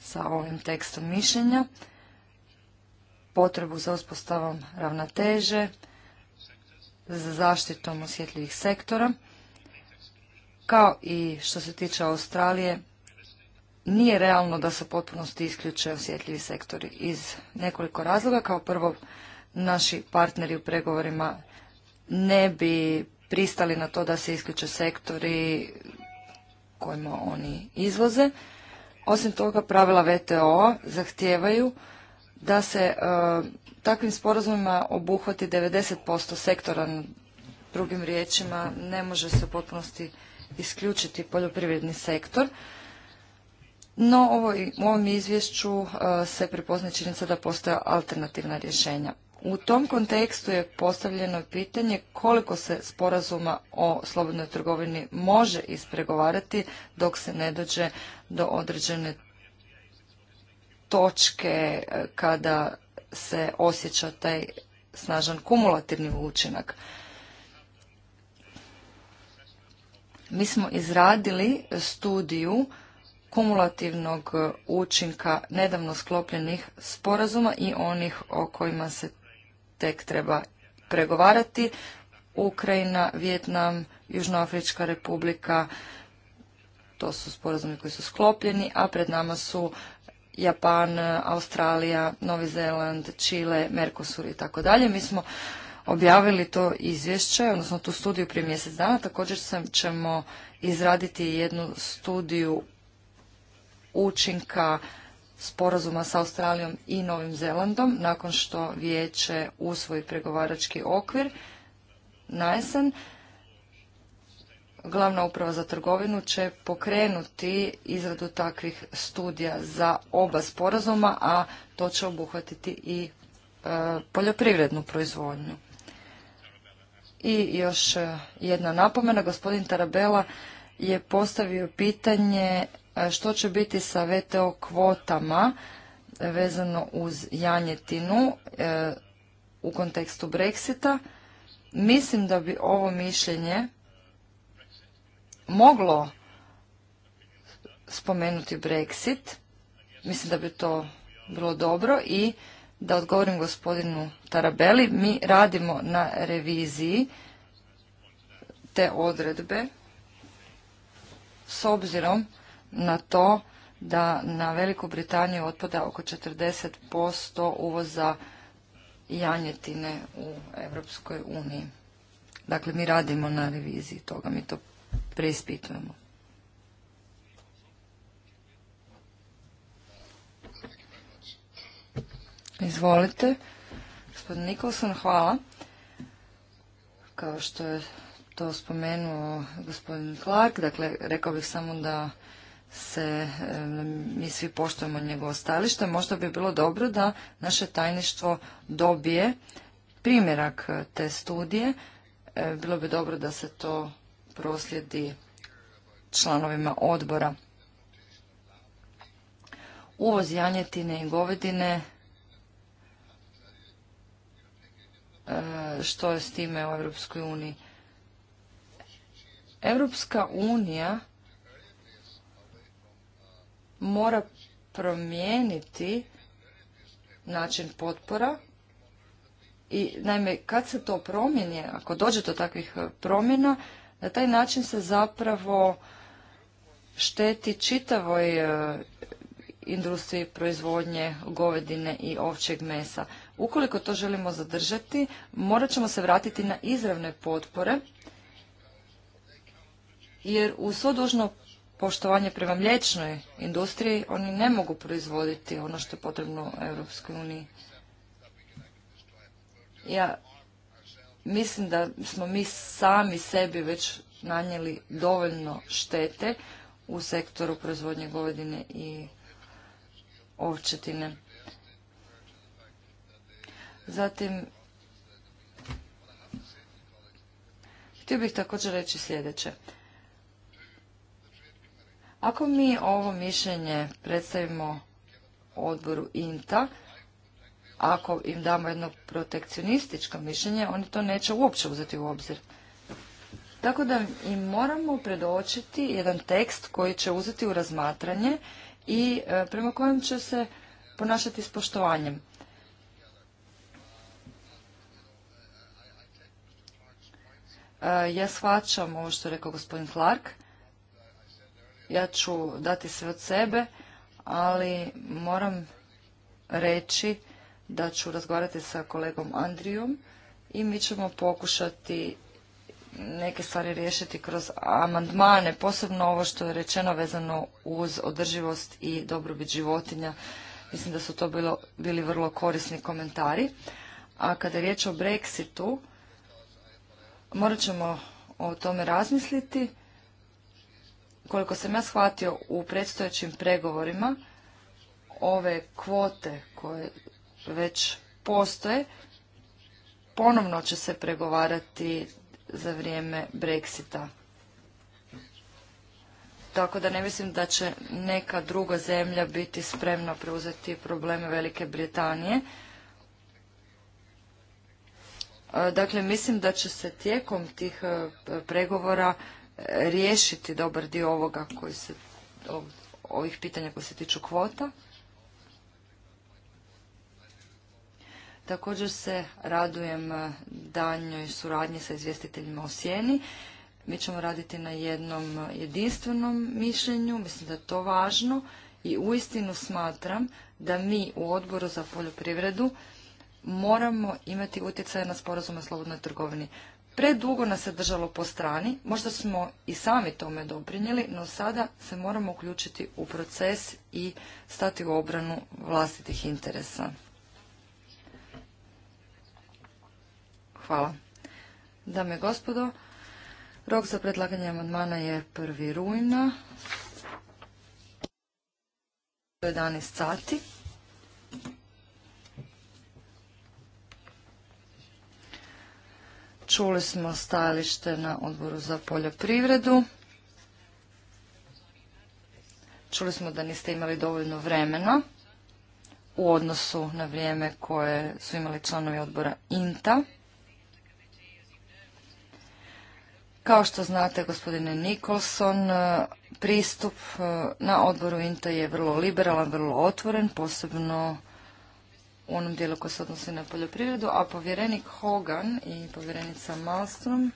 S3: sa ovim tekstom mišljenja, potrebu za uspostavom ravnoteže, za zaštitom osjetljivih sektora, kao i što se tiče Australije, nije realno da se potpunosti isključe osjetljivi sektori iz nekoliko razloga. Kao prvo, naši partneri u pregovorima ne bi pristali na to da se isključe sektori kojima oni izvoze. Osim toga, pravila VTO zahtijevaju da se e, takvim sporazumima obuhvati 90% sektora, drugim riječima ne može se u potpunosti isključiti poljoprivredni sektor. No, u ovom izvješću e, se prepoznaje činjenica da postoje alternativna rješenja. U tom kontekstu je postavljeno pitanje koliko se sporazuma o slobodnoj trgovini može ispregovarati dok se ne dođe do određene točke e, kada se osjeća taj snažan kumulativni učinak. Mi smo izradili studiju kumulativnog učinka nedavno sklopljenih sporazuma i onih o kojima se tek treba pregovarati. Ukrajina, Vjetnam, Južnoafrička republika, to su sporazumi koji su sklopljeni, a pred nama su Japan, Australija, Novi Zeland, Čile, Mercosur i tako dalje. Mi smo objavili to izvješće, odnosno tu studiju prije mjesec dana. Također ćemo izraditi jednu studiju učinka sporazuma sa Australijom i Novim Zelandom nakon što vijeće usvoji pregovarački okvir na glavna uprava za trgovinu će pokrenuti izradu takvih studija za oba sporazuma, a to će obuhvatiti i e, poljoprivrednu proizvodnju. I još e, jedna napomena, gospodin Tarabela je postavio pitanje e, što će biti sa VTO kvotama vezano uz janjetinu u kontekstu Brexita. Mislim da bi ovo mišljenje moglo spomenuti Brexit. Mislim da bi to bilo dobro i da odgovorim gospodinu Tarabeli. Mi radimo na reviziji te odredbe s obzirom na to da na Veliku Britaniju otpada oko 40% uvoza janjetine u Europskoj uniji. Dakle, mi radimo na reviziji toga, mi to preispitujemo. Izvolite. Gospodin Nikolson, hvala. Kao što je to spomenuo gospodin Clark, dakle, rekao bih samo da se mi svi poštujemo njegovo stajalište. Možda bi bilo dobro da naše tajništvo dobije primjerak te studije. E, bilo bi dobro da se to proslijedi članovima odbora. Uvoz janjetine i govedine, e, što je s time u Europskoj uniji? Europska unija mora promijeniti način potpora i naime kad se to promijeni, ako dođe do takvih promjena, na taj način se zapravo šteti čitavoj e, industriji proizvodnje govedine i ovčeg mesa. Ukoliko to želimo zadržati, morat ćemo se vratiti na izravne potpore, jer u svo dužno poštovanje prema mliječnoj industriji oni ne mogu proizvoditi ono što je potrebno Europskoj uniji. Ja Mislim da smo mi sami sebi već nanijeli dovoljno štete u sektoru proizvodnje govedine i ovčetine. Zatim, htio bih također reći sljedeće. Ako mi ovo mišljenje predstavimo odboru INTA, ako im damo jedno protekcionističko mišljenje, oni to neće uopće uzeti u obzir. Tako da im moramo predočiti jedan tekst koji će uzeti u razmatranje i e, prema kojem će se ponašati s poštovanjem. E, ja shvaćam ovo što je rekao gospodin Clark. Ja ću dati sve od sebe, ali moram reći da ću razgovarati sa kolegom Andrijom i mi ćemo pokušati neke stvari riješiti kroz amandmane, posebno ovo što je rečeno vezano uz održivost i dobrobit životinja. Mislim da su to bilo, bili vrlo korisni komentari. A kada je riječ o Brexitu, morat ćemo o tome razmisliti. Koliko sam ja shvatio u predstojećim pregovorima, ove kvote koje već postoje, ponovno će se pregovarati za vrijeme Brexita. Tako da ne mislim da će neka druga zemlja biti spremna preuzeti probleme Velike Britanije. E, dakle, mislim da će se tijekom tih e, pregovora e, riješiti dobar dio ovoga koji se, ovih pitanja koji se tiču kvota. Također se radujem e, daljnjoj suradnji sa izvjestiteljima o sjeni. Mi ćemo raditi na jednom jedinstvenom mišljenju, mislim da je to važno i uistinu smatram da mi u odboru za poljoprivredu moramo imati utjecaj na sporazume o slobodnoj trgovini. Predugo nas se držalo po strani, možda smo i sami tome doprinijeli, no sada se moramo uključiti u proces i stati u obranu vlastitih interesa. Hvala. Dame i gospodo, rok za predlaganje amandmana je 1. rujna, 11 sati. Čuli smo stajalište na odboru za poljoprivredu. Čuli smo da niste imali dovoljno vremena u odnosu na vrijeme koje su imali članovi odbora INTA. Kao što znate, gospodine Nicholson, e, pristup e, na odboru INTA je vrlo liberalan, vrlo otvoren, posebno u onom dijelu koji se odnosi na poljoprivredu, a povjerenik Hogan i povjerenica Malstrom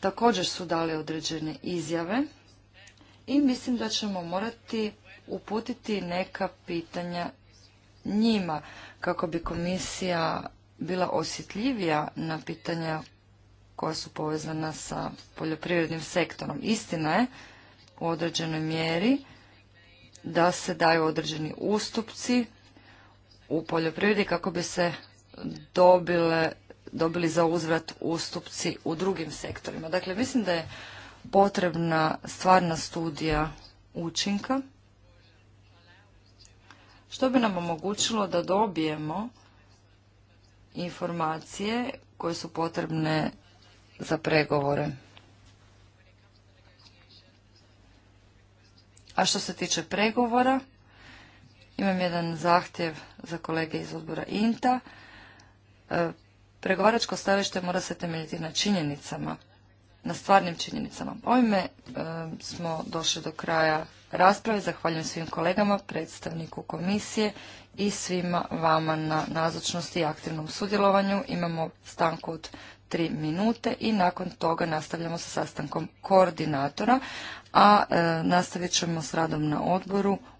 S3: također su dali određene izjave i mislim da ćemo morati uputiti neka pitanja njima kako bi komisija bila osjetljivija na pitanja koja su povezana sa poljoprivrednim sektorom. Istina je u određenoj mjeri da se daju određeni ustupci u poljoprivredi kako bi se dobile, dobili za uzvrat ustupci u drugim sektorima. Dakle, mislim da je potrebna stvarna studija učinka što bi nam omogućilo da dobijemo informacije koje su potrebne za pregovore. A što se tiče pregovora, imam jedan zahtjev za kolege iz odbora INTA. E, pregovaračko stavište mora se temeljiti na činjenicama na stvarnim činjenicama. Ovime e, smo došli do kraja rasprave. Zahvaljujem svim kolegama, predstavniku komisije i svima vama na nazočnosti i aktivnom sudjelovanju. Imamo stanku od tri minute i nakon toga nastavljamo sa sastankom koordinatora, a e, nastavit ćemo s radom na odboru